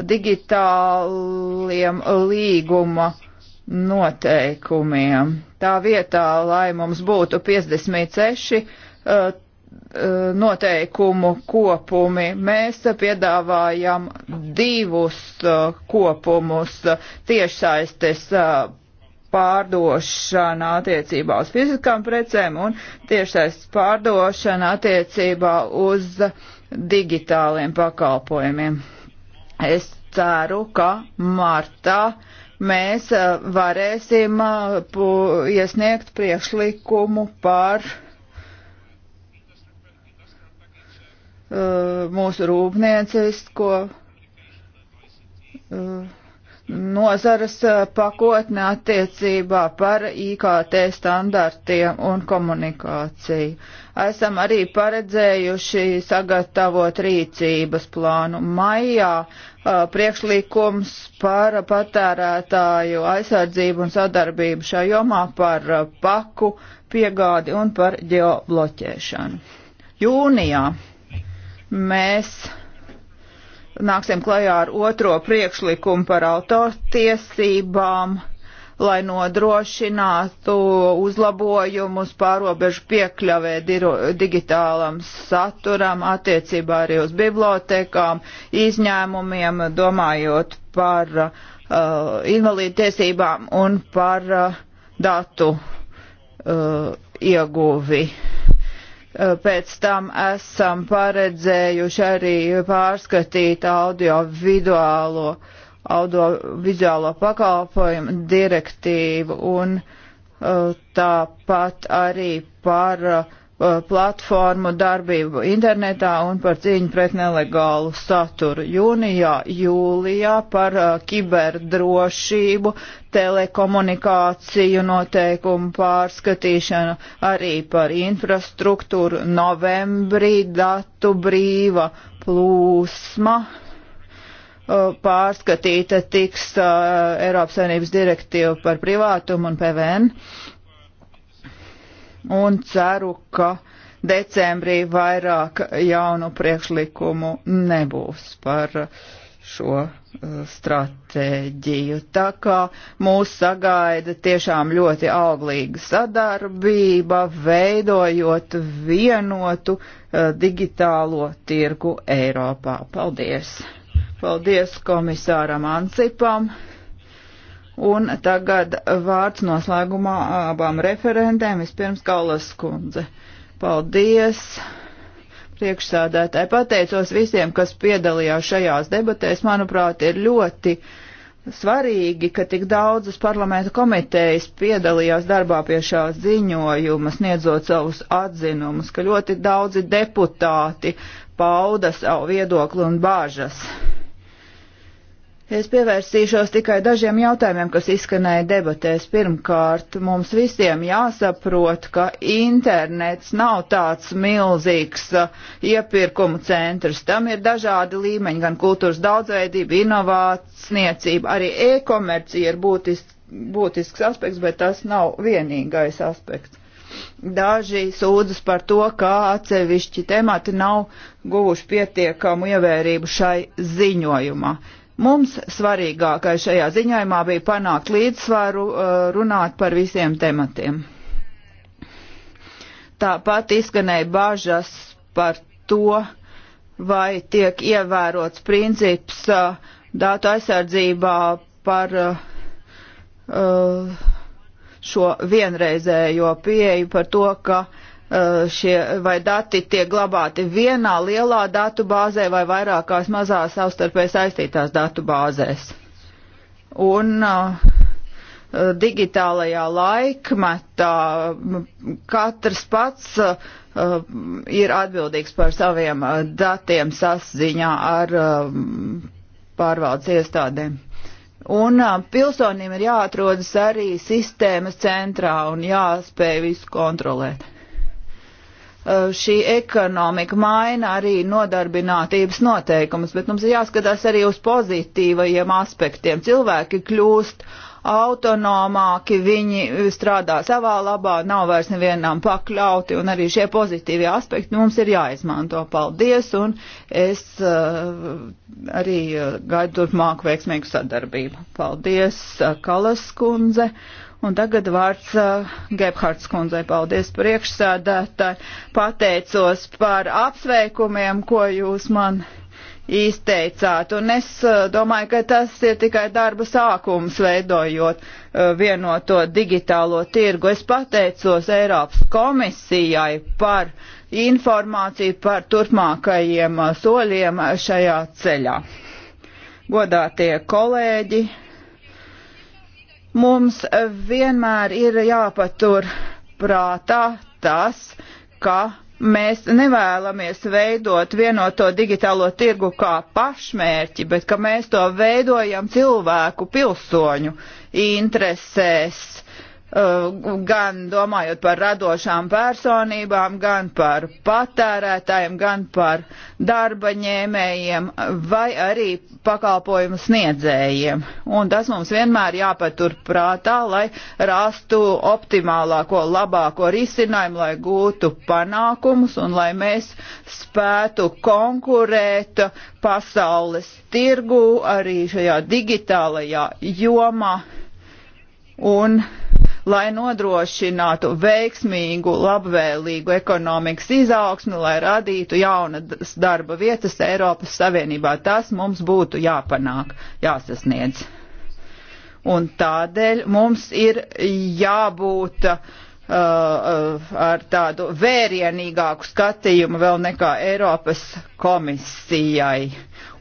digitāliem līguma uh, noteikumiem. Tā vietā, lai mums būtu 56 uh, uh, noteikumu kopumi, mēs piedāvājam divus uh, kopumus uh, tiešsaistes uh, pārdošana attiecībā uz fiziskām precēm un tiešsaistes pārdošana attiecībā uz digitāliem pakalpojumiem. Es ceru, ka martā uh, mēs uh, varēsim uh, iesniegt priekšlikumu par uh, mūsu rūpniecisko nozaras eh, pakotne attiecībā par IKT standartiem un komunikāciju. Esam arī paredzējuši sagatavot rīcības plānu. Maijā eh, priekšlikums par patērētāju aizsardzību un sadarbību šajā jomā par eh, paku piegādi un par ģeobloķēšanu. Jūnijā mēs nāksim klajā ar otro priekšlikumu par autotiesībām, lai nodrošinātu uzlabojumus pārobežu piekļavē digitālam saturam attiecībā arī uz bibliotekām, izņēmumiem, domājot par uh, invalīdu tiesībām un par uh, datu uh, ieguvi. Uh, Eh, pēc tam esam paredzējuši arī pārskatīt audio-vizuālo audio pakalpojumu direktīvu un eh, tāpat arī par uh, Uh, platformu darbību internetā un par cīņu pret nelegālu saturu. Jūnijā, jūlijā par uh, kiberdrošību, telekomunikāciju noteikumu pārskatīšanu, arī par infrastruktūru novembrī datu brīva plūsma. Uh, pārskatīta tiks Eiropas Savienības direktīva par privātumu un PVN un ceru, ka decembrī vairāk jaunu priekšlikumu nebūs par šo uh, stratēģiju. Tā kā mūs sagaida tiešām ļoti auglīga sadarbība, veidojot vienotu uh, digitālo tirgu Eiropā. Paldies! Paldies komisāram Ancipam! Un tagad vārds noslēgumā abām referentēm. Vispirms Kaulas kundze. Paldies! Priekšsādētāji pateicos visiem, kas piedalījās šajās debatēs. Manuprāt, ir ļoti svarīgi, ka tik daudzas parlamenta komitejas piedalījās darbā pie šā ziņojuma, sniedzot savus atzinumus, ka ļoti daudzi deputāti pauda savu viedokli un bāžas. Es pievērsīšos tikai dažiem jautājumiem, kas izskanēja debatēs. Pirmkārt, mums visiem jāsaprot, ka internets nav tāds milzīgs uh, iepirkumu centrs. Tam ir dažādi līmeņi, gan kultūras daudzveidība, inovācniecība, arī e-komercija ir būtisks, būtisks aspekts, bet tas nav vienīgais aspekts. Daži sūdzas par to, kā atsevišķi temati nav guvuši pietiekamu ievērību šai ziņojumā Mums svarīgākais šajā ziņojumā bija panākt līdzsvaru, uh, runāt par visiem tematiem. Tāpat izskanēja bažas par to, vai tiek ievērots princips uh, datu aizsardzībā par uh, šo vienreizējo pieeju, par to, ka uh, Eh, šie vai dati tiek glabāti vienā lielā datu bāzē vai vairākās mazās savstarpēji saistītās datu bāzēs. Un uh, digitālajā laikmetā katrs pats uh, ir atbildīgs par saviem datiem sasziņā ar uh, pārvaldes iestādēm. Un pilsonim ir jāatrodas arī sistēmas centrā un jāspēj visu kontrolēt. Eh, šī ekonomika maina arī nodarbinātības noteikumus, bet mums ir jāskatās arī uz pozitīvajiem aspektiem. Cilvēki kļūst autonomāki, viņi strādā savā labā, nav vairs nevienam pakļauti, un arī šie pozitīvie aspekti mums ir jāizmanto. Paldies, un es uh, arī eh, gaidu turpmāk veiksmīgu sadarbību. Paldies, Kalas kundze. Uh, Un tagad vārds uh, Gebhards kundzei. Paldies priekšsādātāji. Pateicos par apsveikumiem, ko jūs man izteicāt. Un es uh, domāju, ka tas ir tikai darba sākums veidojot uh, vienoto digitālo tirgu. Es pateicos Eiropas komisijai par informāciju par turpmākajiem uh, soļiem uh, šajā ceļā. Godātie kolēģi, Mums vienmēr ir jāpatur prātā tas, ka mēs nevēlamies veidot vienoto digitālo tirgu kā pašmērķi, bet ka mēs to veidojam cilvēku pilsoņu interesēs Uh, gan domājot par radošām personībām, gan par patērētājiem, gan par darba ņēmējiem vai arī pakalpojumu sniedzējiem. Un tas mums vienmēr jāpatur prātā, lai rastu optimālāko, labāko risinājumu, lai gūtu panākumus un lai mēs spētu konkurēt pasaules tirgu arī šajā digitālajā jomā. Un lai nodrošinātu veiksmīgu, labvēlīgu ekonomikas izaugsmu, lai radītu jaunas darba vietas Eiropas Savienībā. Tas mums būtu jāpanāk, jāsasniedz. Un tādēļ mums ir jābūt uh, uh ar tādu vērienīgāku skatījumu vēl nekā Eiropas komisijai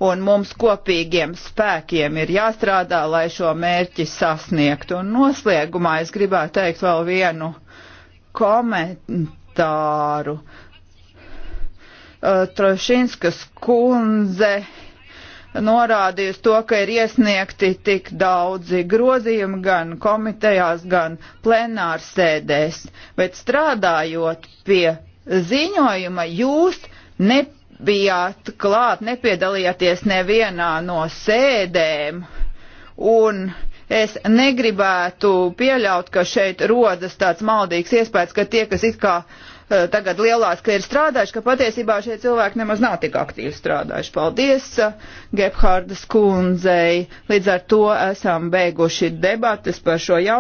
un mums kopīgiem spēkiem ir jāstrādā, lai šo mērķi sasniegtu. Un noslēgumā es gribētu teikt vēl vienu komentāru. Uh, Trošinskas kundze norādījusi to, ka ir iesniegti tik daudzi grozījumi gan komitejās, gan plenārsēdēs, bet strādājot pie ziņojuma jūs nepārādījāt bijāt klāt, nepiedalījāties nevienā no sēdēm, un es negribētu pieļaut, ka šeit rodas tāds maldīgs iespējas, ka tie, kas it kā uh, tagad lielās, ka ir strādājuši, ka patiesībā šie cilvēki nemaz nav tik aktīvi strādājuši. Paldies uh, eh, Gebhārdas kundzei. Līdz ar to esam beiguši debatas par šo jautājumu.